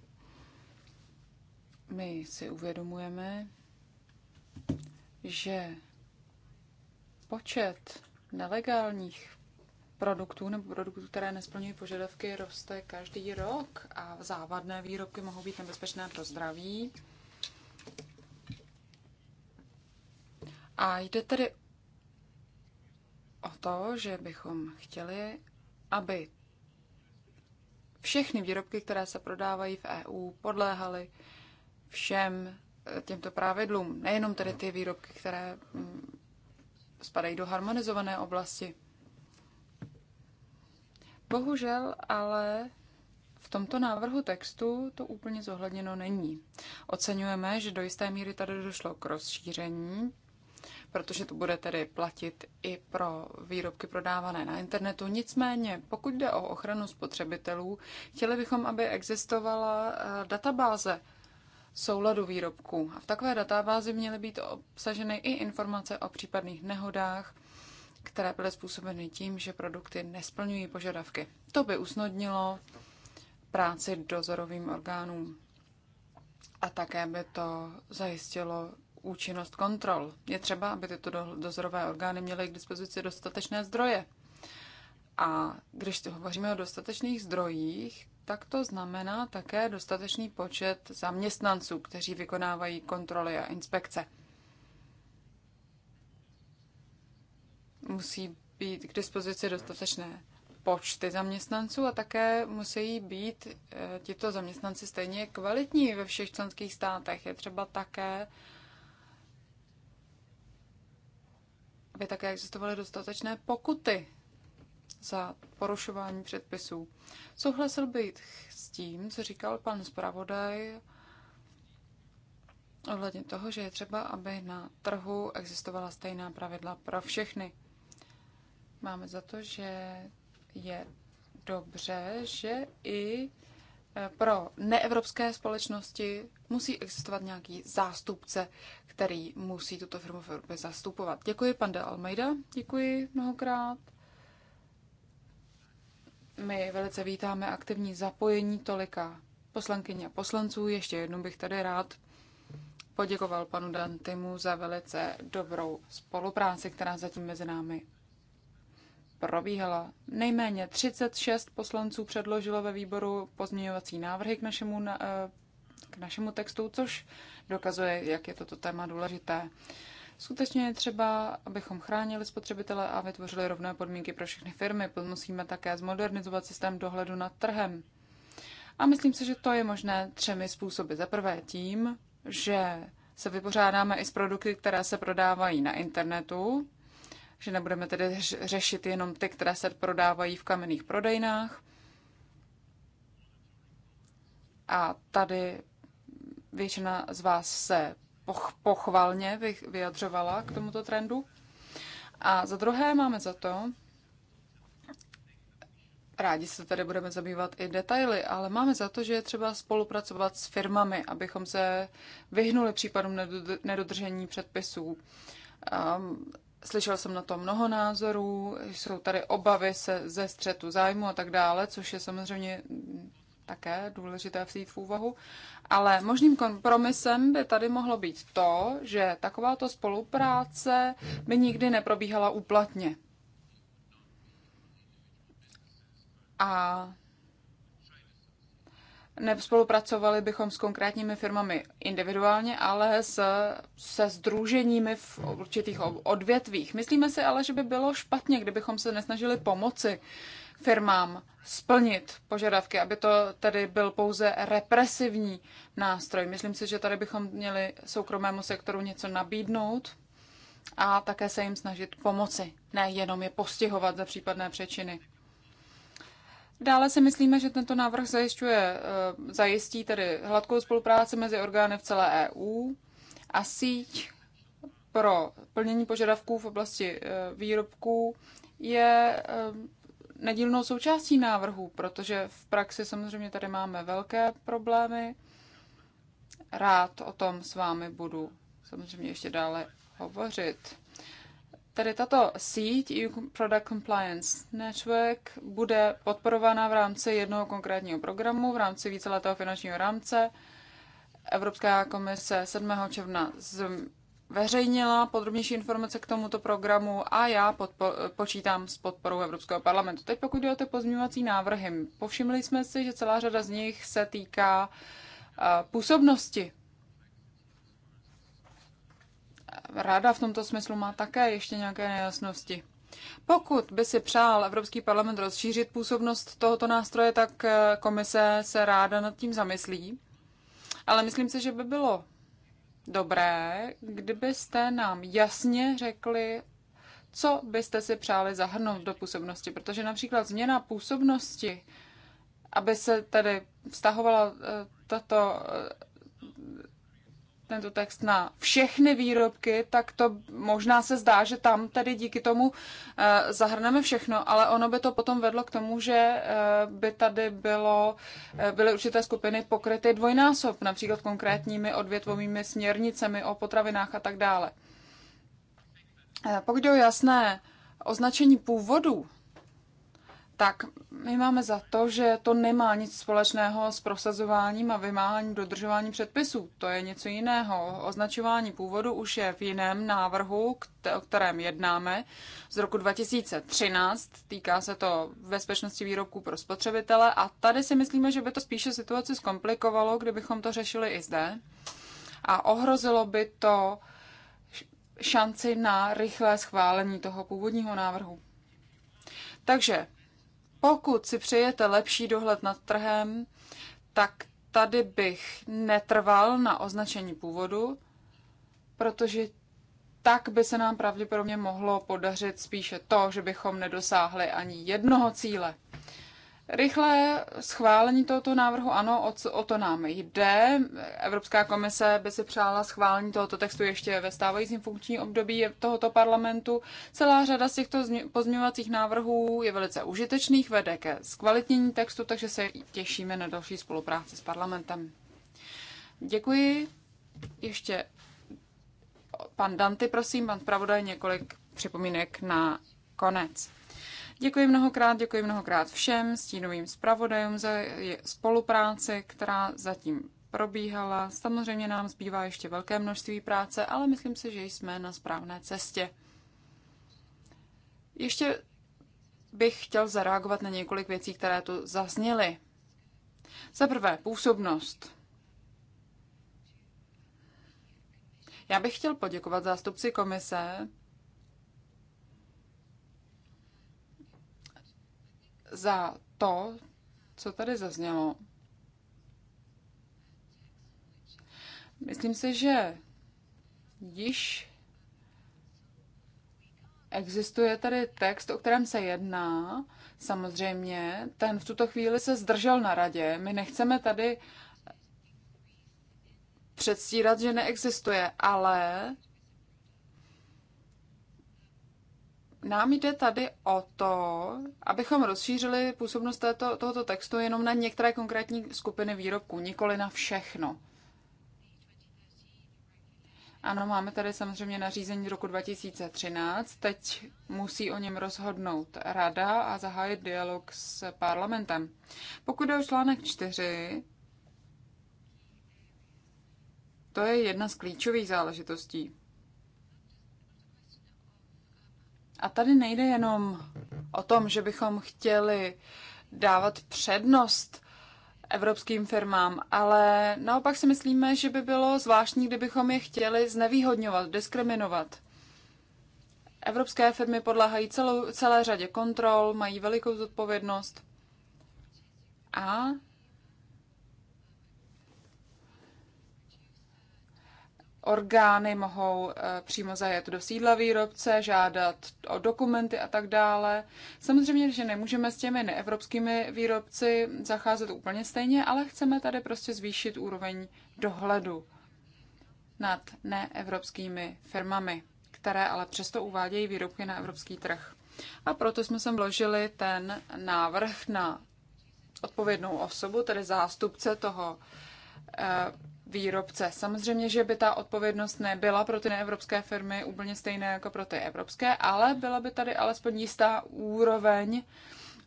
My si uvědomujeme, že počet nelegálních produktů nebo produktů, které nesplňují požadavky, roste každý rok a závadné výrobky mohou být nebezpečné pro zdraví. A jde tedy o to, že bychom chtěli, aby všechny výrobky, které se prodávají v EU, podléhaly všem eh, těmto pravidlům. Nejenom tedy ty výrobky, které mm, spadají do harmonizované oblasti. Bohužel ale v tomto návrhu textu to úplně zohledněno není. Oceňujeme, že do jisté míry tady došlo k rozšíření protože to bude tedy platit i pro výrobky prodávané na internetu. Nicméně, pokud jde o ochranu spotřebitelů, chtěli bychom, aby existovala eh, databáze souladu výrobků. A v takové databázi měly být obsaženy i informace o případných nehodách, které byly způsobeny tím, že produkty nesplňují požadavky. To by usnadnilo práci dozorovým orgánům. A také by to zajistilo účinnost kontrol. Je třeba, aby tyto dozorové orgány měly k dispozici dostatečné zdroje. A když hovoříme o dostatečných zdrojích, tak to znamená také dostatečný počet zaměstnanců, kteří vykonávají kontroly a inspekce. Musí být k dispozici dostatečné počty zaměstnanců a také musí být eh, tito zaměstnanci stejně kvalitní ve všech členských státech. Je třeba také aby také existovaly dostatečné pokuty za porušování předpisů. Souhlasil bych s tím, co říkal pan zpravodaj ohledně toho, že je třeba, aby na trhu existovala stejná pravidla pro všechny. Máme za to, že je dobře, že i pro neevropské společnosti musí existovat nějaký zástupce, který musí tuto firmu v Evropě zastupovat. Děkuji, pan de Almeida, děkuji mnohokrát. My velice vítáme aktivní zapojení tolika poslankyně a poslanců. Ještě jednou bych tady rád poděkoval panu Dantimu za velice dobrou spolupráci, která zatím mezi námi probíhala. Nejméně 36 poslanců předložilo ve výboru pozměňovací návrhy k našemu eh, k našemu textu, což dokazuje, jak je toto téma důležité. Skutečně je třeba, abychom chránili spotřebitele a vytvořili rovné podmínky pro všechny firmy. Musíme také zmodernizovat systém dohledu nad trhem. A myslím si, že to je možné třemi způsoby. Za prvé tím, že se vypořádáme i s produkty, které se prodávají na internetu, že nebudeme tedy řešit jenom ty, které se prodávají v kamenných prodejnách. A tady Většina z vás se poch- pochvalně vyjadřovala k tomuto trendu. A za druhé máme za to, Rádi se tady budeme zabývat i detaily, ale máme za to, že je třeba spolupracovat s firmami, abychom se vyhnuli případům nedodržení předpisů. Um, slyšel jsem na to mnoho názorů, jsou tady obavy se, ze střetu zájmu a tak dále, což je samozřejmě také důležité vzít v úvahu. Ale možným kompromisem by tady mohlo být to, že takováto spolupráce by nikdy neprobíhala úplatně. A nespolupracovali bychom s konkrétními firmami individuálně, ale s, se združeními v určitých odvětvích. Myslíme si ale, že by bylo špatně, kdybychom se nesnažili pomoci firmám splnit požadavky, aby to tedy byl pouze represivní nástroj. Myslím si, že tady bychom měli soukromému sektoru něco nabídnout a také se jim snažit pomoci, ne jenom je postihovat za případné přečiny. Dále si myslíme, že tento návrh zajišťuje, eh, zajistí tedy hladkou spolupráci mezi orgány v celé EU a síť pro plnění požadavků v oblasti eh, výrobků je eh, nedílnou součástí návrhu, protože v praxi samozřejmě tady máme velké problémy. Rád o tom s vámi budu samozřejmě ještě dále hovořit. Tady tato síť EU Product Compliance Network bude podporovaná v rámci jednoho konkrétního programu, v rámci víceletého finančního rámce. Evropská komise 7. června zveřejnila podrobnější informace k tomuto programu a já podpo- počítám s podporou Evropského parlamentu. Teď pokud jde o ty pozměňovací návrhy, povšimli jsme si, že celá řada z nich se týká působnosti. Ráda v tomto smyslu má také ještě nějaké nejasnosti. Pokud by si přál Evropský parlament rozšířit působnost tohoto nástroje, tak e, komise se ráda nad tím zamyslí. Ale myslím si, že by bylo dobré, kdybyste nám jasně řekli, co byste si přáli zahrnout do působnosti, protože například změna působnosti, aby se tedy vztahovala eh, tato eh, tento text na všechny výrobky, tak to možná se zdá, že tam tedy díky tomu eh, zahrneme všechno, ale ono by to potom vedlo k tomu, že eh, by tady bylo, eh, byly určité skupiny pokryty dvojnásob, například konkrétními odvětvovými směrnicemi o potravinách a tak dále. Pokud je jasné označení původu, tak my máme za to, že to nemá nic společného s prosazováním a vymáháním dodržování předpisů. To je něco jiného. Označování původu už je v jiném návrhu, o kterém jednáme z roku 2013. Týká se to bezpečnosti výrobků pro spotřebitele a tady si myslíme, že by to spíše situaci zkomplikovalo, kdybychom to řešili i zde. A ohrozilo by to šanci na rychlé schválení toho původního návrhu. Takže pokud si přejete lepší dohled nad trhem, tak tady bych netrval na označení původu, protože tak by se nám pravděpodobně mohlo podařit spíše to, že bychom nedosáhli ani jednoho cíle. Rychlé schválení tohoto návrhu, ano, o, o to nám jde. Evropská komise by si přála schválení tohoto textu ještě ve stávajícím funkčním období tohoto parlamentu. Celá řada z těchto pozměňovacích návrhů je velice užitečných, vede ke zkvalitnění textu, takže se těšíme na další spolupráci s parlamentem. Děkuji. Ještě pan Danty, prosím, pan zpravodaj, několik připomínek na konec. Děkuji mnohokrát, děkuji mnohokrát všem stínovým zpravodajům za spolupráci, která zatím probíhala. Samozřejmě nám zbývá ještě velké množství práce, ale myslím si, že jsme na správné cestě. Ještě bych chtěl zareagovat na několik věcí, které tu zazněly. Za prvé, působnost. Já bych chtěl poděkovat zástupci komise, za to, co tady zaznělo. Myslím si, že již existuje tady text, o kterém se jedná. Samozřejmě, ten v tuto chvíli se zdržel na radě. My nechceme tady předstírat, že neexistuje, ale nám jde tady o to, abychom rozšířili působnost této, tohoto textu jenom na některé konkrétní skupiny výrobků, nikoli na všechno. Ano, máme tady samozřejmě nařízení roku 2013. Teď musí o něm rozhodnout rada a zahájit dialog s parlamentem. Pokud jde o článek 4, to je jedna z klíčových záležitostí. A tady nejde jenom o tom, že bychom chtěli dávat přednost evropským firmám, ale naopak si myslíme, že by bylo zvláštní, kdybychom je chtěli znevýhodňovat, diskriminovat. Evropské firmy podléhají celou, celé řadě kontrol, mají velikou zodpovědnost a orgány mohou eh, přímo zajet do sídla výrobce, žádat o dokumenty a tak dále. Samozřejmě, že nemůžeme s těmi neevropskými výrobci zacházet úplně stejně, ale chceme tady prostě zvýšit úroveň dohledu nad neevropskými firmami, které ale přesto uvádějí výrobky na evropský trh. A proto jsme sem vložili ten návrh na odpovědnou osobu, tedy zástupce toho eh, výrobce. Samozřejmě, že by ta odpovědnost nebyla pro ty neevropské firmy úplně stejná jako pro ty evropské, ale byla by tady alespoň jistá úroveň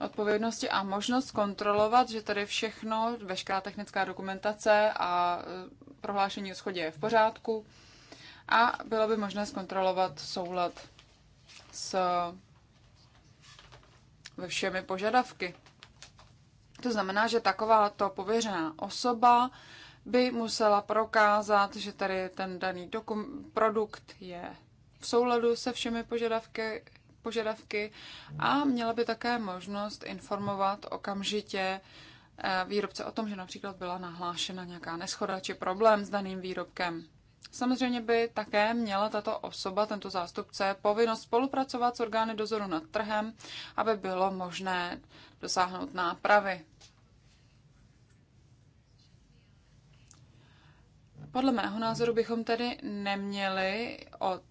odpovědnosti a možnost kontrolovat, že tady všechno, veškerá technická dokumentace a e, prohlášení o schodě je v pořádku a bylo by možné zkontrolovat soulad s všemi požadavky. To znamená, že takováto pověřená osoba by musela prokázat, že tady ten daný dokum- produkt je v souladu se všemi požadavky, požadavky a měla by také možnost informovat okamžitě eh, výrobce o tom, že například byla nahlášena nějaká neschoda či problém s daným výrobkem. Samozřejmě by také měla tato osoba, tento zástupce, povinnost spolupracovat s orgány dozoru nad trhem, aby bylo možné dosáhnout nápravy. Podle mého názoru bychom tady neměli od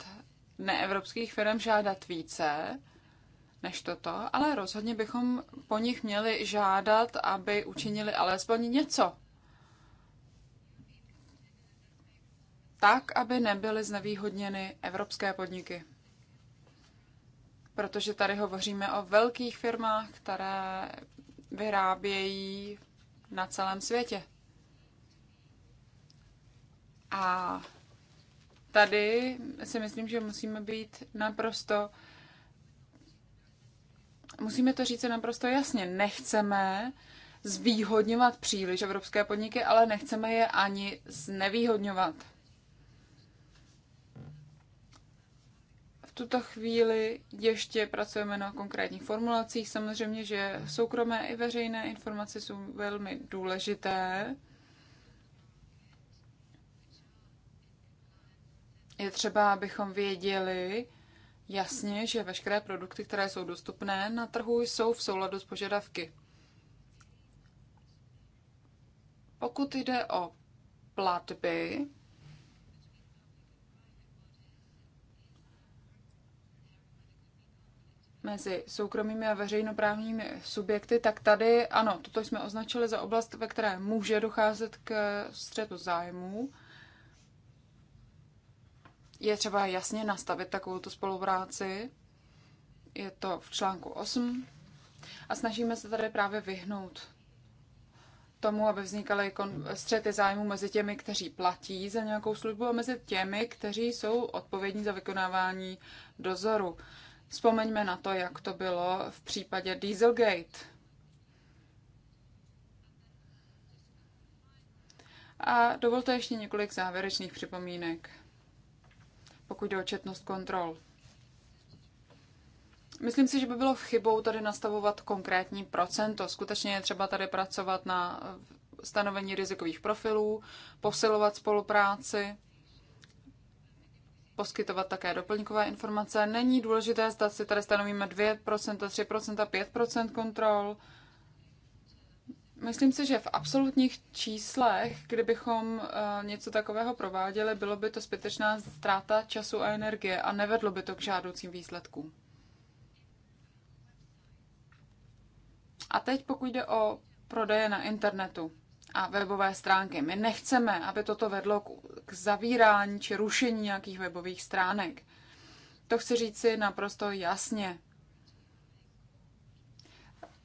neevropských firm žádat více než toto, ale rozhodně bychom po nich měli žádat, aby učinili alespoň něco. Tak, aby nebyly znevýhodněny evropské podniky. Protože tady hovoříme o velkých firmách, které vyrábějí na celém světě. A tady si myslím, že musíme být naprosto musíme to říct naprosto jasně. Nechceme zvýhodňovat příliš evropské podniky, ale nechceme je ani znevýhodňovat. V tuto chvíli ještě pracujeme na konkrétních formulacích. Samozřejmě, že soukromé i veřejné informace jsou velmi důležité. Je třeba, abychom věděli jasně, že veškeré produkty, které jsou dostupné na trhu, jsou v souladu s požadavky. Pokud jde o platby, mezi soukromými a veřejnoprávními subjekty, tak tady ano, toto jsme označili za oblast, ve které může docházet k střetu zájmů je třeba jasně nastavit takovou tu spolupráci. Je to v článku 8. A snažíme se tady právě vyhnout tomu, aby vznikaly střety zájmu mezi těmi, kteří platí za nějakou službu a mezi těmi, kteří jsou odpovědní za vykonávání dozoru. Vzpomeňme na to, jak to bylo v případě Dieselgate. A dovolte ještě několik závěrečných připomínek pokud jde o četnost kontrol. Myslím si, že by bylo chybou tady nastavovat konkrétní procento. Skutečně je třeba tady pracovat na stanovení rizikových profilů, posilovat spolupráci, poskytovat také doplňkové informace. Není důležité, zda si tady stanovíme 2%, 3%, 5% kontrol. Myslím si, že v absolutních číslech, kdybychom eh, něco takového prováděli, bylo by to zbytečná ztráta času a energie a nevedlo by to k žádoucím výsledkům. A teď pokud jde o prodeje na internetu a webové stránky. My nechceme, aby toto vedlo k zavírání či rušení nějakých webových stránek. To chci říci naprosto jasně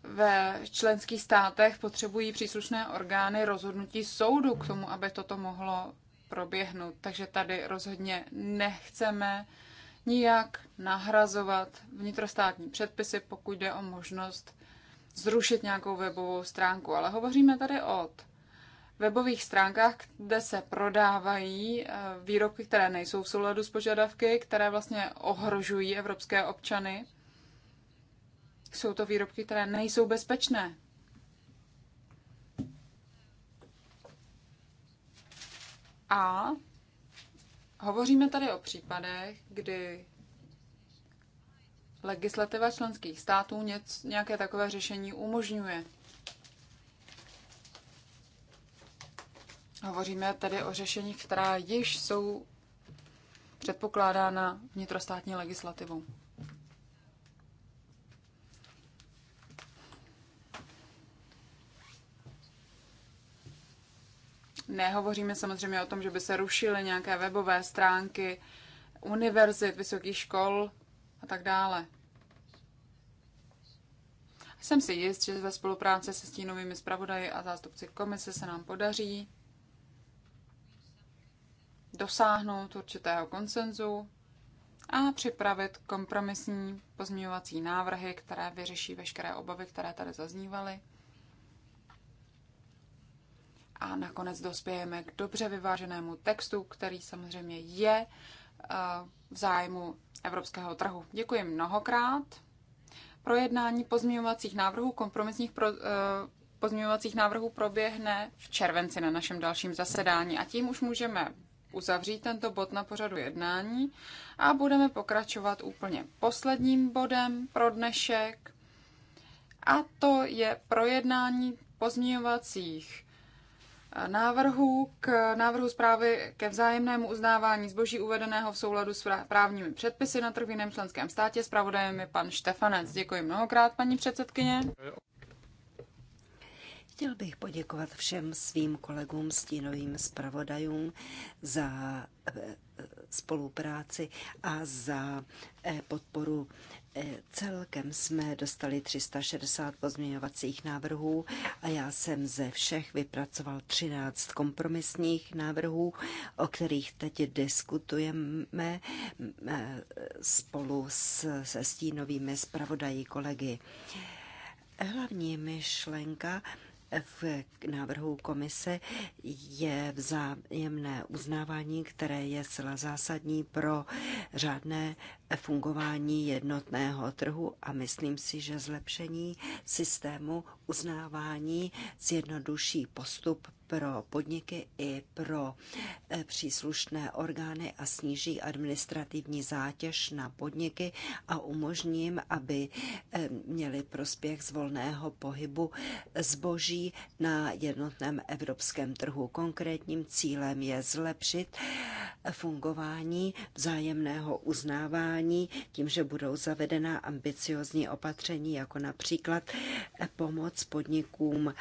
ve členských státech potřebují příslušné orgány rozhodnutí soudu k tomu, aby toto mohlo proběhnout. Takže tady rozhodně nechceme nijak nahrazovat vnitrostátní předpisy, pokud jde o možnost zrušit nějakou webovou stránku. Ale hovoříme tady o webových stránkách, kde se prodávají eh, výrobky, které nejsou v souladu s požadavky, které vlastně ohrožují evropské občany. Jsou to výrobky, které nejsou bezpečné. A hovoříme tady o případech, kdy legislativa členských států něco nějaké takové řešení umožňuje. Hovoříme tady o řešeních, která již jsou předpokládána vnitrostátní legislativou. Nehovoříme samozřejmě o tom, že by se rušily nějaké webové stránky univerzit, vysokých škol a tak dále. Jsem si jist, že ve spolupráci se stínovými zpravodaji a zástupci komise se nám podaří dosáhnout určitého konsenzu a připravit kompromisní pozměňovací návrhy, které vyřeší veškeré obavy, které tady zaznívaly a nakonec dospějeme k dobře vyváženému textu, který samozřejmě je eh, v zájmu evropského trhu. Děkuji mnohokrát. Projednání pozměňovacích návrhů, kompromisních pro, eh, pozměňovacích návrhů proběhne v červenci na našem dalším zasedání a tím už můžeme uzavřít tento bod na pořadu jednání a budeme pokračovat úplně posledním bodem pro dnešek a to je projednání pozměňovacích návrhů k návrhu zprávy ke vzájemnému uznávání zboží uvedeného v souladu s právními předpisy na trh v jiném členském státě. Spravodajem je pan Štefanec. Děkuji mnohokrát, paní předsedkyně. Chtěl bych poděkovat všem svým kolegům, stínovým zpravodajům za eh, spolupráci a za eh, podporu E, celkem jsme dostali 360 pozměňovacích návrhů a já jsem ze všech vypracoval 13 kompromisních návrhů, o kterých teď diskutujeme e, spolu s, se stínovými zpravodají kolegy. Hlavní myšlenka v návrhu komise je vzájemné uznávání, které je zcela zásadní pro řádné fungování jednotného trhu a myslím si, že zlepšení systému uznávání zjednoduší postup pro podniky i pro eh, příslušné orgány a sníží administrativní zátěž na podniky a umožní jim, aby eh, měli prospěch z volného pohybu zboží na jednotném evropském trhu. Konkrétním cílem je zlepšit eh, fungování vzájemného uznávání tím, že budou zavedena ambiciozní opatření, jako například pomoc podnikům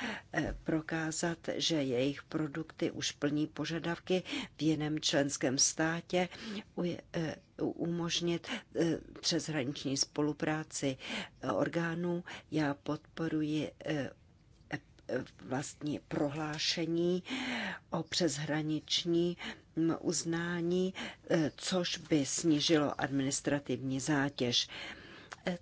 prokázat, že je jejich produkty už plní požadavky v jiném členském státě, e, umožnit e, přeshraniční spolupráci e, orgánů. Já podporuji vlastní prohlášení o přeshraniční uznání, což by snížilo administrativní zátěž.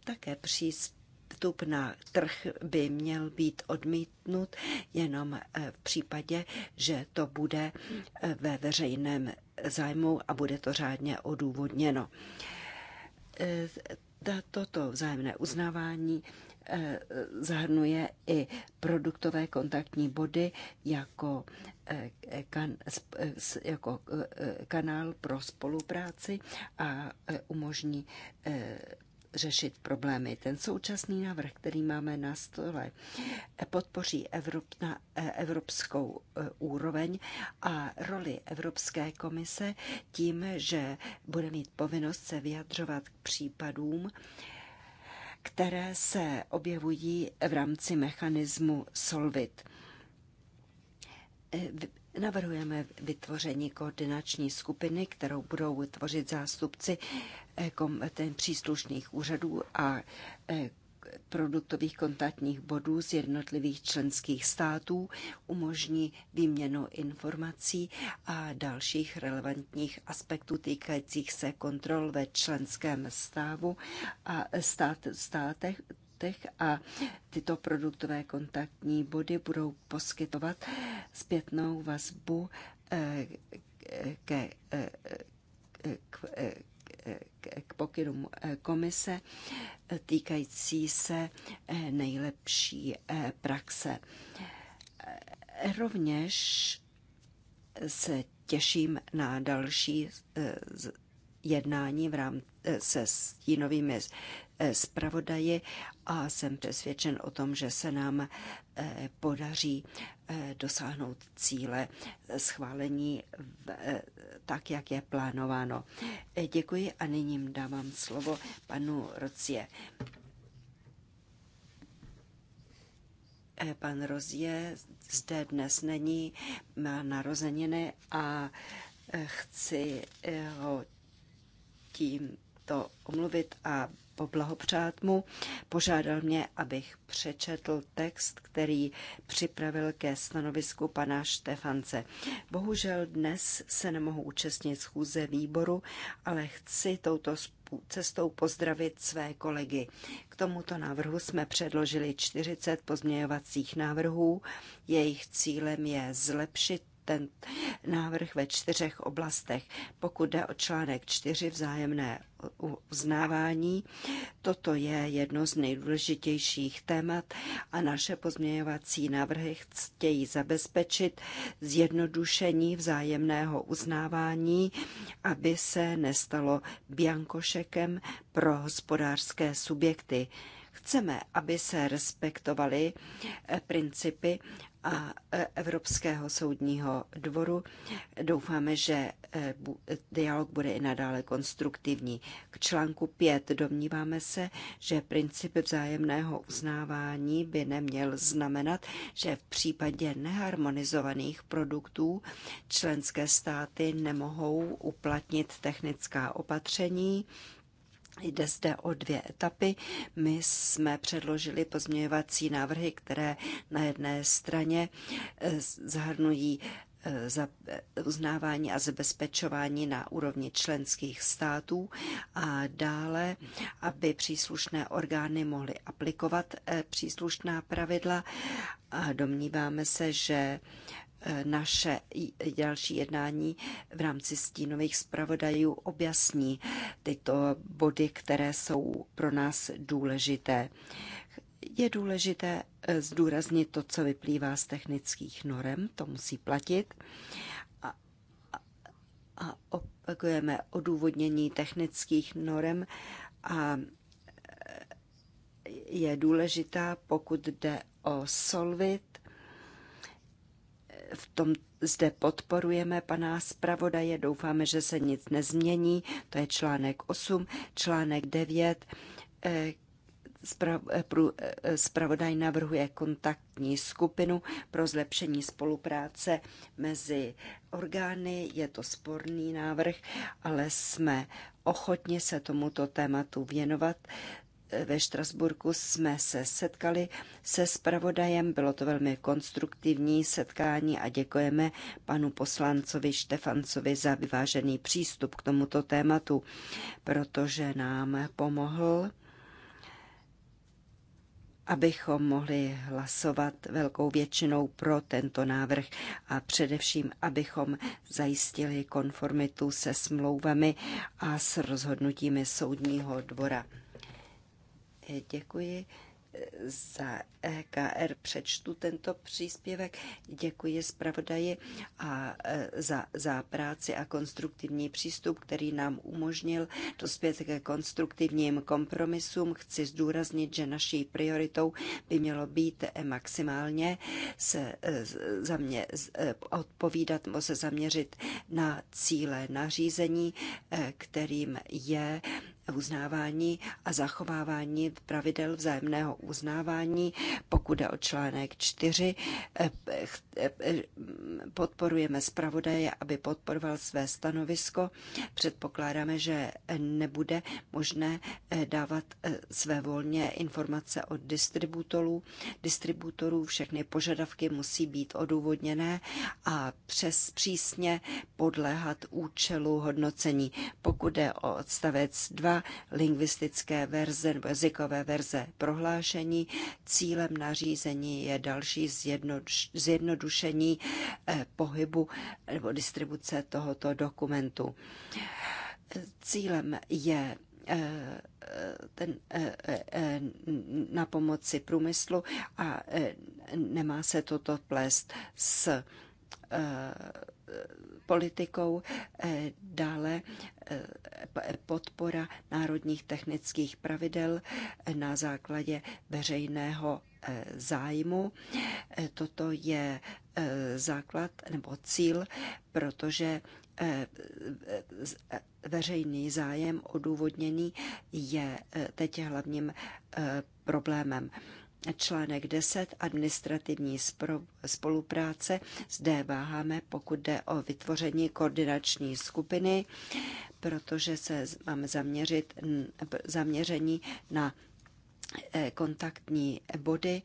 Také příspěvky vstup na trh by měl být odmítnut jenom eh, v případě, že to bude eh, ve veřejném zájmu a bude to řádně odůvodněno. Eh, toto vzájemné uznávání zahrnuje i produktové kontaktní body jako, kan, jako kanál pro spolupráci a umožní řešit problémy. Ten současný návrh, který máme na stole, podpoří Evrop, na eh, evropskou eh, úroveň a roli Evropské komise tím, že bude mít povinnost se vyjadřovat k případům, které se objevují v rámci mechanismu Solvit eh, Navrhujeme vytvoření koordinační skupiny, kterou budou tvořit zástupci eh, příslušných úřadů a eh, produktových kontaktních bodů z jednotlivých členských států, umožní výměnu informací a dalších relevantních aspektů týkajících se kontrol ve členském stávu a stát, státech, státech a tyto produktové kontaktní body budou poskytovat zpětnou vazbu eh, ke, eh, eh, k, k pokynům komise týkající se nejlepší praxe. Rovněž se těším na další jednání v rám- se stínovými Eh, zpravodaji a jsem přesvědčen o tom, že se nám eh, podaří eh, dosáhnout cíle schválení tak, jak je plánováno. Děkuji a nyní dávám slovo panu Rocie. Pan Rozie zde dnes není, má narozeniny a chci ho tímto omluvit a poblahopřát mu. Požádal mě, abych přečetl text, který připravil ke stanovisku pana Štefance. Bohužel dnes se nemohu účastnit schůze výboru, ale chci touto cestou pozdravit své kolegy. K tomuto návrhu jsme předložili 40 pozměňovacích návrhů. Jejich cílem je zlepšit ten návrh ve čtyřech oblastech. Pokud jde o článek čtyři vzájemné uznávání, toto je jedno z nejdůležitějších témat a naše pozměňovací návrhy chtějí zabezpečit zjednodušení vzájemného uznávání, aby se nestalo biankošekem pro hospodářské subjekty chceme, aby se respektovaly principy a e, Evropského soudního dvoru. Doufáme, že e, dialog bude i nadále konstruktivní. K článku 5 domníváme se, že princip vzájemného uznávání by neměl znamenat, že v případě neharmonizovaných produktů členské státy nemohou uplatnit technická opatření, Jde zde o dvě etapy. My jsme předložili pozměňovací návrhy, které na jedné straně eh, zahrnují eh, za eh, uznávání a zabezpečování na úrovni členských států a dále, aby příslušné orgány mohly aplikovat příslušná pravidla. A domníváme se, že naše další jednání v rámci stínových zpravodajů objasní tyto body, které jsou pro nás důležité. Je důležité eh, zdůraznit to, co vyplývá z technických norem, to musí platit. A, a opakujeme odůvodnění technických norem a eh, je důležitá, pokud jde o solvit v tom zde podporujeme pana zpravodaje, doufáme, že se nic nezmění, to je článek 8, článek 9, Spravodaj eh, eh, eh, navrhuje kontaktní skupinu pro zlepšení spolupráce mezi orgány. Je to sporný návrh, ale jsme ochotni se tomuto tématu věnovat ve Štrasburku jsme se setkali se spravodajem. Bylo to velmi konstruktivní setkání a děkujeme panu poslancovi Štefancovi za vyvážený přístup k tomuto tématu, protože nám pomohl abychom mohli hlasovat velkou většinou pro tento návrh a především, abychom zajistili konformitu se smlouvami a s rozhodnutími soudního dvora. Eh, děkuji eh, za EKR přečtu tento příspěvek. Děkuji zpravodaji a eh, za, za práci a konstruktivní přístup, který nám umožnil dospět ke konstruktivním kompromisům. Chci zdůraznit, že naší prioritou by mělo být maximálně se mě odpovídat, se zaměřit na cíle nařízení, kterým je uznávání a zachovávání pravidel vzájemného uznávání. Pokud je o článek 4, eh, eh, eh, podporujeme zpravodaje, aby podporoval své stanovisko. Předpokládáme, že nebude možné dávat své volně informace od distributorů. Distributorů všechny požadavky musí být odůvodněné a přes přísně podléhat účelu hodnocení. Pokud je o odstavec 2, lingvistické verze nebo jazykové verze prohlášení. Cílem nařízení je další zjednodušení eh, pohybu nebo distribuce tohoto dokumentu. Cílem je eh, ten, eh, na pomoci průmyslu a nemá se toto plést s politikou. Dále podpora národních technických pravidel na základě veřejného eh, zájmu. Eh, toto je eh, základ nebo cíl, protože veřejný zájem odůvodněný je teď hlavním problémem článek 10 administrativní spolupráce. Zde váháme, pokud jde o vytvoření koordinační skupiny, protože se máme zaměřit zaměření na Eh, kontaktní body,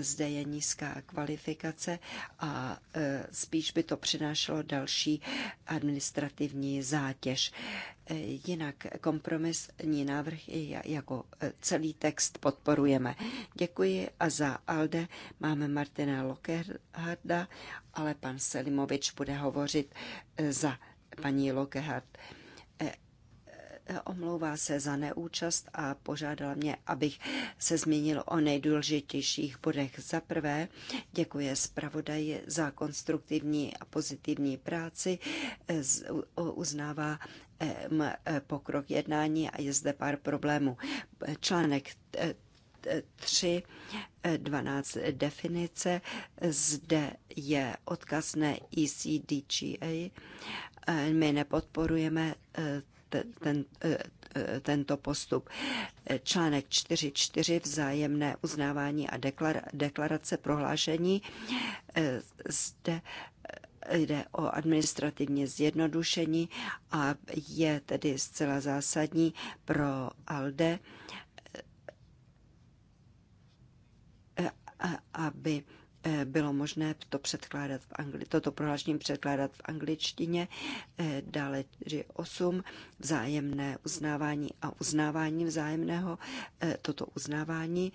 zde je nízká kvalifikace a eh, spíš by to přinášelo další administrativní zátěž. Eh, jinak kompromisní návrh jako celý text podporujeme. Děkuji a za Alde máme Martina Lokeharda, ale pan Selimovič bude hovořit za paní Lokehard omlouvá se za neúčast a požádala mě, abych se zmínil o nejdůležitějších bodech. Za prvé děkuje zpravodaji za konstruktivní a pozitivní práci, uznává pokrok jednání a je zde pár problémů. Článek 3, e, 12 e, definice, zde je odkaz na ECDGA. E, my nepodporujeme ten, e, e, tento postup. Článek 4.4 vzájemné uznávání a deklarace prohlášení. E, zde jde o administrativně zjednodušení a je tedy zcela zásadní pro ALDE, aby Eh, bylo možné to předkládat v angli- toto prohlášení předkládat v angličtině, eh, dále osm vzájemné uznávání a uznávání vzájemného, eh, toto uznávání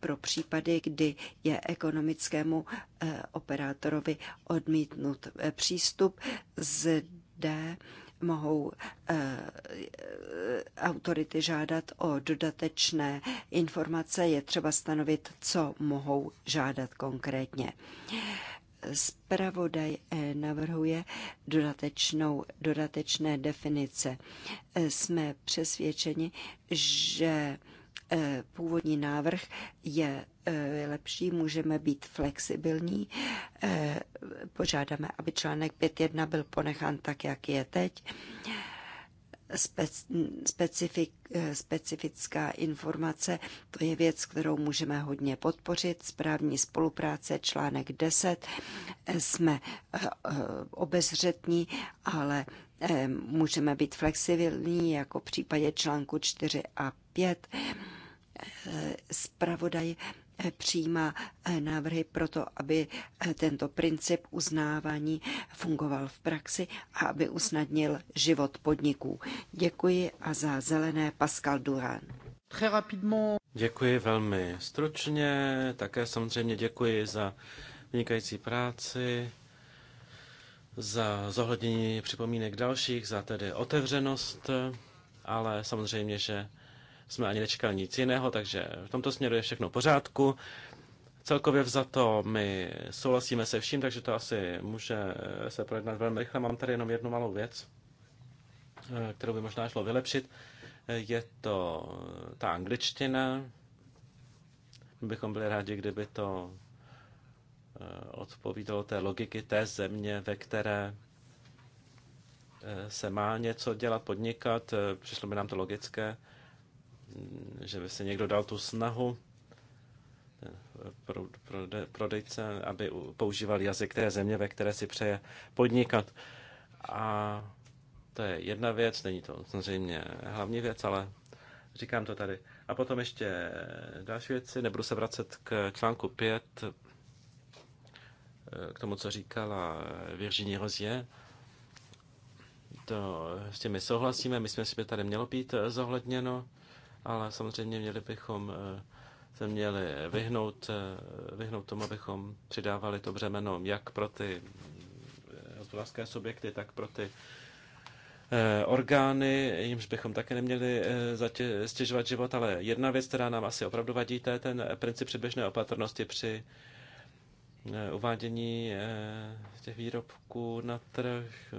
pro případy, kdy je ekonomickému operátorovi odmítnut přístup. Zde mohou eh, eh, autority žádat o dodatečné informace, je třeba stanovit, co mohou žádat konkrétně. Spravodaj eh, navrhuje dodatečnou, dodatečné definice. Jsme přesvědčeni, že původní návrh je Eh, lepší, můžeme být flexibilní. Eh, požádáme, aby článek 5.1 byl ponechán tak, jak je teď. Specifik, eh, specifická informace, to je věc, kterou můžeme hodně podpořit. Správní spolupráce, článek 10, jsme obezřetní, ale můžeme být flexibilní, jako v případě článku 4 a 5. Spravodaj přijímá eh, návrhy pro to, aby eh, tento princip uznávání fungoval v praxi a aby usnadnil život podniků. Děkuji a za zelené Pascal Durán. Děkuji velmi stručně, také samozřejmě děkuji za vynikající práci, za zohlednění připomínek dalších, za tedy otevřenost, ale samozřejmě, že jsme ani nečekali nic jiného, takže v tomto směru je všechno v pořádku. Celkově vzato my souhlasíme se vším, takže to asi může se projednat velmi rychle. Mám tady jenom jednu malou věc, eh, kterou by možná šlo vylepšit. Eh, je to ta angličtina. My bychom byli rádi, kdyby to eh, odpovídalo té logiky té země, ve které se má něco dělat, podnikat. Přišlo by nám to logické že by se někdo dal tu snahu eh, pro, pro, prodejce, aby používal jazyk té země, ve které si přeje podnikat. A to je jedna věc, není to samozřejmě hlavní věc, ale říkám to tady. A potom ještě další věci, nebudu se vracet k článku 5, eh, k tomu, co říkala Virginie Rozier. To s těmi souhlasíme, myslím, že by tady mělo být eh, zohledněno ale samozřejmě měli bychom eh, se měli vyhnout, eh, vyhnout tomu, abychom přidávali to břemeno jak pro ty eh, hospodářské subjekty, tak pro ty orgány, jimž bychom také neměli stěžovat život, ale jedna věc, která nám asi opravdu vadí, to je ten princip předběžné opatrnosti při uvádění těch výrobků na trh.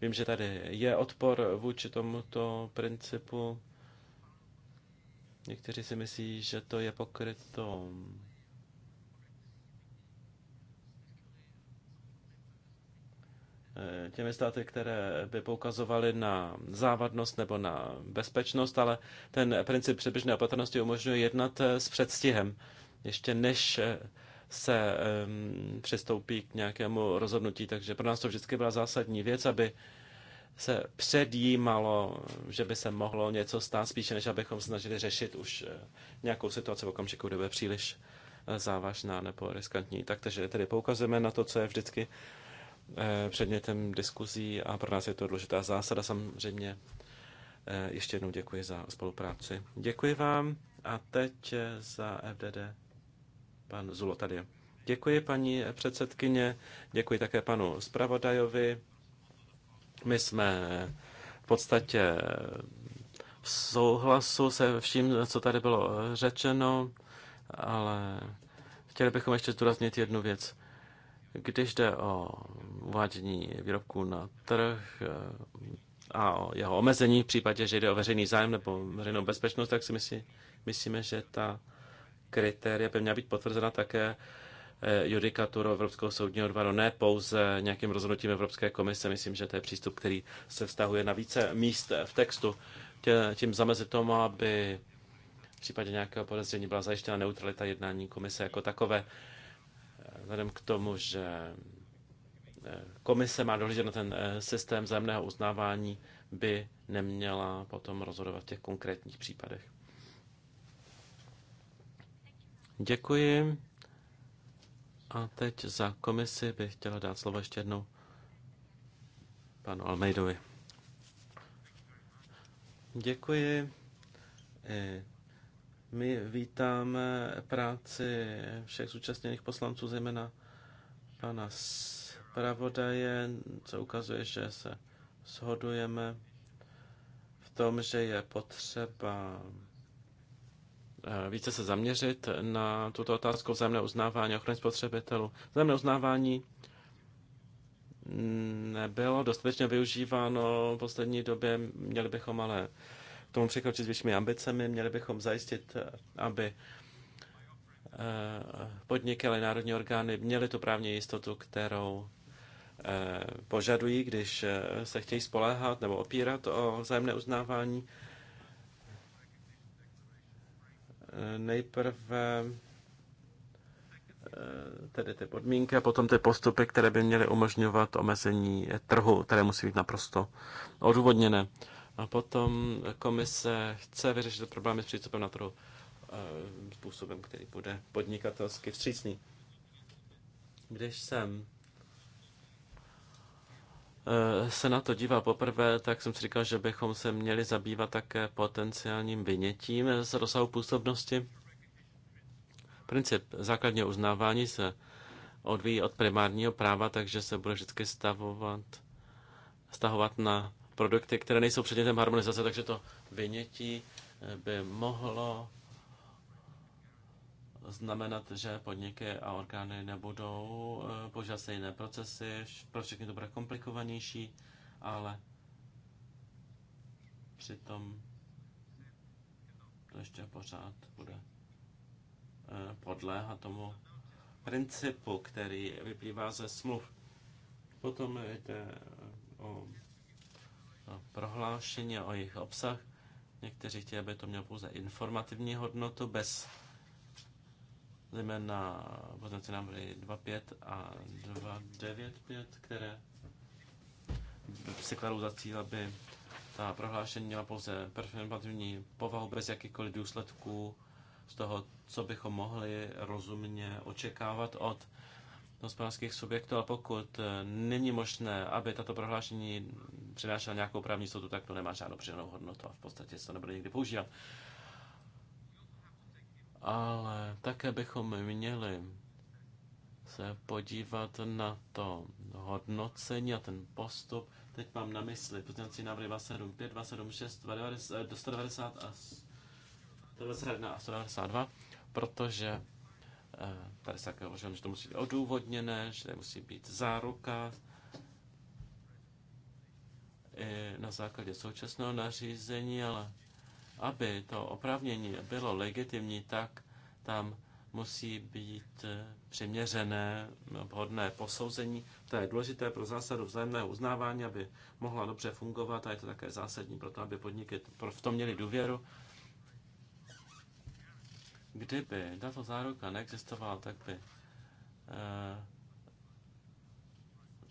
Vím, že tady je odpor vůči tomuto principu. Někteří si myslí, že to je pokryto těmi státy, které by poukazovaly na závadnost nebo na bezpečnost, ale ten princip předběžné opatrnosti umožňuje jednat eh, s předstihem, ještě než eh, se um, přistoupí k nějakému rozhodnutí. Takže pro nás to vždycky byla zásadní věc, aby se předjímalo, že by se mohlo něco stát, spíše než abychom snažili řešit už eh, nějakou situaci v okamžiku, kdy příliš eh, závažná nebo riskantní. Tak, takže tedy poukazujeme na to, co je vždycky eh, předmětem diskuzí a pro nás je to důležitá zásada samozřejmě. Ještě jednou děkuji za spolupráci. Děkuji vám a teď za FDD pan Zulo tady. Děkuji paní předsedkyně, děkuji také panu zpravodajovi. My jsme v podstatě v souhlasu se vším, co tady bylo řečeno, ale chtěli bychom ještě zdůraznit jednu věc. Když jde o uvádění výrobků na trh eh, a o jeho omezení v případě, že jde o veřejný zájem nebo veřejnou bezpečnost, tak si myslí, myslíme, že ta kritéria by měla být potvrzena také Eh, judikaturu Evropského soudního dvora, no ne pouze nějakým rozhodnutím Evropské komise. Myslím, že to je přístup, který se vztahuje na více míst v textu. Tím zamezit tomu, aby v případě nějakého podezření byla zajištěna neutralita jednání komise jako takové. Eh, vzhledem k tomu, že eh, komise má dohlížet na ten systém zájemného uznávání, by neměla potom rozhodovat v těch konkrétních případech. Děkuji. A teď za komisi bych chtěla dát slovo ještě jednou panu Almeidovi. Děkuji. My vítáme práci všech zúčastněných poslanců, zejména pana zpravodaje, co ukazuje, že se shodujeme v tom, že je potřeba Eh, více se zaměřit na tuto otázku vzájemné uznávání ochrany spotřebitelů. Vzájemné uznávání nebylo dostatečně využíváno v poslední době. Měli bychom ale k tomu překročit s většími ambicemi, měli bychom zajistit, aby eh, podniky, ale národní orgány měly tu právní jistotu, kterou eh, požadují, když se chtějí spoléhat nebo opírat o vzájemné uznávání nejprve eh, tedy ty podmínky a potom ty postupy, které by měly umožňovat omezení trhu, které musí být naprosto odůvodněné. A potom komise chce vyřešit problémy s přístupem na trhu eh, způsobem, který bude podnikatelsky vstřícný. Když jsem Eh, se na to dívá poprvé, tak jsem si říkal, že bychom se měli zabývat také potenciálním vynětím z rozsahu působnosti. Princip základního uznávání se odvíjí od primárního práva, takže se bude vždycky stavovat, stahovat na produkty, které nejsou předmětem harmonizace, takže to vynětí eh, by mohlo znamenat, že podniky a orgány nebudou eh, požívat stejné procesy, pro všechny to bude komplikovanější, ale přitom to ještě pořád bude eh, podléhat tomu principu, který vyplývá ze smluv. Potom jde o, o prohlášení, o jejich obsah. Někteří chtějí, aby to mělo pouze informativní hodnotu bez zejména poznací návrhy 2.5 a 2.9.5, které se kladou za cíl, aby ta prohlášení měla pouze performativní povahu bez jakýchkoliv důsledků z toho, co bychom mohli rozumně očekávat od hospodářských subjektů, a pokud eh, není možné, aby tato prohlášení přinášela nějakou právní soudu, tak to nemá žádnou přidanou hodnotu a v podstatě se to nebude nikdy používat ale také bychom měli se podívat na to hodnocení a ten postup. Teď mám na mysli potenci návrhy 27, 6, 290, 190 a 191 a 192, protože eh, tady se také hovořilo, že to musí být odůvodněné, že to musí být záruka i na základě současného nařízení, ale aby to oprávnění bylo legitimní, tak tam musí být eh, přiměřené, vhodné posouzení. To je důležité pro zásadu vzájemného uznávání, aby mohla dobře fungovat a je to také zásadní pro to, aby podniky v tom měly důvěru. Kdyby tato záruka neexistovala, tak by eh,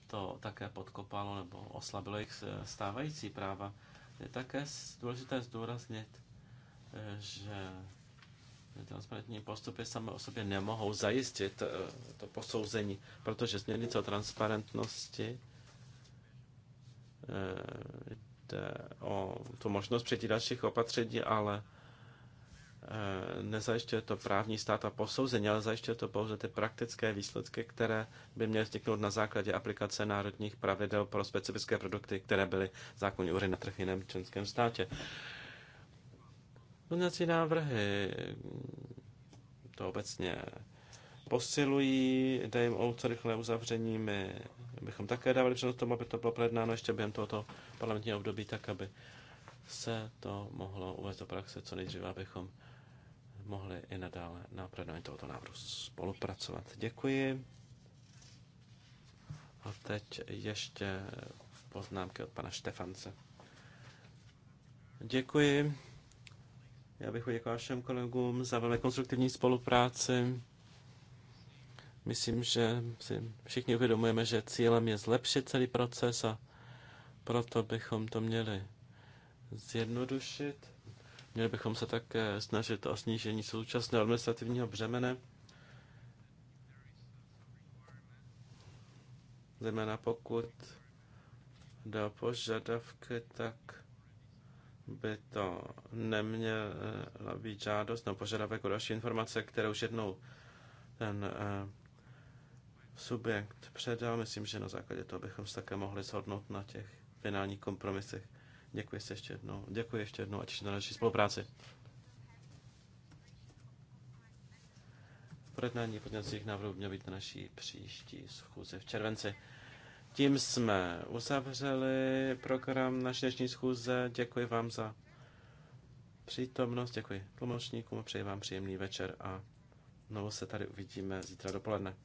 to také podkopalo nebo oslabilo jejich eh, stávající práva. Je také důležité zdůraznit, eh, že transparentní postupy samé o sobě nemohou zajistit eh, to posouzení, protože směrnice o transparentnosti eh, jde o tu možnost přijetí dalších opatření, ale Eh, nezajišťuje to právní stát a posouzení, ale zajišťuje to pouze ty praktické výsledky, které by měly vzniknout na základě aplikace národních pravidel pro specifické produkty, které byly zákonně ury na trh jiném členském státě. Pozměňovací návrhy to obecně posilují, dají jim o co rychlé uzavření. My bychom také dávali přednost tomu, aby to bylo projednáno ještě během tohoto parlamentního období, tak aby se to mohlo uvést do praxe co nejdříve, abychom mohli i nadále na projednání tohoto návrhu spolupracovat. Děkuji. A teď ještě poznámky od pana Štefance. Děkuji. Já bych poděkoval všem kolegům za velmi konstruktivní spolupráci. Myslím, že si všichni uvědomujeme, že cílem je zlepšit celý proces a proto bychom to měli zjednodušit. Měli bychom se také snažit o snížení současného administrativního břemene, zejména pokud do požadavky, tak by to neměla být žádost nebo požadavek o další informace, které už jednou ten eh, subjekt předal. Myslím, že na základě toho bychom se také mohli shodnout na těch finálních kompromisech. Děkuji se ještě jednou. Děkuji ještě jednou a těším na další spolupráci. Projednání podněcích návrhů mělo být na naší příští schůzi v červenci. Tím jsme uzavřeli program naší dnešní schůze. Děkuji vám za přítomnost, děkuji tlumočníkům, přeji vám příjemný večer a znovu se tady uvidíme zítra dopoledne.